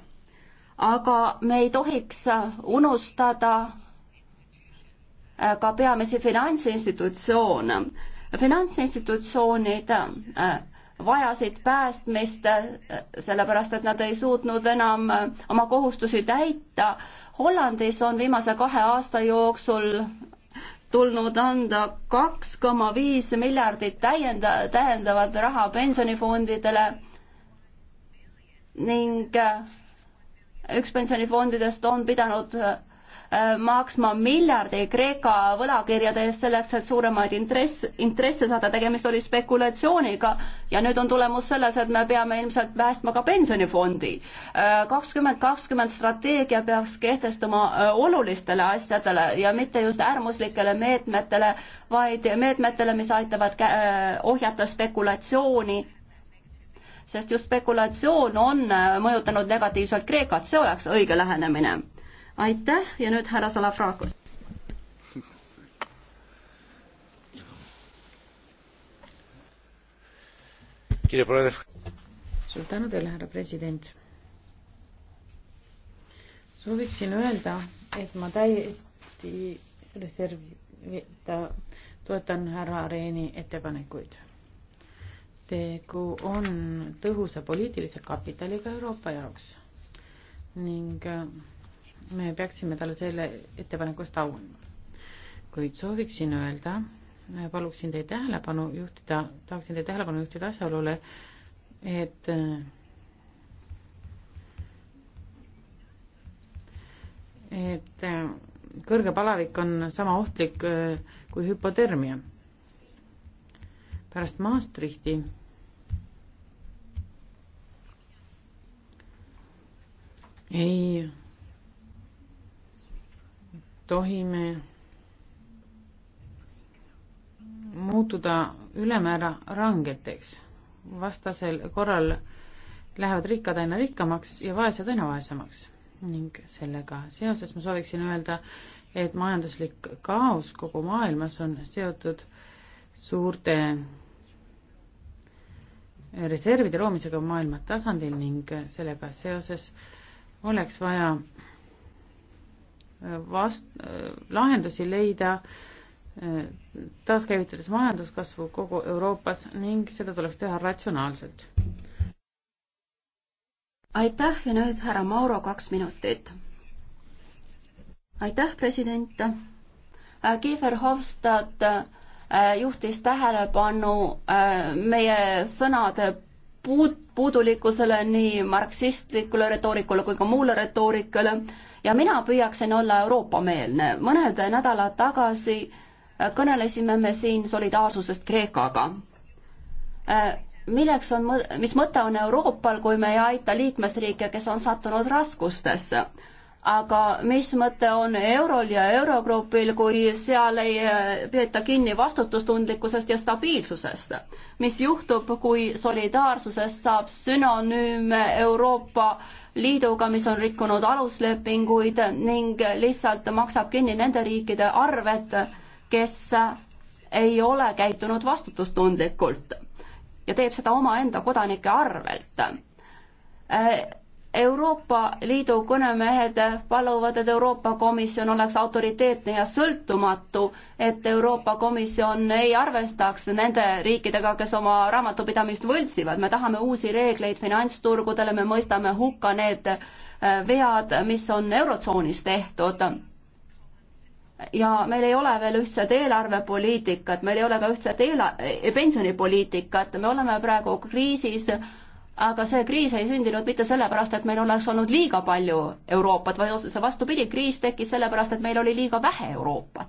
aga me ei tohiks unustada äh, ka peamisi finantsinstitutsioone. finantsinstitutsioonid äh, vajasid päästmist, äh, sellepärast et nad ei suutnud enam oma kohustusi täita. Hollandis on viimase kahe aasta jooksul tulnud anda kaks koma viis miljardit täienda-, täiendavat raha pensionifondidele ning üks pensionifondidest on pidanud äh, maksma miljardi Kreeka võlakirjade eest selleks, et suuremaid intress, intresse saada, tegemist oli spekulatsiooniga ja nüüd on tulemus selles, et me peame ilmselt päästma ka pensionifondi. Äh, kakskümmend kakskümmend strateegia peaks kehtestama äh, olulistele asjadele ja mitte just äärmuslikele meetmetele, vaid meetmetele, mis aitavad ohjata spekulatsiooni sest just spekulatsioon on äh, mõjutanud negatiivselt Kreekat, see oleks õige lähenemine. aitäh ja nüüd härra Salafrakos. suur tänu teile, härra president. sooviksin öelda, et ma täiesti selle servi-, toetan härra Reeni ettepanekuid tegu on tõhusa poliitilise kapitaliga Euroopa jaoks ning äh, me peaksime talle selle ettepanekust au andma. kuid sooviksin öelda, äh, paluksin teie tähelepanu juhtida, tahaksin teie tähelepanu juhtida asjaolule, et äh, et kõrge palavik on sama ohtlik kui hüpotermia. pärast Maastrichti ei tohi me muutuda ülemäära rangeteks, vastasel korral lähevad rikkad aina rikkamaks ja vaesed aina vaesemaks. ning sellega seoses ma sooviksin öelda, et majanduslik kaos kogu maailmas on seotud suurte reservide loomisega maailma tasandil ning sellega seoses äh, oleks vaja äh, vast-, äh, lahendusi leida, äh, taaskäivitades majanduskasvu kogu Euroopas ning seda tuleks teha ratsionaalselt. aitäh ja nüüd härra Mauro, kaks minutit. aitäh, president. Kiefer Hofstad juhtis tähelepanu meie sõnade puud, puudulikkusele nii marksistlikule retoorikule kui ka muule retoorikale ja mina püüaksin olla Euroopa-meelne. mõned nädalad tagasi äh, kõnelesime me siin solidaarsusest Kreekaga. Äh, milleks on, mis mõte on Euroopal, kui me ei aita liikmesriike, kes on sattunud raskustesse? aga mis mõte on Eurol ja Eurogrupil, kui seal ei äh, peeta kinni vastutustundlikkusest ja stabiilsusest? mis juhtub, kui solidaarsusest saab sünonüüm Euroopa Liiduga, mis on rikkunud aluslepinguid ning lihtsalt maksab kinni nende riikide arved, kes ei ole käitunud vastutustundlikult ja teeb seda omaenda kodanike arvelt? Äh, Euroopa Liidu kõnemehed paluvad, et Euroopa Komisjon oleks autoriteetne ja sõltumatu, et Euroopa Komisjon ei arvestaks nende riikidega, kes oma raamatupidamist võltsivad. me tahame uusi reegleid finantsturgudele, me mõistame hukka need äh, vead, mis on Eurotsoonis tehtud. ja meil ei ole veel ühtset eelarvepoliitikat, meil ei ole ka ühtset eela-, pensionipoliitikat, me oleme praegu kriisis aga see kriis ei sündinud mitte sellepärast, et meil oleks olnud liiga palju Euroopat, vaid otse vastupidi, kriis tekkis sellepärast, et meil oli liiga vähe Euroopat.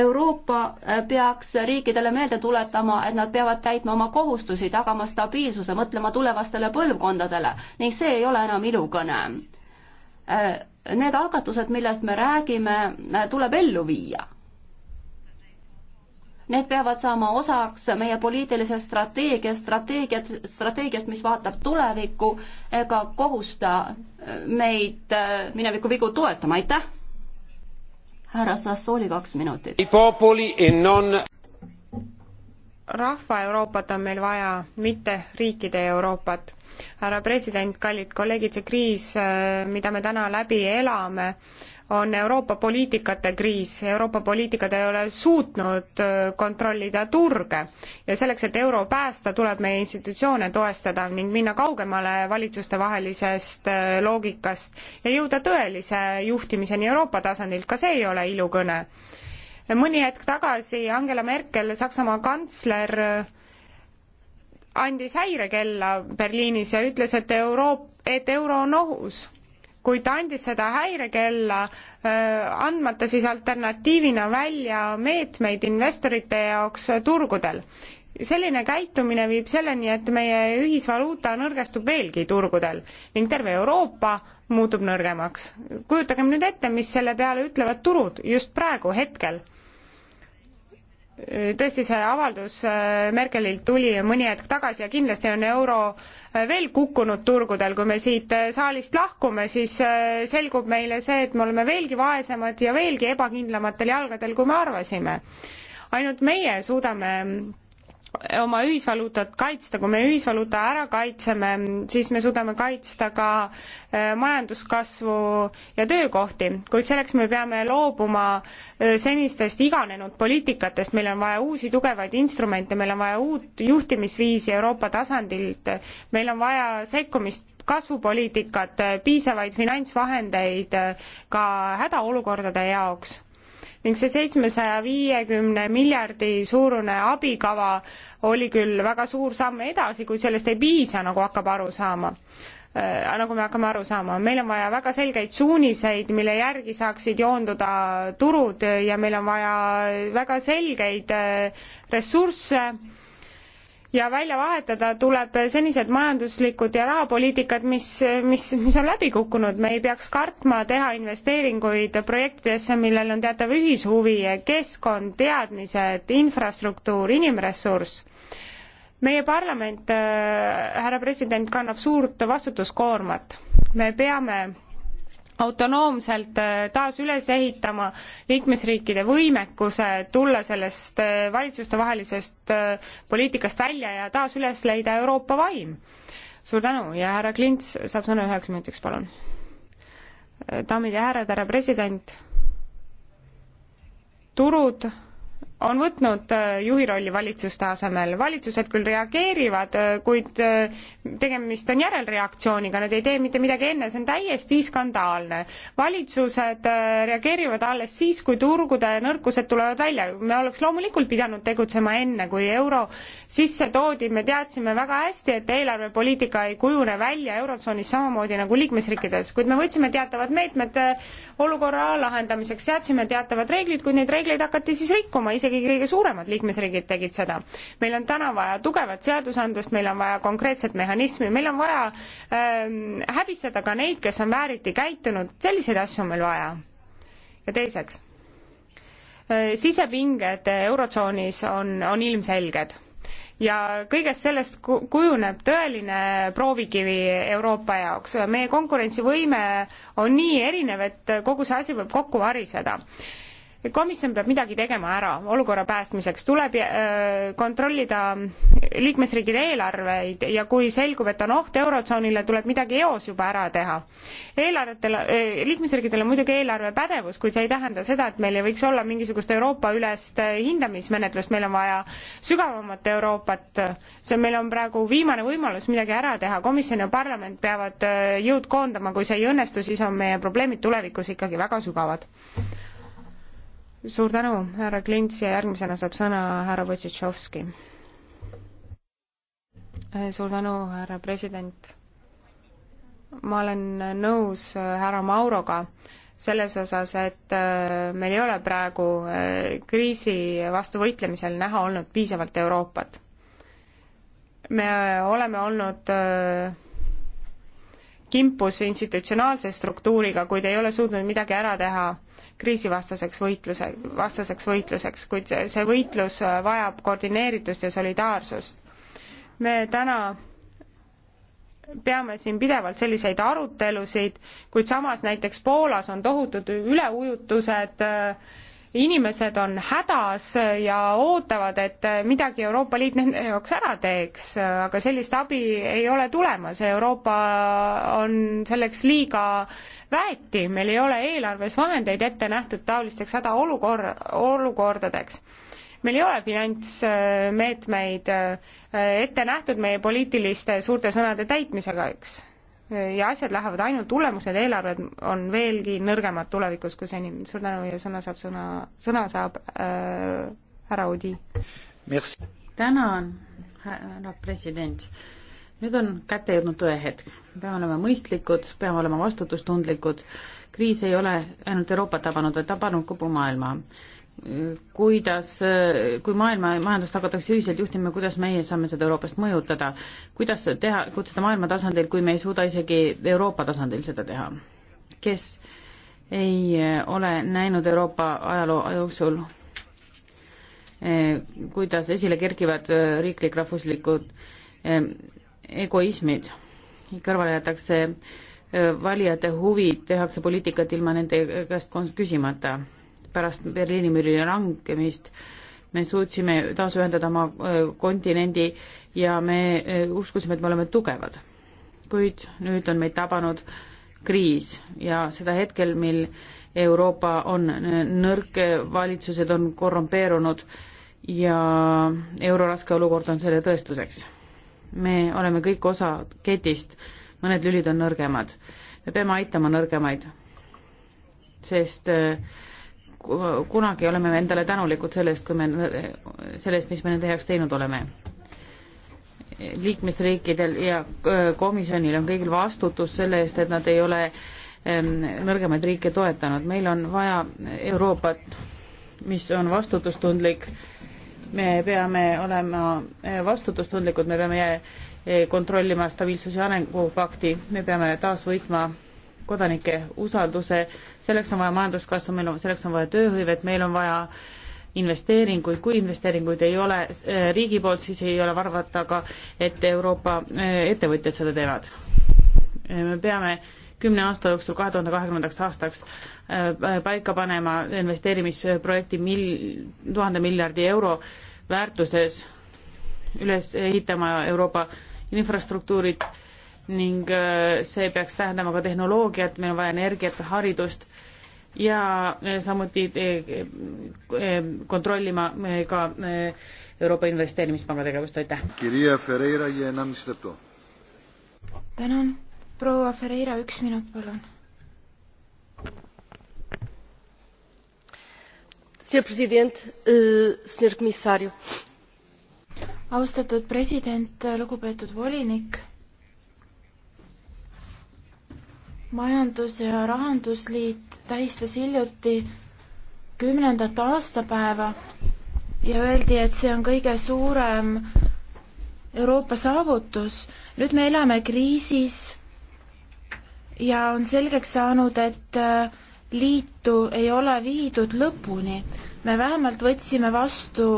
Euroopa äh, peaks riikidele meelde tuletama, et nad peavad täitma oma kohustusi, tagama stabiilsuse, mõtlema tulevastele põlvkondadele ning see ei ole enam ilukõne. Äh, need algatused, millest me räägime, äh, tuleb ellu viia Need peavad saama osaks meie poliitilisest strateegiast, strateegiat, strateegiast, mis vaatab tulevikku ega kohusta meid äh, mineviku vigu toetama, aitäh! härra Sassooli kaks minutit. E non... rahva Euroopat on meil vaja, mitte riikide Euroopat. härra president, kallid kolleegid, see kriis, äh, mida me täna läbi elame, on Euroopa poliitikate kriis, Euroopa poliitikad ei ole suutnud äh, kontrollida turge ja selleks, et euro päästa, tuleb meie institutsioone toestada ning minna kaugemale valitsustevahelisest äh, loogikast ja jõuda tõelise juhtimiseni Euroopa tasandilt, ka see ei ole ilukõne. mõni hetk tagasi Angela Merkel, Saksamaa kantsler, andis häirekella Berliinis ja ütles, et Euroop-, et euro on ohus kuid ta andis seda häirekella, äh, andmata siis alternatiivina välja meetmeid investorite jaoks turgudel. selline käitumine viib selleni, et meie ühisvaluuta nõrgestub veelgi turgudel ning terve Euroopa muutub nõrgemaks. kujutagem nüüd ette, mis selle peale ütlevad turud just praegu, hetkel tõesti, see avaldus äh, Merkelilt tuli mõni hetk tagasi ja kindlasti on euro äh, veel kukkunud turgudel, kui me siit äh, saalist lahkume, siis selgub meile see, et me oleme veelgi vaesemad ja veelgi ebakindlamatel jalgadel, kui me arvasime. ainult meie suudame oma ühisvaluutat kaitsta, kui me ühisvaluuta ära kaitseme, siis me suudame kaitsta ka äh, majanduskasvu ja töökohti, kuid selleks me peame loobuma äh, senistest iganenud poliitikatest, meil on vaja uusi tugevaid instrumente, meil on vaja uut juhtimisviisi Euroopa tasandilt, meil on vaja sekkumist kasvupoliitikat, äh, piisavaid finantsvahendeid ka hädaolukordade jaoks ning see seitsmesaja viiekümne miljardi suurune abikava oli küll väga suur samm edasi, kuid sellest ei piisa, nagu hakkab aru saama äh, nagu me hakkame aru saama, meil on vaja väga selgeid suuniseid, mille järgi saaksid joonduda turud ja meil on vaja väga selgeid äh, ressursse äh, ja välja vahetada tuleb senised majanduslikud ja rahapoliitikad, mis, mis, mis on läbi kukkunud, me ei peaks kartma teha investeeringuid projektidesse, millel on teatav ühishuvi, keskkond, teadmised, infrastruktuur, inimressurss meie parlament äh,, härra president, kannab suurt vastutuskoormat. me peame autonoomselt äh, taas üles ehitama liikmesriikide võimekuse tulla sellest äh, valitsustevahelisest äh, poliitikast välja ja taas üles leida Euroopa vaim. suur tänu ja härra Klints saab sõna üheks minutiks, palun. daamid ja härrad, härra president, turud on võtnud äh, juhi rolli valitsuste asemel. valitsused küll reageerivad, äh, kuid äh, tegemist on järelreaktsiooniga, nad ei tee mitte midagi enne, see on täiesti skandaalne. valitsused reageerivad alles siis, kui turgude nõrkused tulevad välja. me oleks loomulikult pidanud tegutsema enne, kui euro sisse toodi, me teadsime väga hästi, et eelarvepoliitika ei kujune välja Eurotsoonis samamoodi nagu liikmesriikides, kuid me võtsime teatavad meetmed olukorra lahendamiseks, seadsime teatavad reeglid, kuid neid reegleid hakati siis rikkuma, isegi isegi kõige suuremad liikmesriigid tegid seda. meil on täna vaja tugevat seadusandlust, meil on vaja konkreetset mehhanismi, meil on vaja ähm, häbistada ka neid, kes on vääriti käitunud, selliseid asju on meil vaja. ja teiseks äh,, sisepinged Eurotsoonis on, on ilmselged ja kõigest sellest kujuneb tõeline proovikivi Euroopa jaoks. meie konkurentsivõime on nii erinev, et kogu see asi võib kokku variseda komisjon peab midagi tegema ära olukorra päästmiseks, tuleb äh, kontrollida liikmesriikide eelarveid ja kui selgub, et on oht Eurotsoonile, tuleb midagi eos juba ära teha. eelarvetele, äh, liikmesriikidel on muidugi eelarvepädevus, kuid see ei tähenda seda, et meil ei võiks olla mingisugust Euroopa-ülest äh, hindamismenetlust, meil on vaja sügavamat Euroopat, see meil on praegu viimane võimalus midagi ära teha, komisjon ja parlament peavad jõud koondama, kui see ei õnnestu, siis on meie probleemid tulevikus ikkagi väga sügavad suur tänu, härra Klints ja järgmisena saab sõna härra Võtšitšovski. Äh, suur tänu, härra president ma olen nõus äh, härra Mauroga selles osas, et äh, meil ei ole praegu kriisi vastu võitlemisel näha olnud piisavalt Euroopat. me oleme olnud kimpus institutsionaalse struktuuriga, kuid ei ole suutnud midagi ära teha kriisivastaseks võitluse, vastaseks võitluseks, kuid see, see võitlus äh, vajab koordineeritust ja solidaarsust. me täna peame siin pidevalt selliseid arutelusid, kuid samas näiteks Poolas on tohutud üleujutused äh, inimesed on hädas ja ootavad, et midagi Euroopa Liit nende jaoks ära teeks, aga sellist abi ei ole tulemas, Euroopa on selleks liiga väeti, meil ei ole eelarves vahendeid ette nähtud taolisteks hädaolukorra, olukordadeks meil ei ole finantsmeetmeid ette nähtud meie poliitiliste suurte sõnade täitmisega, eks ja asjad lähevad ainult hullemaks, need eelarved on veelgi nõrgemad tulevikus kui seni. suur tänu ja sõna saab sõna, sõna saab äh, härra Udi. tänan, härra president. nüüd on kätte jõudnud tõehetk. peame olema mõistlikud, peame olema vastutustundlikud. kriis ei ole ainult Euroopat tabanud, vaid tabanud kogu maailma kuidas, kui maailma majandust hakatakse ühiselt juhtima, kuidas meie saame seda Euroopast mõjutada, kuidas teha, kutsuda maailma tasandil, kui me ei suuda isegi Euroopa tasandil seda teha? kes ei eh, ole näinud Euroopa ajaloo jooksul, eh, kuidas esile kerkivad eh, riiklik-rahvuslikud egoismid, kõrvale jätakse valijate huvid, tehakse poliitikat ilma nende käest küsimata pärast Berliini müüri langemist me suutsime taasühendada oma kontinendi ja me uskusime, et me oleme tugevad. kuid nüüd on meid tabanud kriis ja seda hetkel, mil Euroopa on nõrk, valitsused on korrumpeerunud ja euroraske olukord on selle tõestuseks. me oleme kõik osa ketist, mõned lülid on nõrgemad. me peame aitama nõrgemaid, sest äh, kunagi oleme me endale tänulikud selle eest, kui me, selle eest, mis me nende heaks teinud oleme. liikmesriikidel ja äh, komisjonil on kõigil vastutus selle eest, et nad ei ole ähm, nõrgemaid riike toetanud, meil on vaja Euroopat, mis on vastutustundlik, me peame olema äh, vastutustundlikud, me peame äh, kontrollima stabiilsuse arengupakti, me peame taas võitma kodanike usalduse, selleks on vaja majanduskasvu, meil on, selleks on vaja tööhõivet, meil on vaja investeeringuid, kui investeeringuid ei ole eh, riigi poolt, siis ei ole arvata ka, et Euroopa eh, ettevõtjad seda teevad. Eh, me peame kümne aasta jooksul, kahe tuhande kahekümnendaks aastaks paika panema investeerimisprojekti mil-, tuhande miljardi euro väärtuses, üles ehitama Euroopa infrastruktuurid ning äh, see peaks tähendama ka tehnoloogiat, meil on vaja energiat, haridust ja äh, samuti äh, kontrollima ka Euroopa Investeerimispanga tegevust, aitäh. tänan, proua Ferreira, üks minut, palun. Eh, austatud president, lugupeetud volinik majandus- ja Rahandusliit tähistas hiljuti kümnendat aastapäeva ja öeldi, et see on kõige suurem Euroopa saavutus. nüüd me elame kriisis ja on selgeks saanud, et äh, liitu ei ole viidud lõpuni. me vähemalt võtsime vastu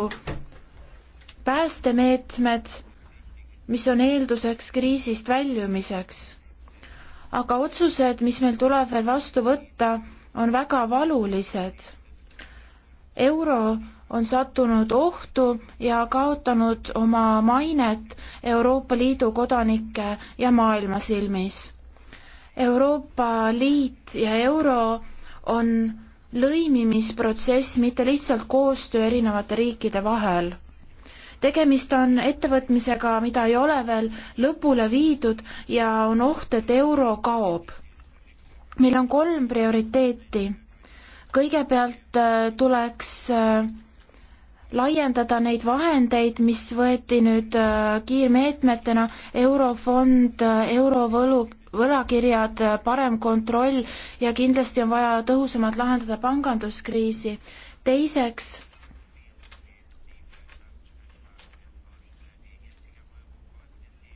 päästemeetmed, mis on eelduseks kriisist väljumiseks aga otsused, mis meil tuleb veel vastu võtta, on väga valulised. euro on sattunud ohtu ja kaotanud oma mainet Euroopa Liidu kodanike ja maailma silmis. Euroopa Liit ja euro on lõimimisprotsess, mitte lihtsalt koostöö erinevate riikide vahel tegemist on ettevõtmisega, mida ei ole veel lõpule viidud ja on oht, et euro kaob. meil on kolm prioriteeti. kõigepealt äh, tuleks äh, laiendada neid vahendeid, mis võeti nüüd äh, kiirmeetmetena, eurofond, eurovõlu, võlakirjad, parem kontroll ja kindlasti on vaja tõhusamalt lahendada panganduskriisi. teiseks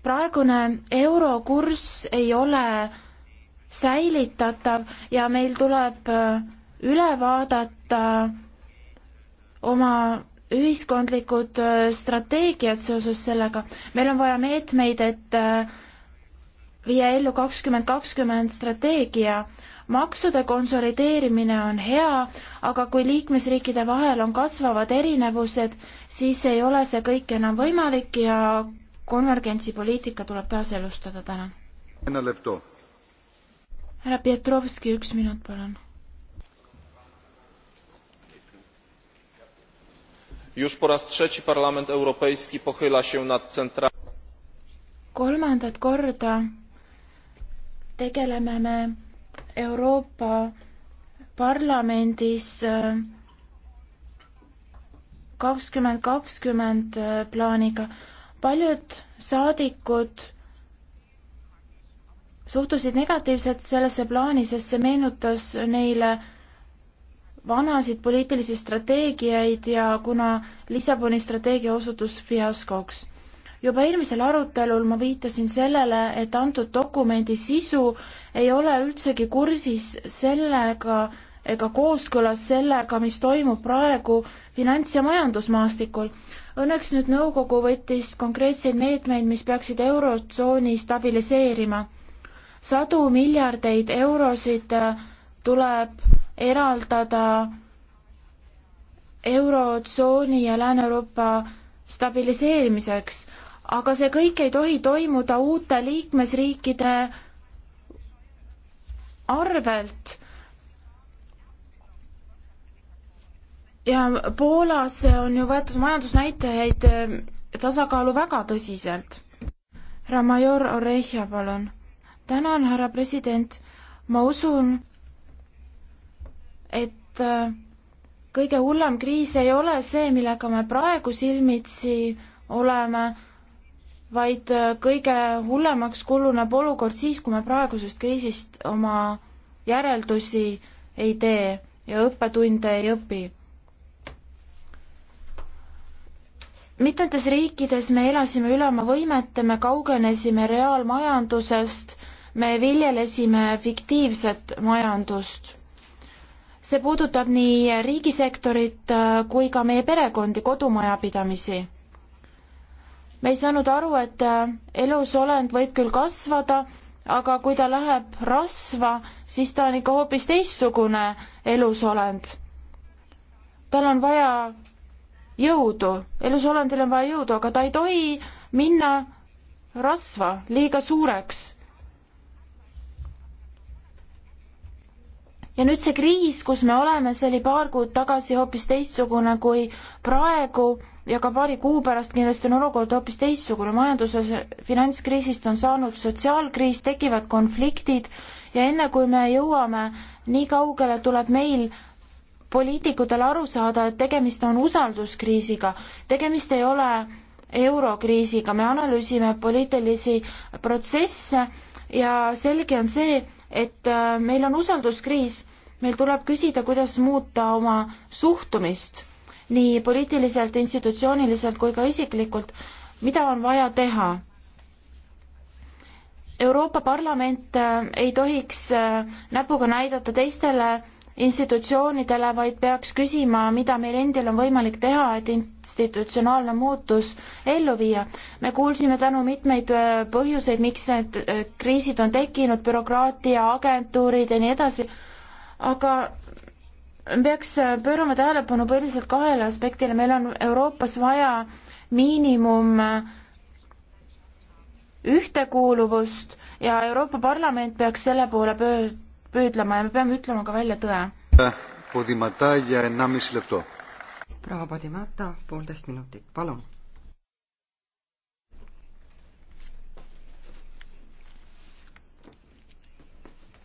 praegune eurokurss ei ole säilitatav ja meil tuleb äh, üle vaadata äh, oma ühiskondlikud äh, strateegiad seoses sellega. meil on vaja meetmeid, et viia ellu kakskümmend kakskümmend strateegia. maksude konsolideerimine on hea, aga kui liikmesriikide vahel on kasvavad erinevused, siis ei ole see kõik enam võimalik ja konvergentsipoliitika tuleb taaselustada, tänan. härra Pietrovski, üks minut, palun. już po raz trzeci Parlament Europejski pochyla się nad centralną kolmandat korda tegeleme me Euroopa Parlamendis äh, kakskümmend kakskümmend äh, plaaniga, paljud saadikud suhtusid negatiivselt sellesse plaani, sest see meenutas neile vanasid poliitilisi strateegiaid ja kuna Lissaboni strateegia osutus fiaskoks. juba eelmisel arutelul ma viitasin sellele, et antud dokumendi sisu ei ole üldsegi kursis sellega ega kooskõlas sellega, mis toimub praegu finants- ja majandusmaastikul Õnneks nüüd nõukogu võttis konkreetseid meetmeid, mis peaksid eurotsooni stabiliseerima. sadu miljardeid eurosid äh, tuleb eraldada eurotsooni ja Lääne-Euroopa stabiliseerimiseks, aga see kõik ei tohi toimuda uute liikmesriikide arvelt ja Poolas on ju võetud majandusnäitajaid eh, tasakaalu väga tõsiselt. härra major Orehja, palun. tänan, härra president. ma usun, et eh, kõige hullem kriis ei ole see, millega me praegu silmitsi oleme, vaid eh, kõige hullemaks kuluneb olukord siis, kui me praegusest kriisist oma järeldusi ei tee ja õppetunde ei õpi mitmetes riikides me elasime üle oma võimete, me kaugenesime reaalmajandusest, me viljelesime fiktiivset majandust. see puudutab nii riigisektorit äh, kui ka meie perekondi, kodumajapidamisi. me ei saanud aru, et äh, elusolend võib küll kasvada, aga kui ta läheb rasva, siis ta on ikka hoopis teistsugune elusolend. tal on vaja jõudu, elus olendil on vaja jõudu, aga ta ei tohi minna rasva liiga suureks. ja nüüd see kriis, kus me oleme, see oli paar kuud tagasi hoopis teistsugune kui praegu ja ka paari kuu pärast kindlasti on olukord hoopis teistsugune. majanduses finantskriisist on saanud sotsiaalkriis, tekivad konfliktid ja enne kui me jõuame nii kaugele, tuleb meil poliitikutel aru saada, et tegemist on usalduskriisiga, tegemist ei ole eurokriisiga, me analüüsime poliitilisi protsesse ja selge on see, et äh, meil on usalduskriis, meil tuleb küsida, kuidas muuta oma suhtumist nii poliitiliselt, institutsiooniliselt kui ka isiklikult, mida on vaja teha Euroopa Parlament äh, ei tohiks äh, näpuga näidata teistele institutsioonidele, vaid peaks küsima, mida meil endil on võimalik teha, et institutsionaalne muutus ellu viia. me kuulsime tänu mitmeid äh, põhjuseid, miks need äh, kriisid on tekkinud, bürokraatia, agentuurid ja nii edasi, aga peaks äh, pöörama tähelepanu põhiliselt kahele aspektile, meil on Euroopas vaja miinimum ühtekuuluvust ja Euroopa Parlament peaks selle poole pöör-, püüdlema ja me peame ütlema ka välja tõe. proua Padimata, poolteist minutit, palun.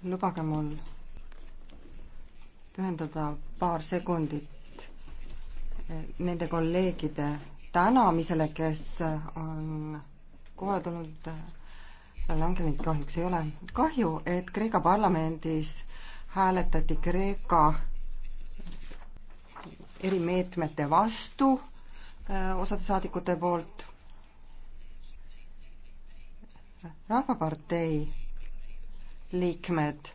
lubage mul pühendada paar sekundit nende kolleegide tänamisele, kes on kohale tulnud langenud kahjuks ei ole. kahju, et Kreeka parlamendis hääletati Kreeka erimeetmete vastu äh, osade saadikute poolt. rahvapartei liikmed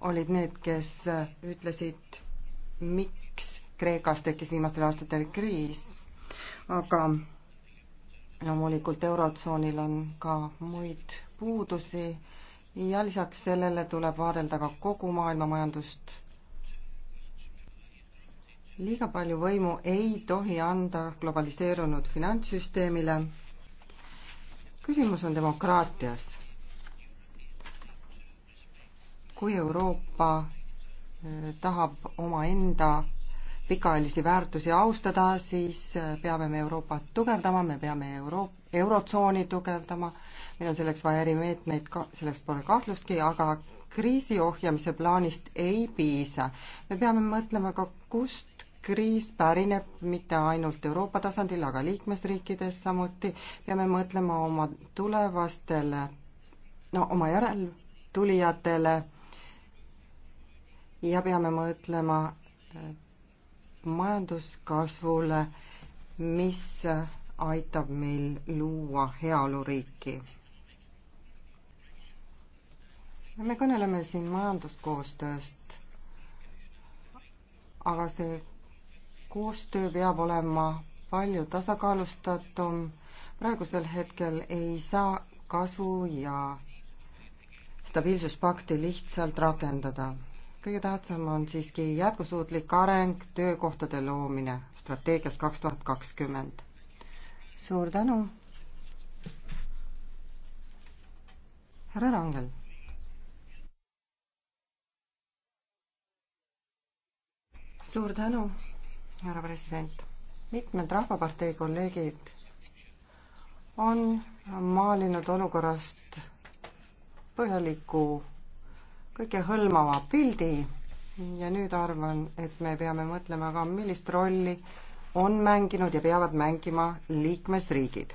olid need, kes ütlesid, miks Kreekas tekkis viimastel aastatel kriis, aga loomulikult Eurotsoonil on ka muid puudusi ja lisaks sellele tuleb vaadelda ka kogu maailma majandust. liiga palju võimu ei tohi anda globaliseerunud finantssüsteemile. küsimus on demokraatias. kui Euroopa eh, tahab omaenda pikaajalisi väärtusi austada, siis äh, peame me Euroopat tugevdama, me peame Euro-, Eurotsooni tugevdama, meil on selleks vaja erimeetmeid ka, selleks pole kahtlustki, aga kriisi ohjamise plaanist ei piisa. me peame mõtlema ka, kust kriis pärineb mitte ainult Euroopa tasandil, aga liikmesriikides samuti, peame mõtlema oma tulevastele, no oma järeltulijatele ja peame mõtlema äh, majanduskasvule, mis aitab meil luua heaoluriiki. me kõneleme siin majanduskoostööst, aga see koostöö peab olema palju tasakaalustatum. praegusel hetkel ei saa kasvu ja stabiilsuspakti lihtsalt rakendada kõige tähtsam on siiski jätkusuutlik areng, töökohtade loomine strateegias kaks tuhat kakskümmend. suur tänu. härra Rangel. suur tänu, härra president. mitmed Rahvapartei kolleegid on maalinud olukorrast põhjaliku kõikehõlmava pildi ja nüüd arvan, et me peame mõtlema ka, millist rolli on mänginud ja peavad mängima liikmesriigid.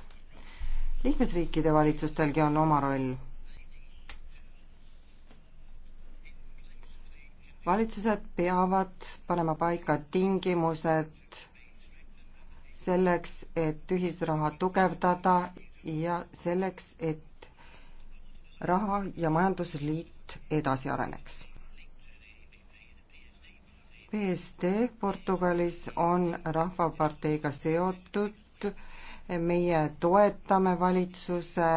liikmesriikide valitsustelgi on oma roll. valitsused peavad panema paika tingimused selleks, et ühisraha tugevdada ja selleks, et raha- ja majandusliit projekt edasi areneks. PSD Portugalis on Rahvaparteiga seotud, meie toetame valitsuse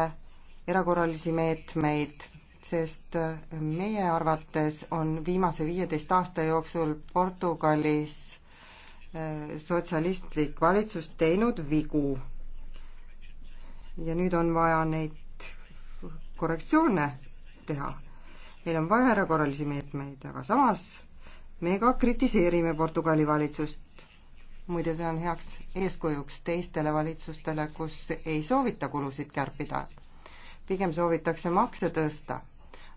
erakorralisi meetmeid, sest meie arvates on viimase viieteist aasta jooksul Portugalis eh, sotsialistlik valitsus teinud vigu. ja nüüd on vaja neid korrektsioone teha meil on vaja erakorralisi meetmeid, aga samas me ka kritiseerime Portugali valitsust. muide, see on heaks eeskujuks teistele valitsustele, kus ei soovita kulusid kärpida. pigem soovitakse makse tõsta,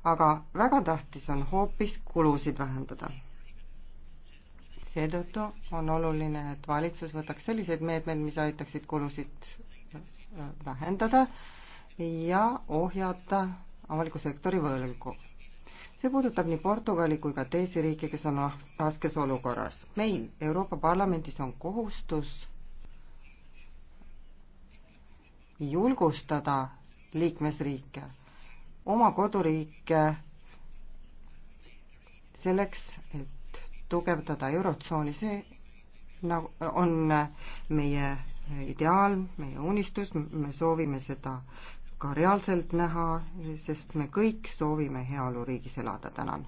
aga väga tähtis on hoopis kulusid vähendada. seetõttu on oluline, et valitsus võtaks selliseid meetmeid, mis aitaksid kulusid äh, vähendada ja ohjata avaliku sektori võlgu see puudutab nii Portugali kui ka teisi riike, kes on raskes olukorras. meil Euroopa Parlamendis on kohustus julgustada liikmesriike, oma koduriike selleks, et tugevdada Eurotsooni, see nagu on meie ideaal, meie unistus, me soovime seda ka reaalselt näha, sest me kõik soovime heaoluriigis elada, tänan.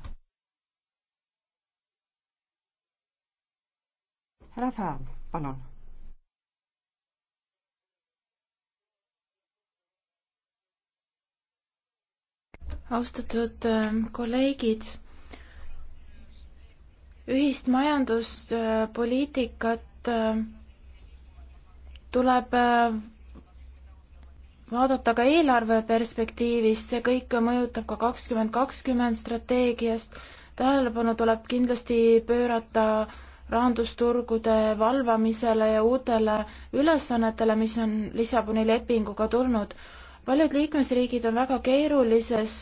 härra Färm, palun. austatud ähm, kolleegid ühist majanduspoliitikat ähm, tuleb äh, vaadata ka eelarve perspektiivist, see kõik mõjutab ka kakskümmend kakskümmend strateegiast. tähelepanu tuleb kindlasti pöörata rahandusturgude valvamisele ja uutele ülesannetele, mis on Lissaboni lepinguga tulnud. paljud liikmesriigid on väga keerulises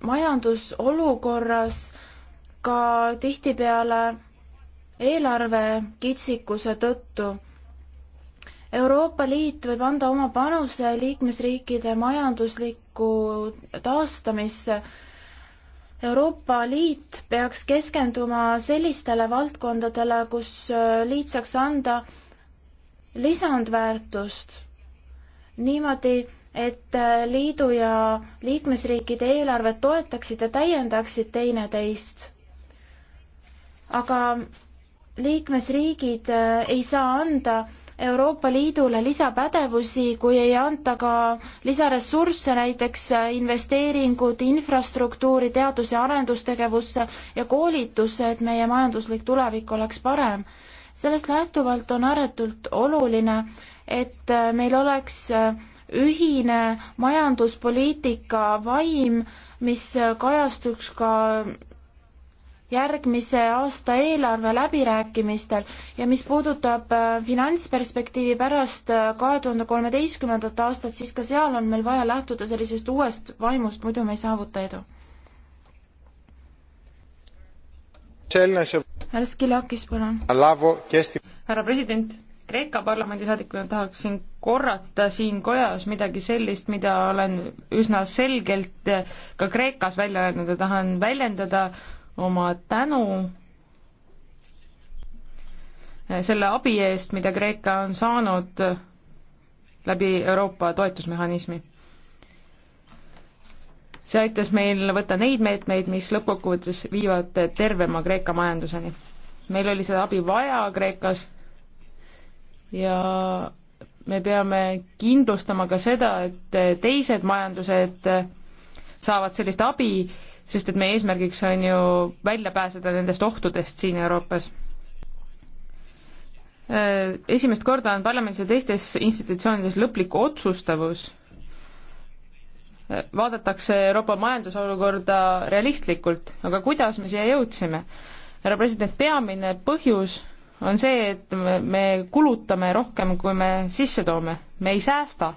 majandusolukorras, ka tihtipeale eelarve kitsikuse tõttu Euroopa Liit võib anda oma panuse liikmesriikide majanduslikku taastamisse. Euroopa Liit peaks keskenduma sellistele valdkondadele, kus äh, liit saaks anda lisandväärtust niimoodi, et äh, liidu ja liikmesriikide eelarved toetaksid ja täiendaksid teineteist. aga liikmesriigid äh, ei saa anda Euroopa Liidule lisapädevusi, kui ei anta ka lisaressursse, näiteks investeeringud infrastruktuuri, teadus- ja arendustegevusse ja koolitusse, et meie majanduslik tulevik oleks parem. sellest lähtuvalt on ääretult oluline, et meil oleks ühine majanduspoliitika vaim, mis kajastuks ka järgmise aasta eelarve läbirääkimistel ja mis puudutab äh, finantsperspektiivi pärast äh, kahe tuhande kolmeteistkümnendat aastat, siis ka seal on meil vaja lähtuda sellisest uuest vaimust, muidu me ei saavuta edu. härra Skilakis, palun. härra president, Kreeka parlamendisaadikuna tahaksin korrata siin kojas midagi sellist, mida olen üsna selgelt ka Kreekas välja öelnud ja tahan väljendada oma tänu selle abi eest, mida Kreeka on saanud läbi Euroopa toetusmehhanismi. see aitas meil võtta neid meetmeid, mis lõppkokkuvõttes viivad tervema Kreeka majanduseni. meil oli seda abi vaja Kreekas ja me peame kindlustama ka seda, et teised majandused saavad sellist abi sest et meie eesmärgiks on ju välja pääseda nendest ohtudest siin Euroopas. Äh, esimest korda on parlamendis ja teistes institutsioonides lõplik otsustavus, äh, vaadatakse Euroopa majandusolukorda realistlikult, aga kuidas me siia jõudsime? härra president, peamine põhjus on see, et me kulutame rohkem, kui me sisse toome, me ei säästa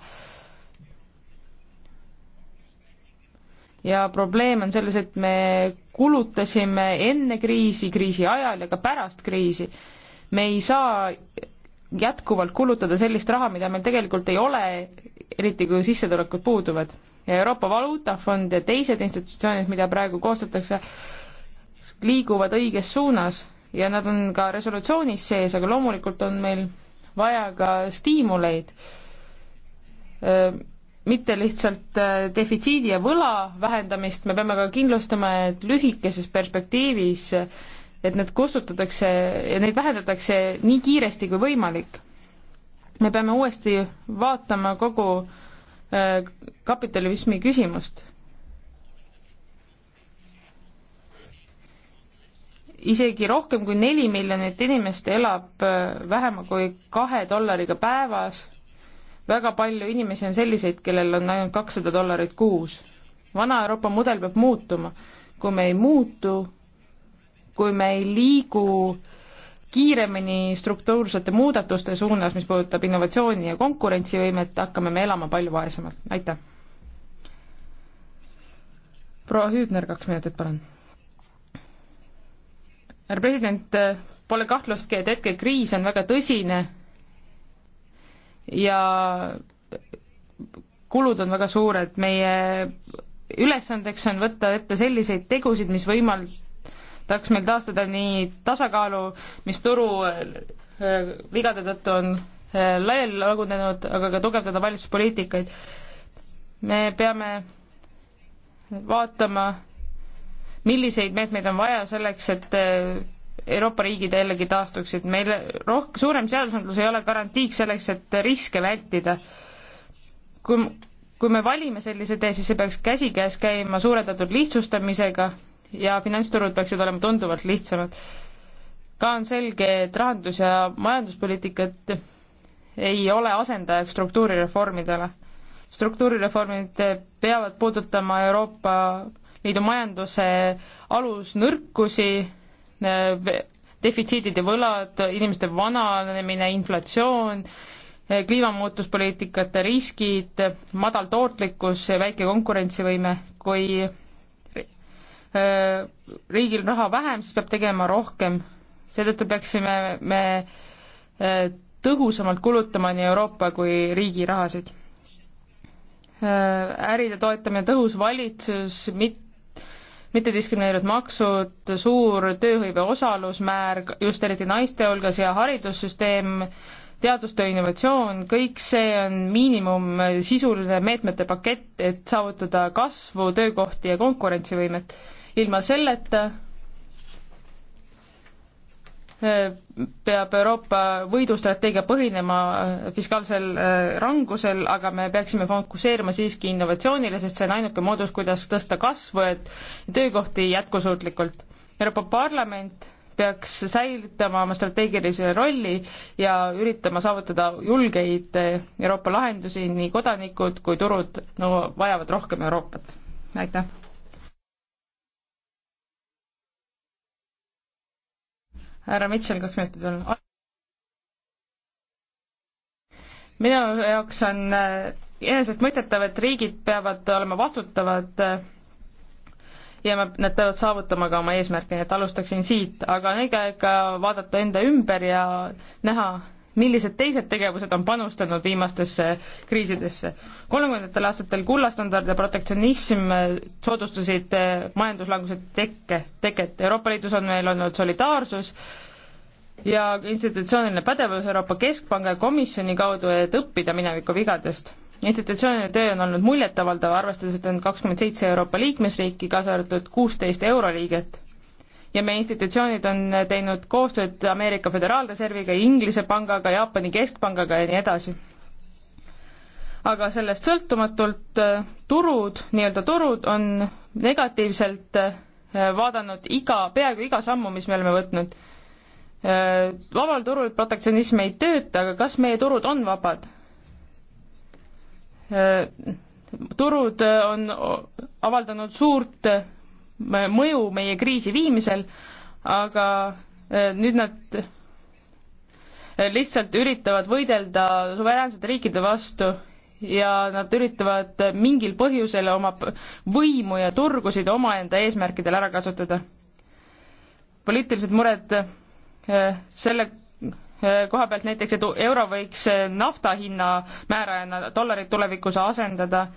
ja probleem on selles, et me kulutasime enne kriisi, kriisi ajal ja ka pärast kriisi. me ei saa jätkuvalt kulutada sellist raha, mida meil tegelikult ei ole, eriti kui sissetulekud puuduvad. ja Euroopa Valuutafond ja teised institutsioonid, mida praegu koostatakse, liiguvad õiges suunas ja nad on ka resolutsioonis sees, aga loomulikult on meil vaja ka stiimuleid mitte lihtsalt äh, defitsiidi ja võla vähendamist, me peame ka kindlustama, et lühikeses perspektiivis, et need kustutatakse ja neid vähendatakse nii kiiresti kui võimalik. me peame uuesti vaatama kogu äh, kapitalismi küsimust. isegi rohkem kui neli miljonit inimest elab äh, vähema kui kahe dollariga päevas väga palju inimesi on selliseid, kellel on ainult kakssada dollarit kuus. vana Euroopa mudel peab muutuma. kui me ei muutu, kui me ei liigu kiiremini struktuursete muudatuste suunas, mis puudutab innovatsiooni ja konkurentsivõimet, hakkame me elama palju vaesemalt. aitäh! proua Hüübner, kaks minutit, palun. härra president, pole kahtlustki, et hetkel kriis on väga tõsine ja kulud on väga suured, meie ülesandeks on võtta ette selliseid tegusid, mis võimaldaks meil taastada nii tasakaalu, mis turu äh, vigade tõttu on äh, laiali lagunenud, aga ka tugevdada valitsuspoliitikaid. me peame vaatama, milliseid meetmeid on vaja selleks, et äh, Euroopa riigid jällegi taastuksid. meil roh-, suurem seadusandlus ei ole garantiiks selleks, et riske vältida. kui, kui me valime sellise tee, siis see peaks käsikäes käima suurendatud lihtsustamisega ja finantsturud peaksid olema tunduvalt lihtsamad. ka on selge, et rahandus- ja majanduspoliitikat ei ole asendajaks struktuurireformidele. struktuurireformid peavad puudutama Euroopa Liidu majanduse alusnõrkusi Äh, defitsiidid ja võlad, inimeste vananemine, inflatsioon, äh, kliimamuutuspoliitikate riskid, madal tootlikkus ja väike konkurentsivõime, kui äh, riigil on raha vähem, siis peab tegema rohkem. seetõttu peaksime me tõhusamalt kulutama nii Euroopa kui riigi rahasid. äride toetamine, tõhus valitsus, mit-, mittediskrimineerivad maksud, suur tööhõive osalusmäär, just eriti naiste hulgas, ja haridussüsteem, teadustöö innovatsioon, kõik see on miinimum sisuline meetmete pakett, et saavutada kasvu, töökohti ja konkurentsivõimet. ilma selleta peab Euroopa võidustrateegia põhinema äh, fiskaalsel äh, rangusel, aga me peaksime fokusseerima siiski innovatsioonile, sest see on ainuke moodus, kuidas tõsta kasvu, et töökohti jätkusuutlikult. Euroopa Parlament peaks säilitama oma strateegilise rolli ja üritama saavutada julgeid äh, Euroopa lahendusi, nii kodanikud kui turud no vajavad rohkem Euroopat. aitäh! härra Mitchell, kaks minutit veel. minu jaoks on äh, enesestmõistetav, et riigid peavad olema vastutavad äh, ja nad peavad saavutama ka oma eesmärke, nii et alustaksin siit, aga on õige aeg ka vaadata enda ümber ja näha, millised teised tegevused on panustanud viimastesse kriisidesse. kolmekümnendatel aastatel kullastandard ja protektsionism soodustasid eh, majanduslanguse tekke, teket. Euroopa Liidus on meil olnud solidaarsus ja institutsiooniline pädevus Euroopa Keskpanga ja komisjoni kaudu, et õppida mineviku vigadest. institutsiooniline töö on olnud muljetavaldav, arvestades, et on kakskümmend seitse Euroopa liikmesriiki, kaasa arvatud kuusteist euroliiget ja meie institutsioonid on teinud koostööd Ameerika Föderaalreserviga, Inglise pangaga, Jaapani keskpangaga ja nii edasi. aga sellest sõltumatult äh, turud, nii-öelda turud on negatiivselt äh, vaadanud iga, peaaegu iga sammu, mis me oleme võtnud. Äh, vabal turul protektsionism ei tööta, aga kas meie turud on vabad? turud on avaldanud suurt mõju meie kriisi viimisel, aga e, nüüd nad e, lihtsalt üritavad võidelda suveräänsete riikide vastu ja nad üritavad mingil põhjusel oma võimu ja turgusid omaenda eesmärkidel ära kasutada. poliitilised mured e, selle koha pealt näiteks, et euro võiks nafta hinna määrajana dollarit tulevikus asendada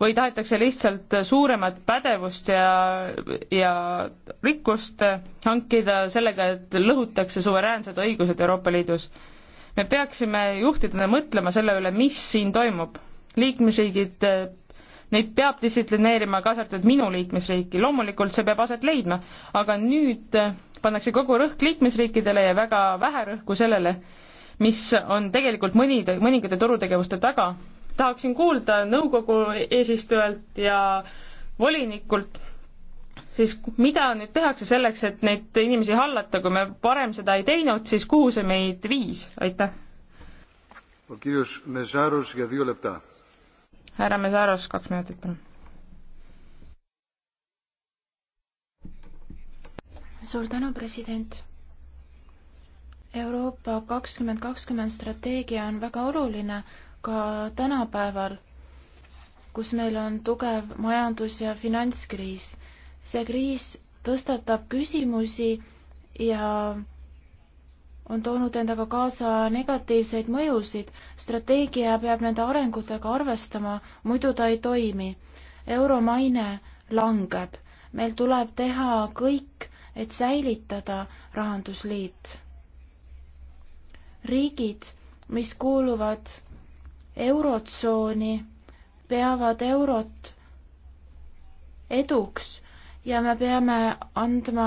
või tahetakse lihtsalt suuremat pädevust ja, ja rikkust hankida sellega, et lõhutakse suveräänsed õigused Euroopa Liidus. me peaksime juhtidena mõtlema selle üle, mis siin toimub. liikmesriigid, neid peab distsiplineerima, kaasa arvatud minu liikmesriiki, loomulikult see peab aset leidma, aga nüüd pannakse kogu rõhk liikmesriikidele ja väga vähe rõhku sellele, mis on tegelikult mõni, mõningate turutegevuste taga tahaksin kuulda nõukogu eesistujalt ja volinikult, siis mida nüüd tehakse selleks, et neid inimesi hallata, kui me varem seda ei teinud, siis kuhu see meid viis, aitäh? härra Mesaros, kaks minutit, palun. suur tänu, president Euroopa kakskümmend kakskümmend strateegia on väga oluline, ka tänapäeval, kus meil on tugev majandus- ja finantskriis. see kriis tõstatab küsimusi ja on toonud endaga kaasa negatiivseid mõjusid. strateegia peab nende arengutega arvestama, muidu ta ei toimi. euro maine langeb. meil tuleb teha kõik, et säilitada rahandusliit. riigid, mis kuuluvad Eurotsooni, peavad Eurot eduks ja me peame andma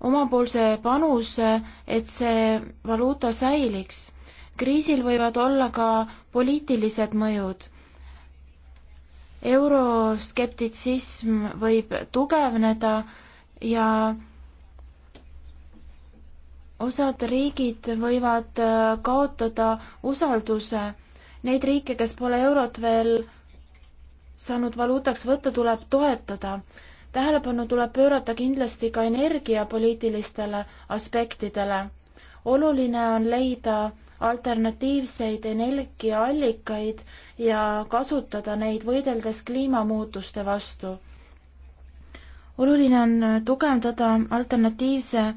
omapoolse panuse, et see valuuta säiliks. kriisil võivad olla ka poliitilised mõjud. euroskeptitsism võib tugevneda ja osad riigid võivad kaotada usalduse Neid riike, kes pole eurot veel saanud valuutaks võtta, tuleb toetada. tähelepanu tuleb pöörata kindlasti ka energiapoliitilistele aspektidele. oluline on leida alternatiivseid energiaallikaid ja kasutada neid võideldes kliimamuutuste vastu. oluline on tugevdada alternatiivse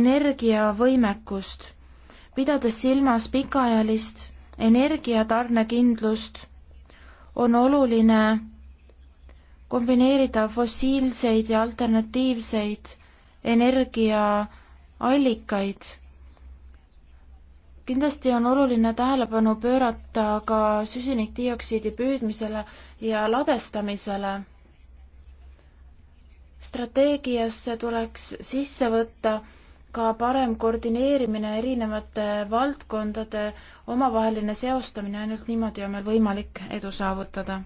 energiavõimekust, pidades silmas pikaajalist energiatarnekindlust, on oluline kombineerida fossiilseid ja alternatiivseid energiaallikaid. kindlasti on oluline tähelepanu pöörata ka süsinikdioksiidi püüdmisele ja ladestamisele. strateegiasse tuleks sisse võtta ka parem koordineerimine, erinevate valdkondade omavaheline seostamine, ainult niimoodi on meil võimalik edu saavutada.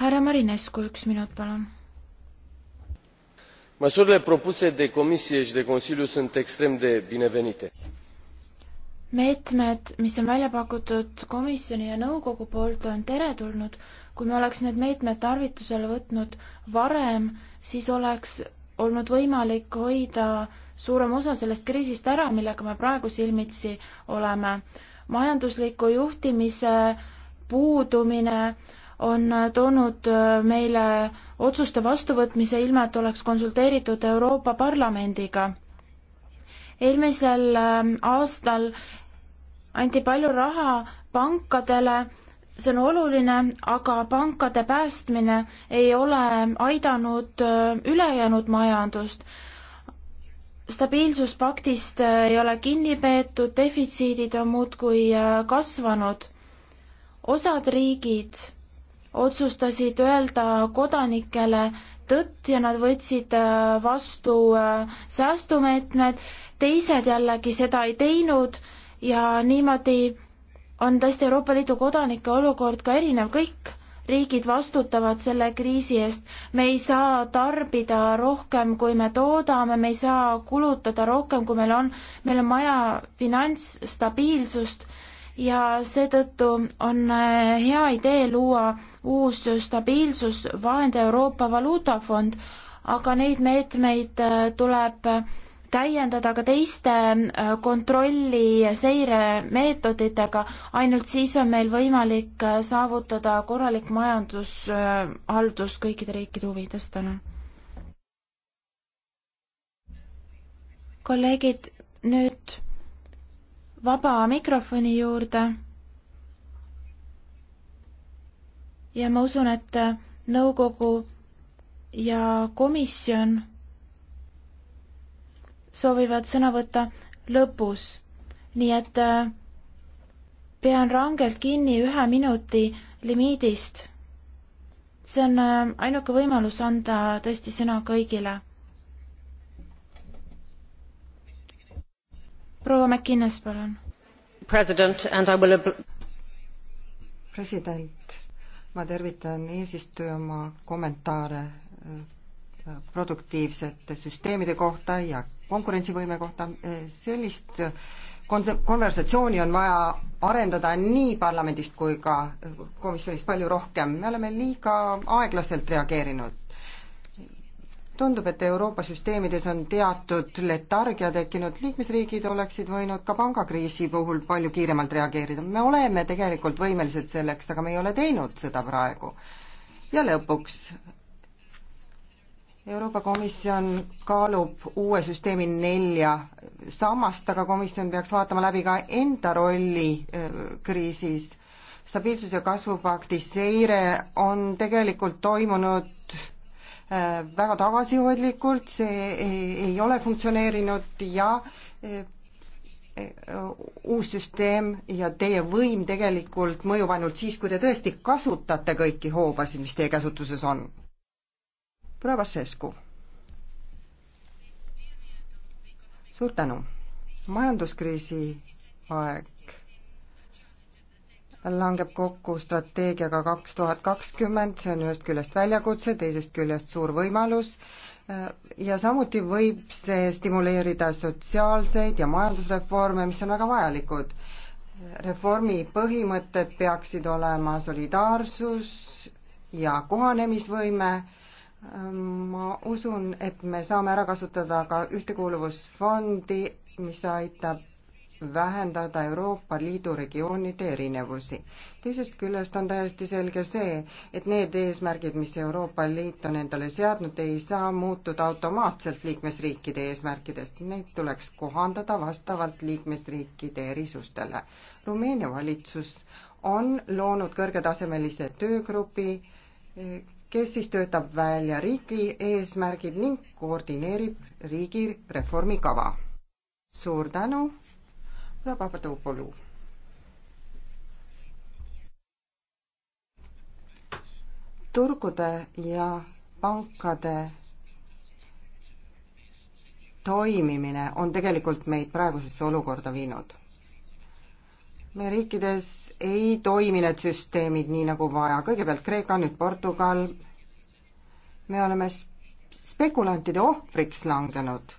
härra Marinescu, üks minut, palun. măsurile propuse de comisie și de consiliu sunt extrem de binevenite. meetmed, mis on välja pakutud komisjoni ja nõukogu poolt, on teretulnud. kui me oleks need meetmed tarvitusele võtnud varem, siis oleks olnud võimalik hoida suurem osa sellest kriisist ära, millega me praegu silmitsi oleme. majandusliku juhtimise puudumine on toonud meile otsuste vastuvõtmise, ilma et oleks konsulteeritud Euroopa Parlamendiga. eelmisel ähm, aastal anti palju raha pankadele, see on oluline, aga pankade päästmine ei ole aidanud äh, ülejäänud majandust stabiilsuspaktist äh, ei ole kinni peetud, defitsiidid on muudkui äh, kasvanud. osad riigid otsustasid öelda kodanikele tõtt ja nad võtsid äh, vastu säästumeetmed, teised jällegi seda ei teinud ja niimoodi on tõesti Euroopa Liidu kodanike olukord ka erinev, kõik riigid vastutavad selle kriisi eest. me ei saa tarbida rohkem, kui me toodame, me ei saa kulutada rohkem, kui meil on, meil on vaja finantsstabiilsust ja seetõttu on eh, hea idee luua uus stabiilsusvahend Euroopa Valuutafond, aga neid meetmeid eh, tuleb täiendada ka teiste äh, kontrolli seiremeetoditega, ainult siis on meil võimalik äh, saavutada korralik majandushaldus äh, kõikide riikide huvides täna. kolleegid, nüüd vaba mikrofoni juurde. ja ma usun, et nõukogu ja komisjon soovivad sõna võtta lõpus. nii et äh, pean rangelt kinni ühe minuti limiidist. see on äh, ainuke võimalus anda tõesti sõna kõigile. proua McInnes, palun. president and I will president, ma tervitan eesistuja oma kommentaare äh, produktiivsete süsteemide kohta ja konkurentsivõime kohta, eh, sellist eh, konversatsiooni on vaja arendada nii parlamendist kui ka eh, komisjonist palju rohkem, me oleme liiga aeglaselt reageerinud. tundub, et Euroopa süsteemides on teatud letargia tekkinud, liikmesriigid oleksid võinud ka pangakriisi puhul palju kiiremalt reageerida, me oleme tegelikult võimelised selleks, aga me ei ole teinud seda praegu. ja lõpuks Euroopa Komisjon kaalub uue süsteemi nelja sammast, aga komisjon peaks vaatama läbi ka enda rolli äh, kriisis. stabiilsus- ja kasvupakti seire on tegelikult toimunud äh, väga tagasihoidlikult, see ei ole funktsioneerinud ja äh, uus süsteem ja teie võim tegelikult mõjub ainult siis, kui te tõesti kasutate kõiki hoobasid, mis teie käsutuses on proua Vassescu. suur tänu. majanduskriisi aeg langeb kokku strateegiaga kaks tuhat kakskümmend, see on ühest küljest väljakutse, teisest küljest suur võimalus ja samuti võib see stimuleerida sotsiaalseid ja majandusreforme, mis on väga vajalikud. reformi põhimõtted peaksid olema solidaarsus ja kohanemisvõime ma usun, et me saame ära kasutada ka ühtekuuluvusfondi, mis aitab vähendada Euroopa Liidu regioonide erinevusi. teisest küljest on täiesti selge see, et need eesmärgid, mis Euroopa Liit on endale seadnud, ei saa muutuda automaatselt liikmesriikide eesmärkidest, neid tuleks kohandada vastavalt liikmesriikide erisustele. Rumeenia valitsus on loonud kõrgetasemelise töögrupi kes siis töötab välja riigi eesmärgid ning koordineerib riigi reformikava. suur tänu, proua Papadopoulou. turgude ja pankade toimimine on tegelikult meid praegusesse olukorda viinud meie riikides ei toimi need süsteemid nii, nagu vaja, kõigepealt Kreeka, nüüd Portugal, me oleme spekulantide ohvriks langenud.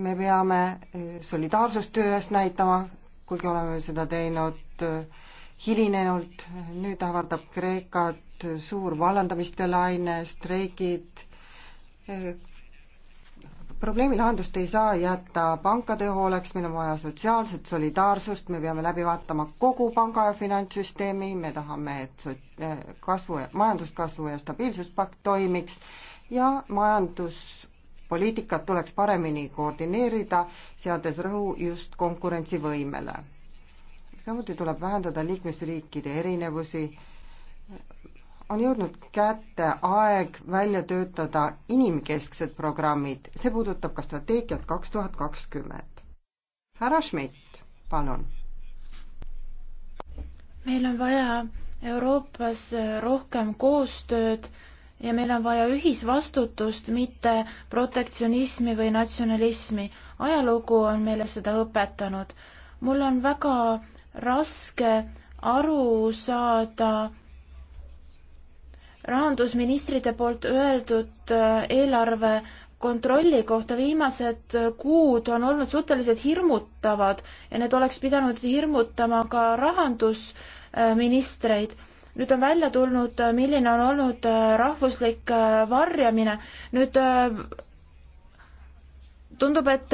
me peame eh, solidaarsust üles näitama, kuigi oleme seda teinud eh, hilinenult, nüüd ähvardab Kreekat suur vallandamiste laine, streigid, eh, probleemi lahendust ei saa jätta pankade hooleks, meil on vaja sotsiaalset solidaarsust, me peame läbi vaatama kogu panga ja finantssüsteemi, me tahame, et eh, kasvu, majanduskasvu ja stabiilsuspakt toimiks ja majanduspoliitikat tuleks paremini koordineerida, seades rõhu just konkurentsivõimele. samuti tuleb vähendada liikmesriikide erinevusi on jõudnud kätte aeg välja töötada inimkesksed programmid, see puudutab ka strateegiat kaks tuhat kakskümmend. härra Schmidt, palun. meil on vaja Euroopas rohkem koostööd ja meil on vaja ühisvastutust, mitte protektsionismi või natsionalismi. ajalugu on meile seda õpetanud. mul on väga raske aru saada rahandusministrite poolt öeldud äh, eelarve kontrolli kohta viimased äh, kuud on olnud suhteliselt hirmutavad ja need oleks pidanud hirmutama ka rahandusministreid. nüüd on välja tulnud, äh, milline on olnud rahvuslik varjamine. nüüd tundub, et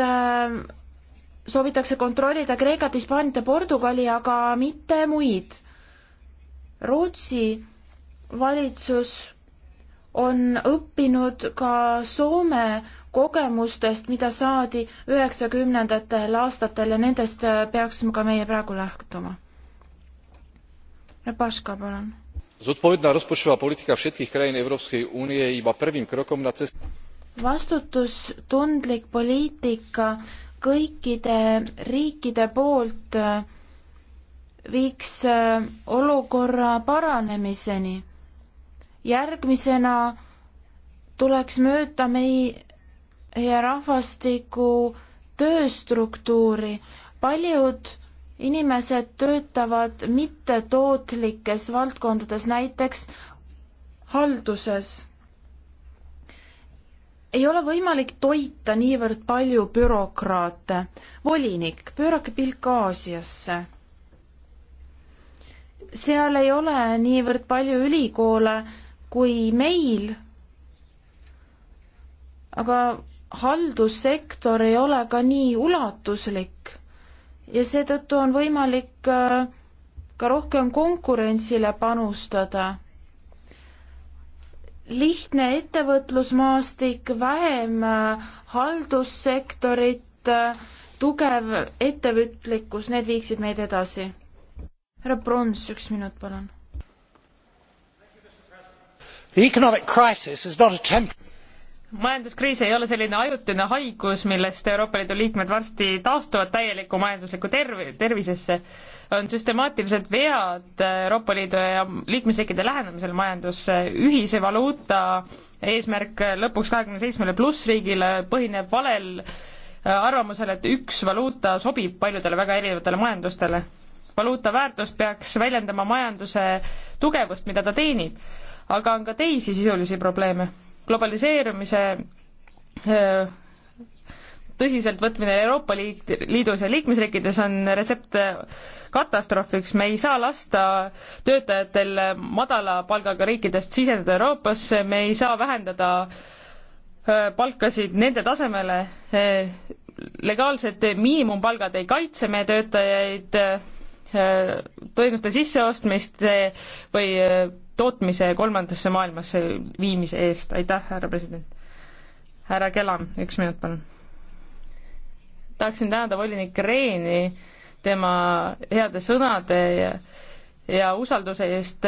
soovitakse kontrollida Kreekat, Hispaaniat ja Portugali, aga mitte muid. Rootsi valitsus on õppinud ka Soome kogemustest, mida saadi üheksakümnendatel aastatel ja nendest äh, peaksime ka meie praegu lähtuma. Repaška, palun. zodpovedná rozpočtová politika všetkých krajín Európskej únie je iba prvým krokom na cest- vastutustundlik poliitika kõikide riikide poolt äh, viiks äh, olukorra paranemiseni järgmisena tuleks mööda meie rahvastiku tööstruktuuri. paljud inimesed töötavad mittetootlikes valdkondades, näiteks halduses. ei ole võimalik toita niivõrd palju bürokraate. volinik, pöörake pilk Aasiasse. seal ei ole niivõrd palju ülikoole kui meil, aga haldussektor ei ole ka nii ulatuslik ja seetõttu on võimalik äh, ka rohkem konkurentsile panustada. lihtne ettevõtlusmaastik, vähem äh, haldussektorit, äh, tugev ettevõtlikkus, need viiksid meid edasi. härra Prons, üks minut, palun majanduskriis ei ole selline ajutine haigus, millest Euroopa Liidu liikmed varsti taastuvad täielikku majanduslikku terv-, tervisesse. on süstemaatilised vead Euroopa Liidu ja liikmesriikide lähenemisel majandusse, ühise valuuta eesmärk lõpuks kahekümne seitsmele plussriigile põhineb valel äh, arvamusel, et üks valuuta sobib paljudele väga erinevatele majandustele. valuuta väärtus peaks väljendama majanduse tugevust, mida ta teenib aga on ka teisi sisulisi probleeme. globaliseerumise tõsiselt võtmine Euroopa Liit, Liidus ja liikmesriikides on retsept katastroofiks, me ei saa lasta töötajatel madala palgaga riikidest siseneda Euroopasse, me ei saa vähendada palkasid nende tasemele, legaalsed miinimumpalgad ei kaitse meie töötajaid, toimuste sisseostmist või tootmise kolmandasse maailmasse viimise eest, aitäh, härra president. härra Kelam, üks minut, palun. tahaksin tänada volinik Reeni tema heade sõnade ja ja usalduse eest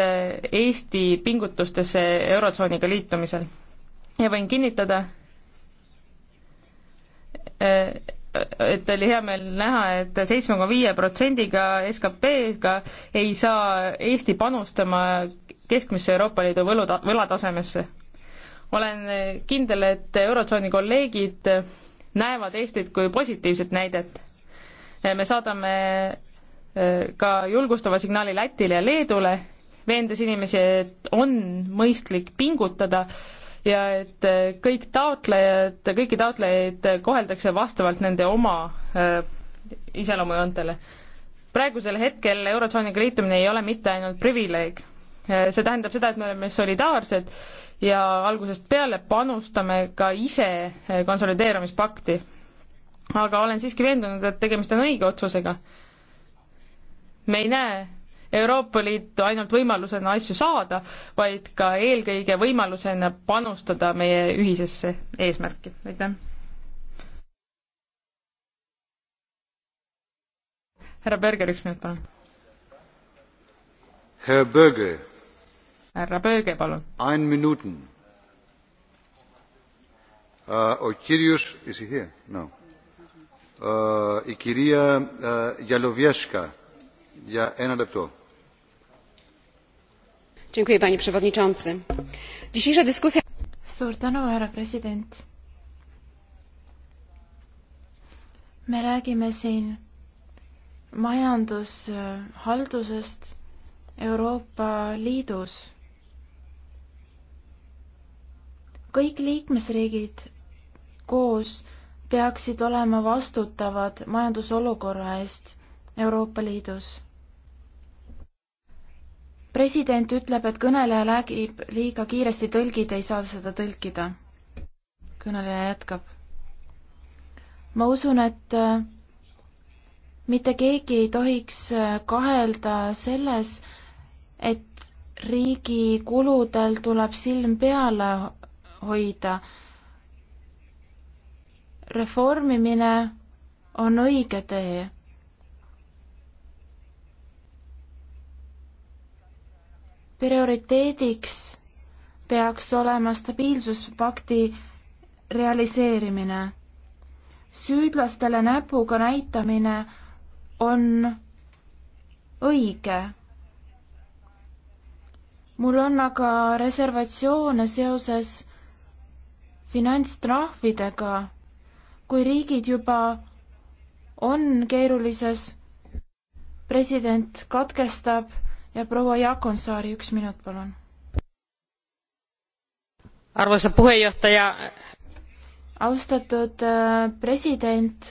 Eesti pingutustesse Eurotsooniga liitumisel. ja võin kinnitada, et oli hea meel näha et, et seitsme koma viie protsendiga SKP-ga ei saa Eesti panustama keskmisse Euroopa Liidu võluta-, võlatasemesse. olen kindel, et Eurotsooni kolleegid näevad Eestit kui positiivset näidet. me saadame eh, ka julgustava signaali Lätile ja Leedule, veendes inimesi, et on mõistlik pingutada ja et kõik taotlejad, kõiki taotlejaid koheldakse vastavalt nende oma äh, iseloomujoontele. praegusel hetkel Eurotsooniga liitumine ei ole mitte ainult privileeg, Eh, see tähendab seda, et me oleme solidaarsed ja algusest peale panustame ka ise eh, konsolideerumispakti. aga olen siiski veendunud, et tegemist on õige otsusega. me ei näe Euroopa Liitu ainult võimalusena asju saada, vaid ka eelkõige võimalusena panustada meie ühisesse eesmärki. aitäh! härra Berger, üks minut palun. härra Berger härra Pööge, palun. Uh, kirjus, no. uh, kirja, uh, panie przewodniczący! dzisiejsza dyskusja me räägime siin majandushaldusest uh, euroopa liidus kõik liikmesriigid koos peaksid olema vastutavad majandusolukorra eest Euroopa Liidus. president ütleb, et kõneleja räägib liiga kiiresti, tõlgid ei saa seda tõlkida. kõneleja jätkab. ma usun, et äh, mitte keegi ei tohiks äh, kahelda selles, et riigi kuludel tuleb silm peale hoida. reformimine on õige tee. prioriteediks peaks olema stabiilsuspakti realiseerimine. süüdlastele näpuga näitamine on õige. mul on aga reservatsioone seoses finantstrahvidega, kui riigid juba on keerulises, president katkestab ja proua Jaakonsaari, üks minut, palun. arvoisa puheenjohtaja. austatud äh, president,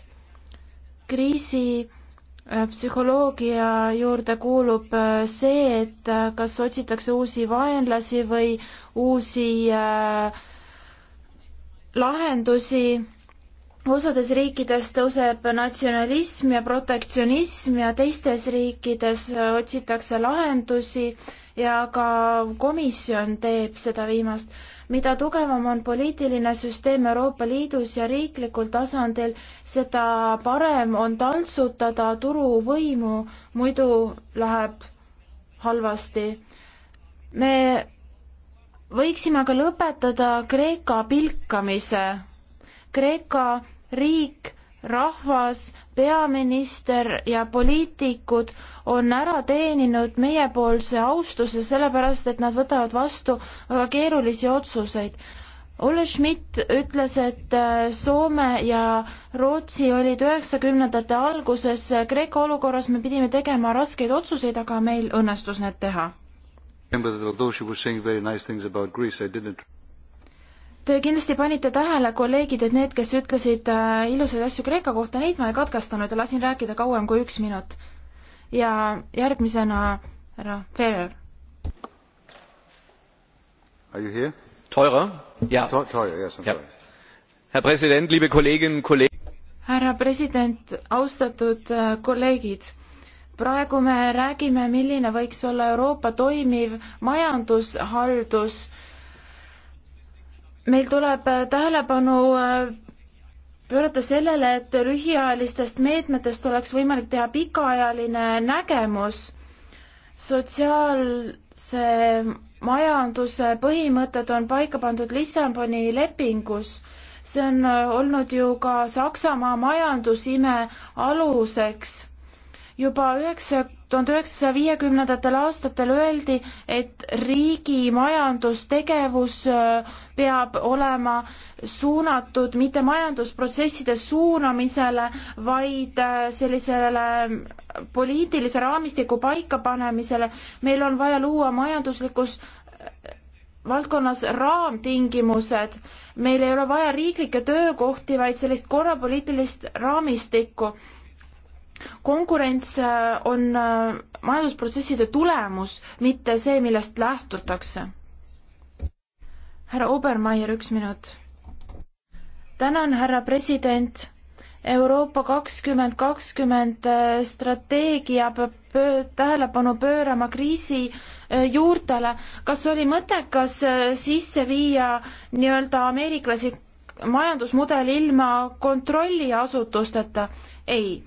kriisi äh, psühholoogia juurde kuulub äh, see, et kas otsitakse uusi vaenlasi või uusi äh, lahendusi. osades riikides tõuseb natsionalism ja protektsionism ja teistes riikides otsitakse lahendusi ja ka komisjon teeb seda viimast. mida tugevam on poliitiline süsteem Euroopa Liidus ja riiklikul tasandil, seda parem on taltsutada turuvõimu, muidu läheb halvasti. me võiksime aga lõpetada Kreeka pilkamise. Kreeka riik, rahvas, peaminister ja poliitikud on ära teeninud meiepoolse austuse, sellepärast et nad võtavad vastu väga keerulisi otsuseid. Olle Schmidt ütles, et äh, Soome ja Rootsi olid üheksakümnendate alguses äh, Kreeka olukorras, me pidime tegema raskeid otsuseid, aga meil õnnestus need teha Te kindlasti panite tähele, kolleegid, et need, kes ütlesid äh, ilusaid asju Kreeka kohta, neid ma ei katkestanud ja lasin rääkida kauem kui üks minut. ja järgmisena härra Ferrer. Are you here? Teurer? Ja. Teurer, yes, I'm ja. sorry. Herr Präsident, liebe Kolleginnen und Kollegen. härra president, austatud äh, kolleegid praegu me räägime, milline võiks olla Euroopa toimiv majandushaldus. meil tuleb äh, tähelepanu äh, pöörata sellele, et lühiajalistest meetmetest oleks võimalik teha pikaajaline nägemus. sotsiaalse majanduse põhimõtted on paika pandud Lissaboni lepingus. see on äh, olnud ju ka Saksamaa majandusime aluseks juba üheksa, tuhande üheksasaja viiekümnendatel aastatel öeldi, et riigi majandustegevus äh, peab olema suunatud mitte majandusprotsesside suunamisele, vaid äh, sellisele äh, poliitilise raamistiku paikapanemisele. meil on vaja luua majanduslikus valdkonnas raamtingimused, meil ei ole vaja riiklikke töökohti, vaid sellist korrapoliitilist raamistikku konkurents äh, on äh, majandusprotsesside tulemus, mitte see, millest lähtutakse. härra Obermeier, üks minut. tänan, härra president. Euroopa kakskümmend kakskümmend äh, strateegia peab tähelepanu pöörama kriisi juurtele. kas oli mõttekas sisse viia nii-öelda ameeriklasi majandusmudel ilma kontrolliasutusteta? ei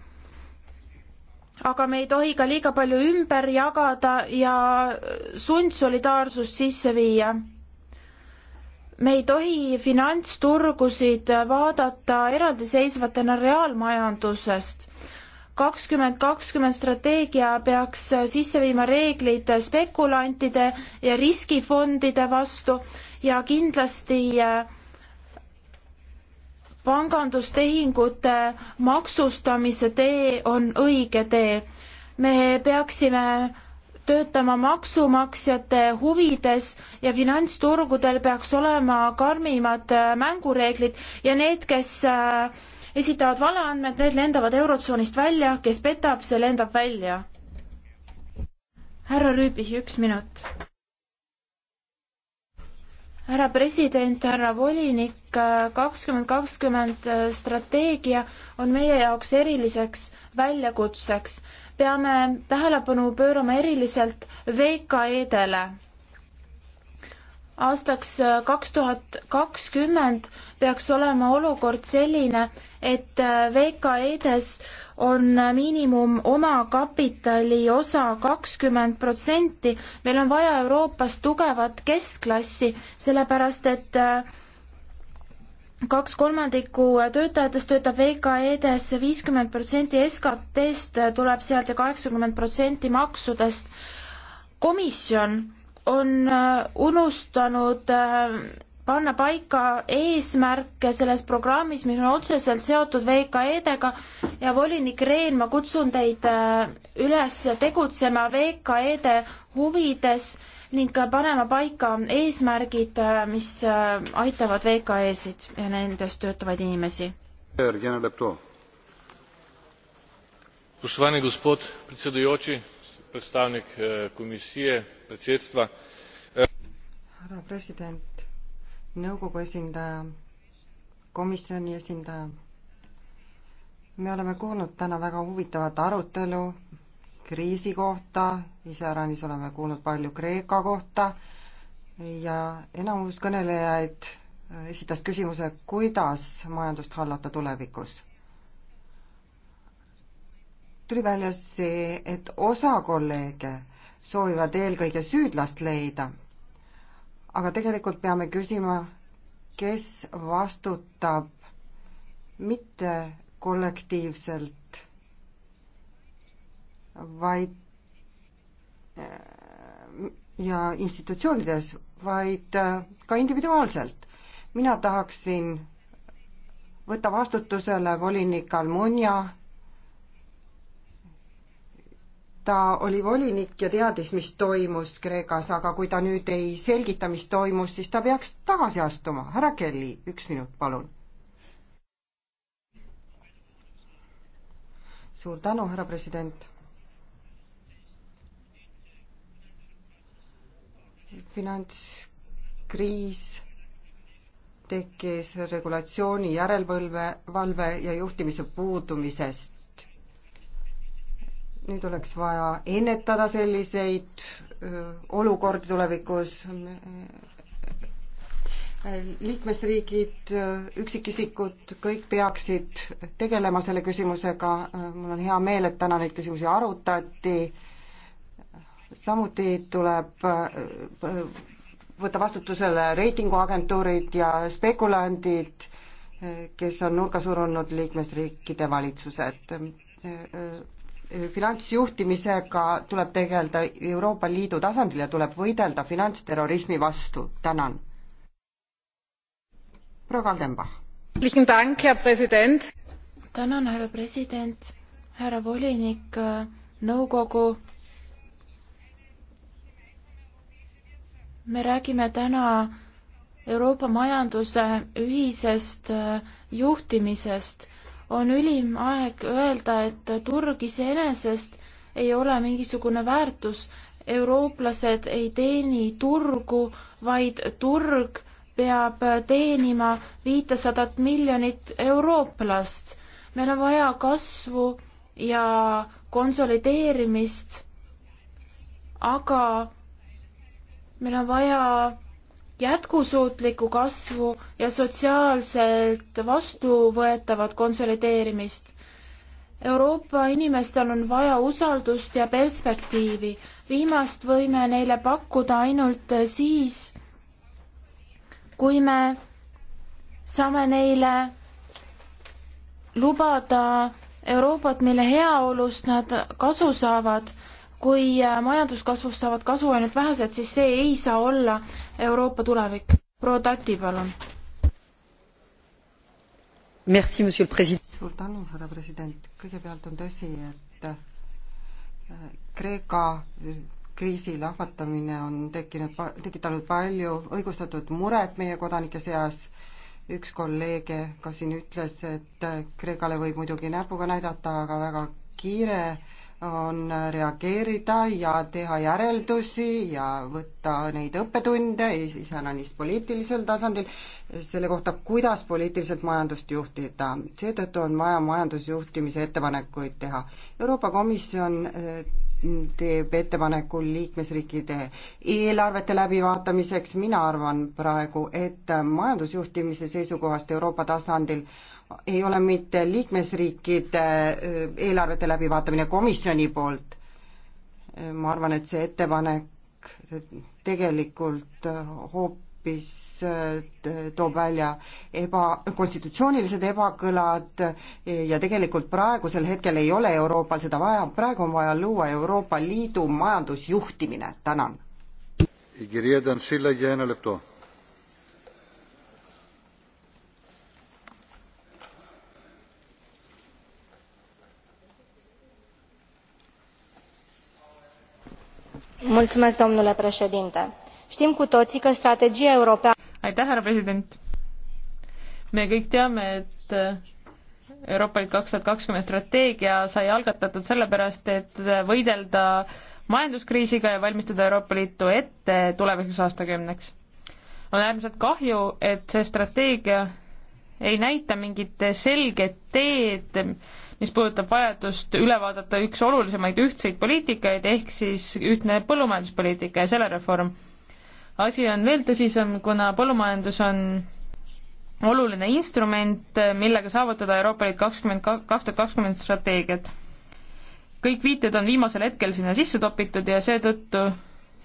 aga me ei tohi ka liiga palju ümber jagada ja sundsolidaarsust sisse viia. me ei tohi finantsturgusid vaadata eraldiseisvatena reaalmajandusest. kakskümmend kakskümmend strateegia peaks sisse viima reeglid spekulantide ja riskifondide vastu ja kindlasti äh, pangandustehingute maksustamise tee on õige tee. me peaksime töötama maksumaksjate huvides ja finantsturgudel peaks olema karmimad mängureeglid ja need, kes äh, esitavad valeandmed, need lendavad Eurotsoonist välja, kes petab, see lendab välja. härra Rüübi, üks minut härra president, härra volinik, kakskümmend kakskümmend äh, strateegia on meie jaoks eriliseks väljakutseks. peame tähelepanu pöörama eriliselt VKE-dele. aastaks äh, kaks tuhat kakskümmend peaks olema olukord selline, et äh, VKE-des on miinimum omakapitali osa kakskümmend protsenti. meil on vaja Euroopas tugevat keskklassi, sellepärast et äh, kaks kolmandikku töötajatest töötab VKE-des, viiskümmend protsenti SKT-st tuleb sealt ja kaheksakümmend protsenti maksudest. komisjon on äh, unustanud äh, panna paika eesmärke selles programmis, mis on otseselt seotud VKE-dega ja volinik Rehn, ma kutsun teid äh, üles tegutsema VKE-de huvides ning panema paika eesmärgid, äh, mis äh, aitavad VKE-sid ja nendes töötavaid inimesi. Spoštovani gospod predsedujoči, predstavnik komisije, predsedstva. härra president, nõukogu esindaja, komisjoni esindaja. me oleme kuulnud täna väga huvitavat arutelu kriisi kohta, iseäranis oleme kuulnud palju Kreeka kohta ja enamus kõnelejaid esitas küsimuse, kuidas majandust hallata tulevikus. tuli välja see, et osa kolleege soovivad eelkõige süüdlast leida aga tegelikult peame küsima, kes vastutab mitte kollektiivselt, vaid äh, ja institutsioonides, vaid äh, ka individuaalselt. mina tahaksin võtta vastutusele volinik Almunia ta oli volinik ja teadis, mis toimus Kreekas, aga kui ta nüüd ei selgita, mis toimus, siis ta peaks tagasi astuma. härra Kelly, üks minut, palun. suur tänu, härra president. finantskriis tekkis regulatsiooni järelevalve, valve ja juhtimise puudumisest nüüd oleks vaja ennetada selliseid olukordi tulevikus. liikmesriigid, üksikisikud, kõik peaksid tegelema selle küsimusega, mul on hea meel, et täna neid küsimusi arutati, samuti tuleb võtta vastutusele reitinguagentuurid ja spekulandid, kes on nurga surunud liikmesriikide valitsused finantsjuhtimisega tuleb tegeleda Euroopa Liidu tasandil ja tuleb võidelda finantsterrorismi vastu, tänan. proua Kaldenbach. tänan, härra president, härra volinik, äh, nõukogu. me räägime täna Euroopa majanduse ühisest äh, juhtimisest on ülim aeg öelda, et turg iseenesest ei ole mingisugune väärtus. eurooplased ei teeni turgu, vaid turg peab teenima viitesadat miljonit eurooplast. meil on vaja kasvu ja konsolideerimist, aga meil on vaja jätkusuutlikku kasvu ja sotsiaalselt vastuvõetavat konsolideerimist. Euroopa inimestel on vaja usaldust ja perspektiivi. viimast võime neile pakkuda ainult siis, kui me saame neile lubada Euroopat, mille heaolust nad kasu saavad kui äh, majanduskasvust saavad kasu ainult vähesed, siis see ei saa olla Euroopa tulevik. proua Tati, palun. suur tänu, härra president. kõigepealt on tõsi, et äh, Kreeka äh, kriisi lahvatamine on tekkinud, tekitanud palju õigustatud muret meie kodanike seas. üks kolleeg ka siin ütles, et Kreekale võib muidugi näpuga näidata, aga väga kiire äh, on reageerida ja teha järeldusi ja võtta neid õppetunde, iseäranis poliitilisel tasandil, selle kohta, kuidas poliitiliselt majandust juhtida. seetõttu on vaja majandusjuhtimise ettepanekuid teha. Euroopa Komisjon eh, teeb ettepaneku liikmesriikide eelarvete läbivaatamiseks, mina arvan praegu, et majandusjuhtimise seisukohast Euroopa tasandil ei ole mitte liikmesriikide eelarvete läbivaatamine komisjoni poolt. ma arvan, et see ettepanek tegelikult hoopis toob välja eba, konstitutsioonilised ebakõlad e, ja tegelikult praegusel hetkel ei ole Euroopal seda vaja, praegu on vaja luua Euroopa Liidu majandusjuhtimine, tänan. Kirjedan Silla ja Ene Lepto tim cu toii că strategia europeană. aitäh härra president me kõik teame et eh, euroopa liit kaks tuhat kakskümmend strateegia sai algatatud sellepärast et võidelda majanduskriisiga ja valmistada euroopa liitu ette tulevaseks aastakümneks on äärmiselt kahju et see strateegia ei näita mingit selget teed mis puudutab vajadust üle vaadata üks olulisemaid ühtseid poliitikaid, ehk siis ühtne põllumajanduspoliitika ja selle reform. asi on veel tõsisem, kuna põllumajandus on oluline instrument, millega saavutada Euroopa Liit kakskümmend, kaks tuhat kakskümmend strateegiat. kõik viited on viimasel hetkel sinna sisse topitud ja seetõttu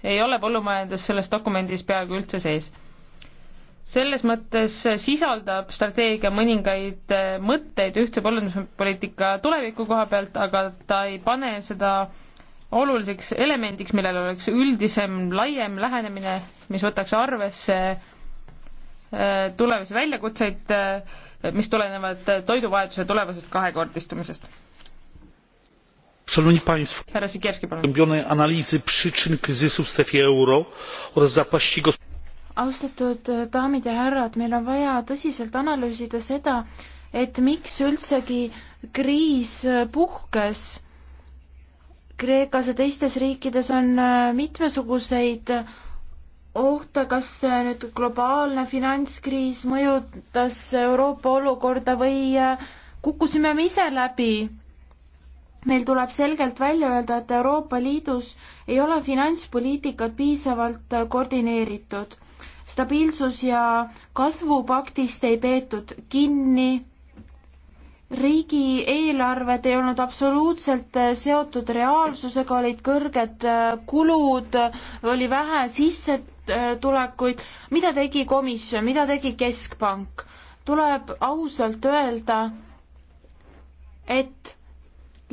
ei ole põllumajandus selles dokumendis peaaegu üldse sees selles mõttes sisaldab strateegia mõningaid äh, mõtteid ühtse põllunduspoliitika tuleviku koha pealt, aga ta ei pane seda oluliseks elemendiks, millel oleks üldisem, laiem lähenemine, mis võtaks arvesse äh, tulevasi väljakutseid, äh, mis tulenevad toiduvahetuse tulevasest kahekordistumisest. Szanowni Państwo, robione analizy przyczyn kryzysu w strefie euro oraz zapaści gospodarczej austatud äh, daamid ja härrad, meil on vaja tõsiselt analüüsida seda, et miks üldsegi kriis äh, puhkes. Kreekas ja teistes riikides on äh, mitmesuguseid ohte, kas nüüd globaalne finantskriis mõjutas Euroopa olukorda või kukkusime me ise läbi? meil tuleb selgelt välja öelda, et Euroopa Liidus ei ole finantspoliitikat piisavalt koordineeritud stabiilsus ja kasvupaktist ei peetud kinni, riigieelarved ei olnud absoluutselt äh, seotud reaalsusega, olid kõrged äh, kulud, äh, oli vähe sissetulekuid, mida tegi komisjon, mida tegi keskpank? tuleb ausalt öelda, et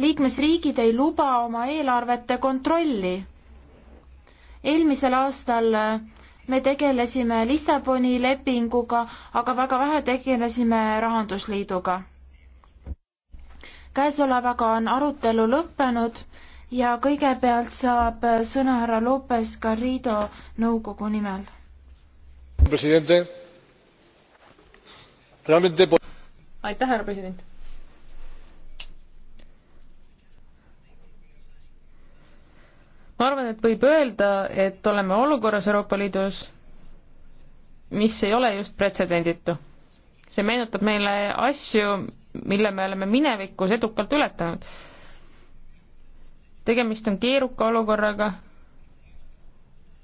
liikmesriigid ei luba oma eelarvete kontrolli. eelmisel aastal me tegelesime Lissaboni lepinguga, aga väga vähe tegelesime Rahandusliiduga. käesolevaga on arutelu lõppenud ja kõigepealt saab sõna härra Lopez Garrido nõukogu nimel. aitäh, härra president ma arvan, et võib öelda, et oleme olukorras Euroopa Liidus, mis ei ole just pretsedenditu. see meenutab meile asju, mille me oleme minevikus edukalt ületanud. tegemist on keeruka olukorraga,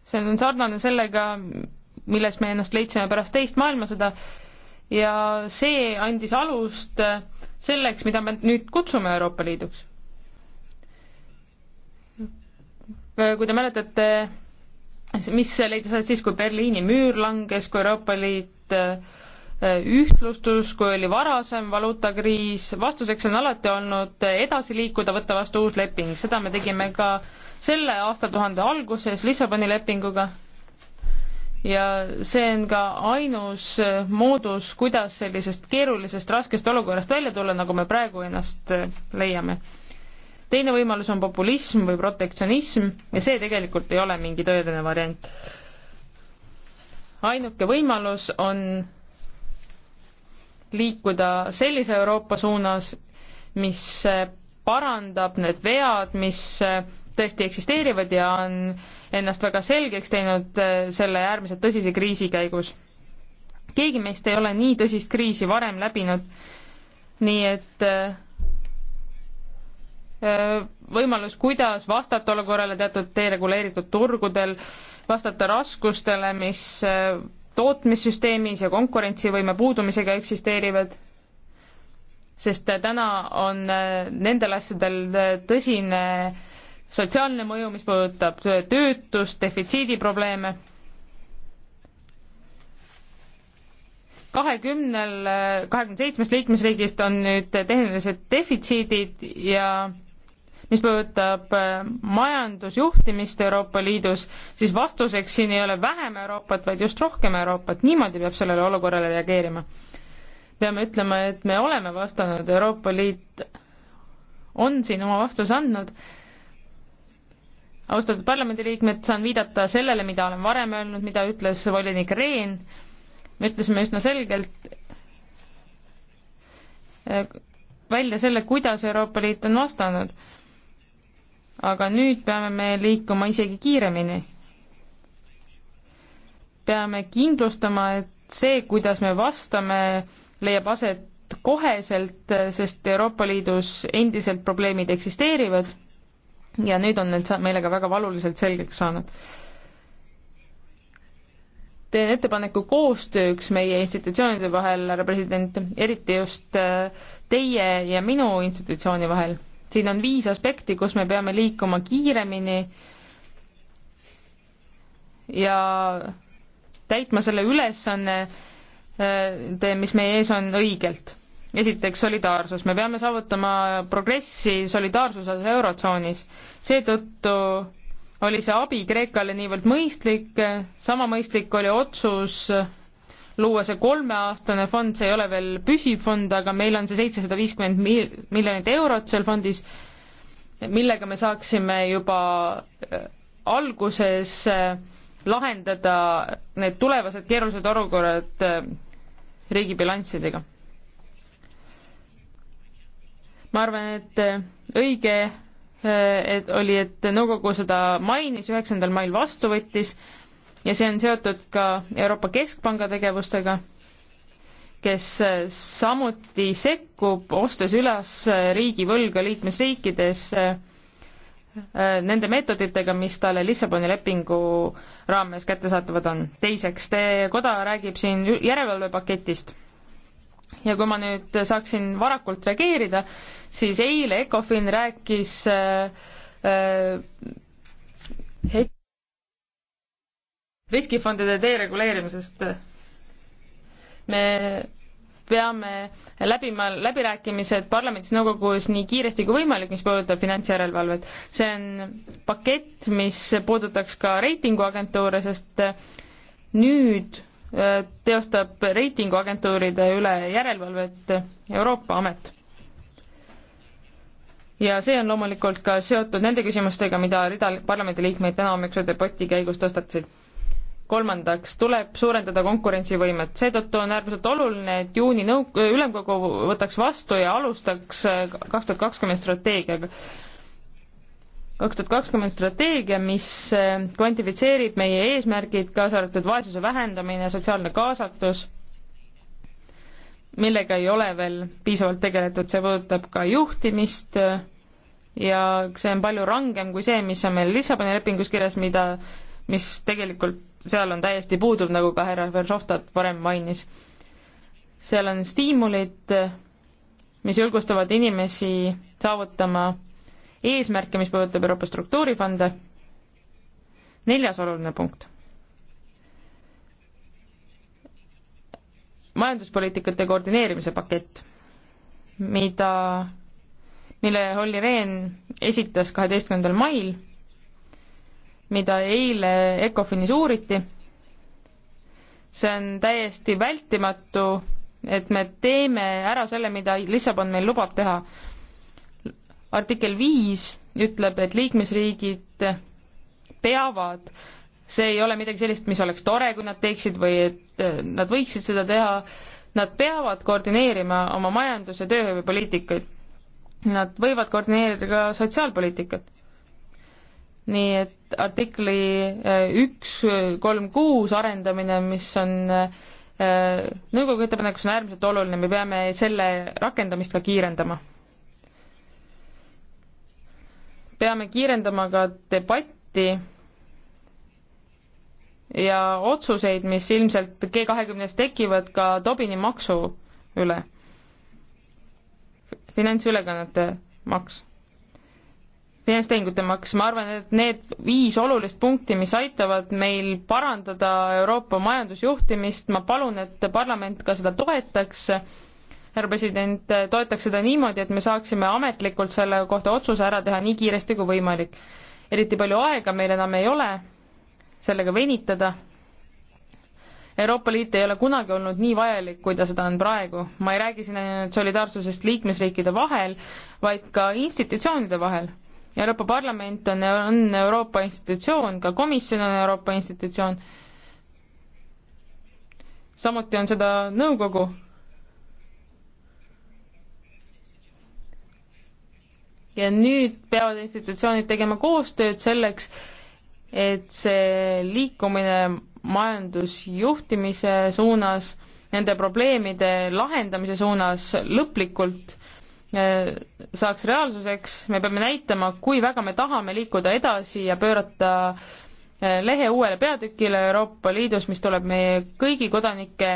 see on sarnane sellega, milles me ennast leidsime pärast teist maailmasõda ja see andis alust selleks, mida me nüüd kutsume Euroopa Liiduks Äh, kui te mäletate, mis leidis alles siis, kui Berliini müür langes, kui Euroopa Liit äh, ühtlustus, kui oli varasem valuutakriis, vastuseks on alati olnud edasi liikuda, võtta vastu uus leping, seda me tegime ka selle aastatuhande alguses Lissaboni lepinguga. ja see on ka ainus äh, moodus, kuidas sellisest keerulisest raskest olukorrast välja tulla, nagu me praegu ennast leiame teine võimalus on populism või protektsionism ja see tegelikult ei ole mingi tõeline variant. ainuke võimalus on liikuda sellise Euroopa suunas, mis parandab need vead, mis tõesti eksisteerivad ja on ennast väga selgeks teinud eh, selle äärmiselt tõsise kriisi käigus. keegi meist ei ole nii tõsist kriisi varem läbinud, nii et eh, võimalus, kuidas vastata olukorrale teatud dereguleeritud turgudel, vastata raskustele, mis tootmissüsteemis ja konkurentsivõime puudumisega eksisteerivad, sest täna on nendel asjadel tõsine sotsiaalne mõju, mis puudutab töötust, defitsiidiprobleeme. kahekümnel, kahekümne seitsmest liikmesriigist on nüüd tehnilised defitsiidid ja mis puudutab äh, majandusjuhtimist Euroopa Liidus, siis vastuseks siin ei ole vähem Euroopat, vaid just rohkem Euroopat, niimoodi peab sellele olukorrale reageerima. peame ütlema, et me oleme vastanud, Euroopa Liit on siin oma vastuse andnud, austatud parlamendiliikmed, saan viidata sellele, mida olen varem öelnud, mida ütles volinik Rehn, me ütlesime üsna selgelt, äh, välja selle, kuidas Euroopa Liit on vastanud aga nüüd peame me liikuma isegi kiiremini. peame kindlustama, et see, kuidas me vastame, leiab aset koheselt, sest Euroopa Liidus endiselt probleemid eksisteerivad ja nüüd on need meile ka väga valuliselt selgeks saanud. teen ettepaneku koostööks meie institutsioonide vahel, härra president, eriti just äh, teie ja minu institutsiooni vahel siin on viis aspekti, kus me peame liikuma kiiremini ja täitma selle ülesanne, äh, mis meie ees on õigelt. esiteks solidaarsus, me peame saavutama progressi solidaarsuses Eurotsoonis, seetõttu oli see abi Kreekale niivõrd mõistlik, sama mõistlik oli otsus luua see kolmeaastane fond, see ei ole veel püsiv fond, aga meil on see seitsesada viiskümmend miljonit eurot seal fondis, millega me saaksime juba äh, alguses äh, lahendada need tulevased keerulised olukorrad äh, riigi bilanssidega. ma arvan, et õige et oli, et nõukogu seda mainis, üheksandal mail vastu võttis ja see on seotud ka Euroopa Keskpanga tegevustega, kes eh, samuti sekkub, ostes üles eh, riigivõlga liikmesriikides eh, nende meetoditega, mis talle Lissaboni lepingu raames kättesaadavad on. teiseks, teie koda räägib siin järelevalvepaketist ja kui ma nüüd saaksin varakult reageerida, siis eile Ecofin rääkis äh, äh, riskifondide dereguleerimisest. me peame läbima läbirääkimised parlamendis, nõukogus nii kiiresti kui võimalik, mis puudutab finantsjärelevalvet. see on pakett, mis puudutaks ka reitinguagentuure, sest nüüd äh, teostab reitinguagentuuride üle järelevalvet Euroopa Amet. ja see on loomulikult ka seotud nende küsimustega, mida rida parlamendiliikmeid täna hommikuse debati käigus tõstatasid kolmandaks tuleb suurendada konkurentsivõimet, seetõttu on äärmiselt oluline, et juuni nõu-, ülemkogu võtaks vastu ja alustaks äh, kaks tuhat kakskümmend strateegiaga. kaks tuhat kakskümmend strateegia, mis äh, kvantifitseerib meie eesmärgid, kaasa arvatud vaesuse vähendamine, sotsiaalne kaasatus, millega ei ole veel piisavalt tegeletud, see puudutab ka juhtimist, äh, ja see on palju rangem kui see, mis on meil Lissaboni lepingus kirjas, mida, mis tegelikult seal on täiesti puudub, nagu ka härra Verhofstadt varem mainis. seal on stiimulid, mis julgustavad inimesi saavutama eesmärke, mis puudutab Euroopa struktuurifonde. neljas oluline punkt. majanduspoliitikate koordineerimise pakett, mida, mille Olli Rehn esitas kaheteistkümnendal mail mida eile ECOFINis uuriti. see on täiesti vältimatu, et me teeme ära selle, mida Lissabon meil lubab teha. artikkel viis ütleb, et liikmesriigid peavad, see ei ole midagi sellist, mis oleks tore, kui nad teeksid või et äh, nad võiksid seda teha, nad peavad koordineerima oma majandus- ja tööhõivepoliitikaid. Nad võivad koordineerida ka sotsiaalpoliitikat nii et artikli äh, üks kolm kuus arendamine, mis on äh, nõukogu ettepanekus on äärmiselt oluline, me peame selle rakendamist ka kiirendama. peame kiirendama ka debatti ja otsuseid, mis ilmselt G kahekümnes tekivad ka Tobini maksu üle, finantsülekannete maks finantstehingute maks, ma arvan, et need viis olulist punkti, mis aitavad meil parandada Euroopa majandusjuhtimist, ma palun, et parlament ka seda toetaks, härra president, toetaks seda niimoodi, et me saaksime ametlikult selle kohta otsuse ära teha nii kiiresti kui võimalik. eriti palju aega meil enam ei ole sellega venitada. Euroopa Liit ei ole kunagi olnud nii vajalik, kui ta seda on praegu. ma ei räägi siin ainult solidaarsusest liikmesriikide vahel, vaid ka institutsioonide vahel Euroopa Parlament on, on Euroopa institutsioon, ka komisjon on Euroopa institutsioon. samuti on seda nõukogu. ja nüüd peavad institutsioonid tegema koostööd selleks, et see liikumine majandusjuhtimise suunas, nende probleemide lahendamise suunas lõplikult Äh, saaks reaalsuseks, me peame näitama, kui väga me tahame liikuda edasi ja pöörata äh, lehe uuele peatükile Euroopa Liidus, mis tuleb meie kõigi kodanike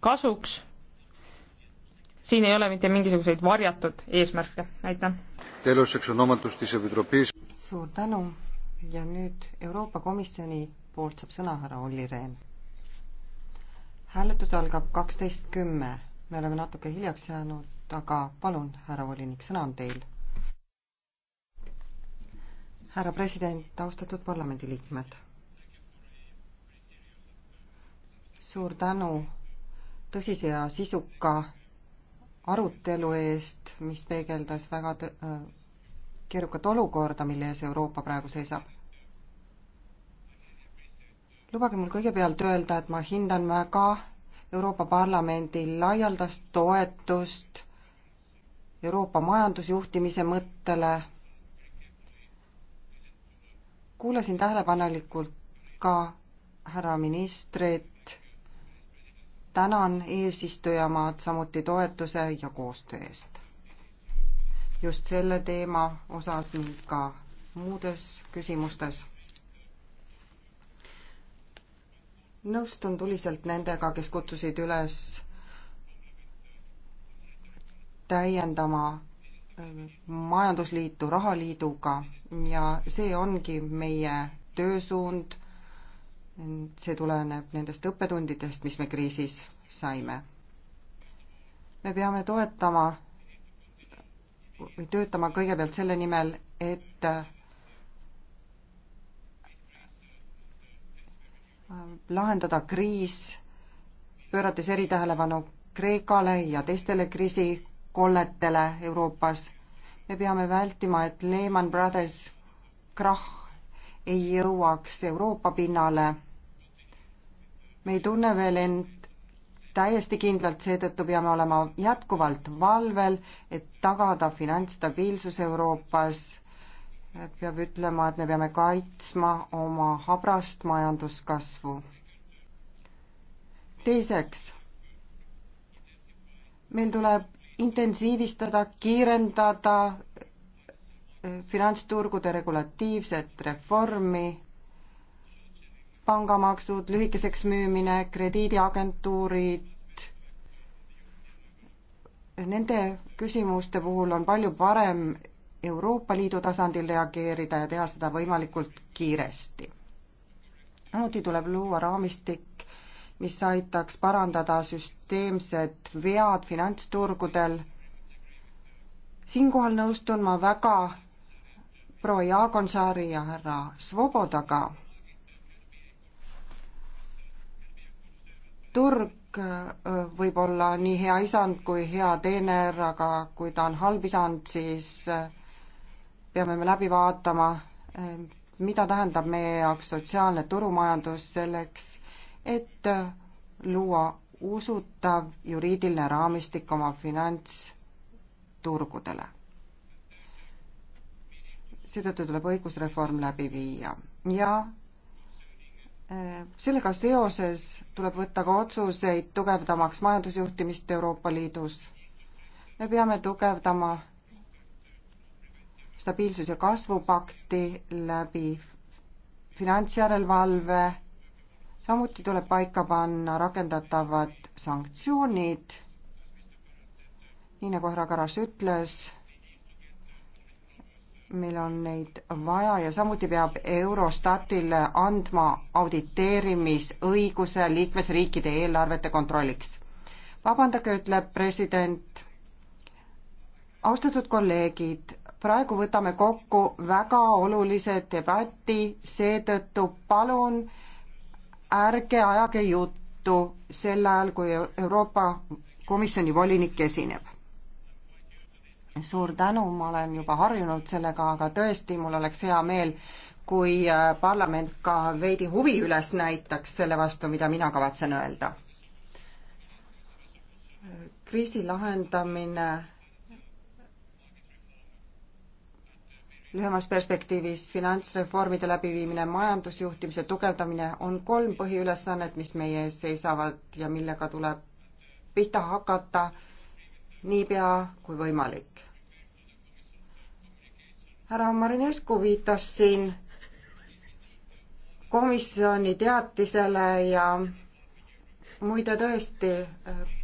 kasuks. siin ei ole mitte mingisuguseid varjatud eesmärke, aitäh. suur tänu ja nüüd Euroopa Komisjoni poolt saab sõna härra Olli Rehn. hääletus algab kaksteist kümme, me oleme natuke hiljaks jäänud aga palun, härra volinik, sõna on teil. härra president, austatud parlamendiliikmed. suur tänu tõsise ja sisuka arutelu eest, mis peegeldas väga äh, keerukat olukorda, mille ees Euroopa praegu seisab. lubage mul kõigepealt öelda, et ma hindan väga Euroopa Parlamendi laialdast toetust Euroopa majandusjuhtimise mõttele. kuulasin tähelepanelikult ka härra ministrit. tänan eesistujamaad samuti toetuse ja koostöö eest. just selle teema osas ning ka muudes küsimustes. nõustun tuliselt nendega, kes kutsusid üles täiendama äh, majandusliitu rahaliiduga ja see ongi meie töösuund. see tuleneb nendest õppetundidest, mis me kriisis saime. me peame toetama või töötama kõigepealt selle nimel, et äh, lahendada kriis, pöörates eritähelepanu Kreekale ja teistele kriisi kolletele Euroopas. me peame vältima, et Lehman Brothers krahh ei jõuaks Euroopa pinnale. me ei tunne veel end täiesti kindlalt, seetõttu peame olema jätkuvalt valvel, et tagada finantsstabiilsus Euroopas. peab ütlema, et me peame kaitsma oma habrast majanduskasvu. teiseks, meil tuleb intensiivistada, kiirendada eh, finantsturgude regulatiivset reformi, pangamaksud, lühikeseks müümine, krediidiagentuurid, nende küsimuste puhul on palju parem Euroopa Liidu tasandil reageerida ja teha seda võimalikult kiiresti. samuti tuleb luua raamistik mis aitaks parandada süsteemsed vead finantsturgudel. siinkohal nõustun ma väga proua Jaagonsaari ja härra Svobodaga. turg äh, võib olla nii hea isand kui hea teener, aga kui ta on halb isand, siis äh, peame me läbi vaatama, äh, mida tähendab meie jaoks sotsiaalne turumajandus selleks, et luua usutav juriidiline raamistik oma finantsturgudele. seetõttu tuleb õigusreform läbi viia ja äh, sellega seoses tuleb võtta ka otsuseid tugevdamaks majandusjuhtimist Euroopa Liidus. me peame tugevdama stabiilsus- ja kasvupakti läbi finantsjärelevalve samuti tuleb paika panna rakendatavad sanktsioonid, nii nagu härra Karas ütles, meil on neid vaja ja samuti peab Eurostatile andma auditeerimisõiguse liikmesriikide eelarvete kontrolliks. vabandage, ütleb president. austatud kolleegid, praegu võtame kokku väga olulise debati, seetõttu palun ärge ajage juttu sel ajal, kui Euroopa Komisjoni volinik esineb. suur tänu, ma olen juba harjunud sellega, aga tõesti, mul oleks hea meel, kui äh, parlament ka veidi huvi üles näitaks selle vastu, mida mina kavatsen öelda. kriisi lahendamine lühemas perspektiivis finantsreformide läbiviimine, majandusjuhtimise tugevdamine on kolm põhiülesannet, mis meie ees seisavad ja millega tuleb pihta hakata niipea kui võimalik. härra Marinescu viitas siin komisjoni teatisele ja muide tõesti,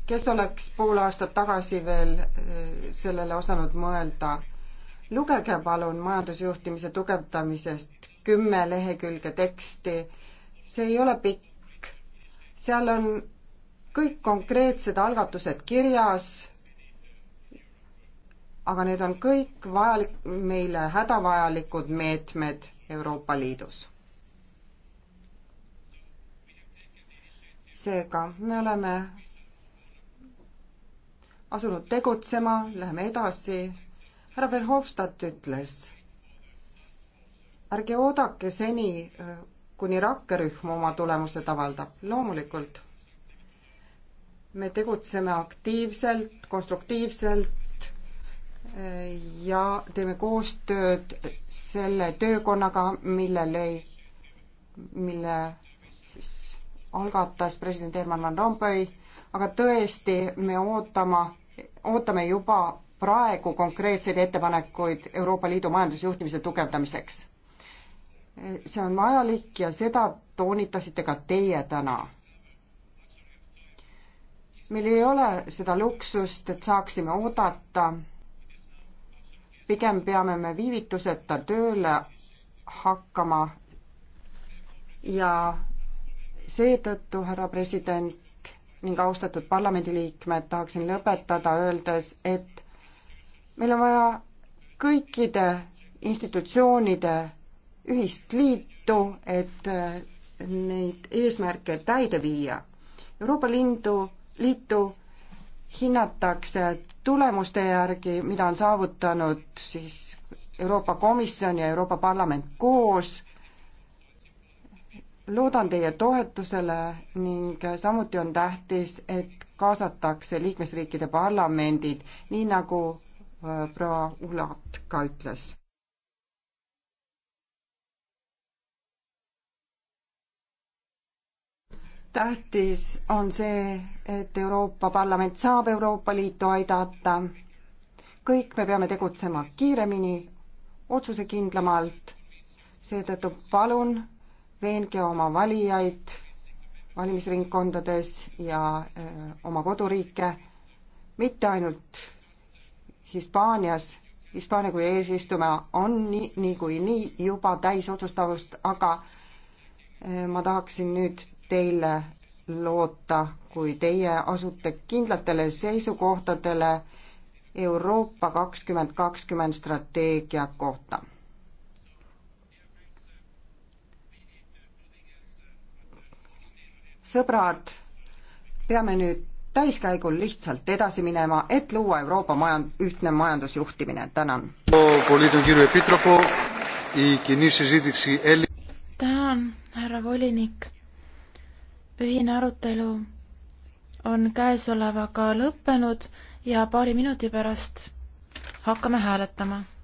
kes oleks pool aastat tagasi veel eh, sellele osanud mõelda lugege palun majandusjuhtimise tugevdamisest kümme lehekülge teksti, see ei ole pikk. seal on kõik konkreetsed algatused kirjas, aga need on kõik vajalik, meile hädavajalikud meetmed Euroopa Liidus. seega me oleme asunud tegutsema, läheme edasi härra Verhofstadt ütles, ärge oodake seni, kuni rakkerühm oma tulemused avaldab, loomulikult. me tegutseme aktiivselt, konstruktiivselt eh, ja teeme koostööd selle töökonnaga, millele, mille siis algatas president Herman Van Rompuy, aga tõesti, me ootama, ootame juba praegu konkreetseid ettepanekuid Euroopa Liidu majandusjuhtimise tugevdamiseks. see on vajalik ja seda toonitasite ka teie täna. meil ei ole seda luksust, et saaksime oodata, pigem peame me viivituseta tööle hakkama ja seetõttu, härra president ning austatud parlamendiliikmed, tahaksin lõpetada öeldes, et meil on vaja kõikide institutsioonide ühist liitu, et äh, neid eesmärke täide viia. Euroopa Lindu, Liitu hinnatakse tulemuste järgi, mida on saavutanud siis Euroopa Komisjon ja Euroopa Parlament koos. loodan teie toetusele ning samuti on tähtis, et kaasatakse liikmesriikide parlamendid, nii nagu Äh, proua Ulat ka ütles. tähtis on see, et Euroopa Parlament saab Euroopa Liitu aidata. kõik me peame tegutsema kiiremini, otsusekindlamalt. seetõttu palun veenge oma valijaid valimisringkondades ja öö, äh, oma koduriike mitte ainult Hispaanias, Hispaania kui eesistuja on nii, niikuinii nii juba täis otsustavust, aga eh, ma tahaksin nüüd teile loota, kui teie asute kindlatele seisukohtadele Euroopa kakskümmend kakskümmend strateegia kohta. sõbrad, peame nüüd täiskäigul lihtsalt edasi minema, et luua Euroopa majand-, ühtne majandusjuhtimine, tänan. tänan, härra volinik. ühine arutelu on käesolevaga lõppenud ja paari minuti pärast hakkame hääletama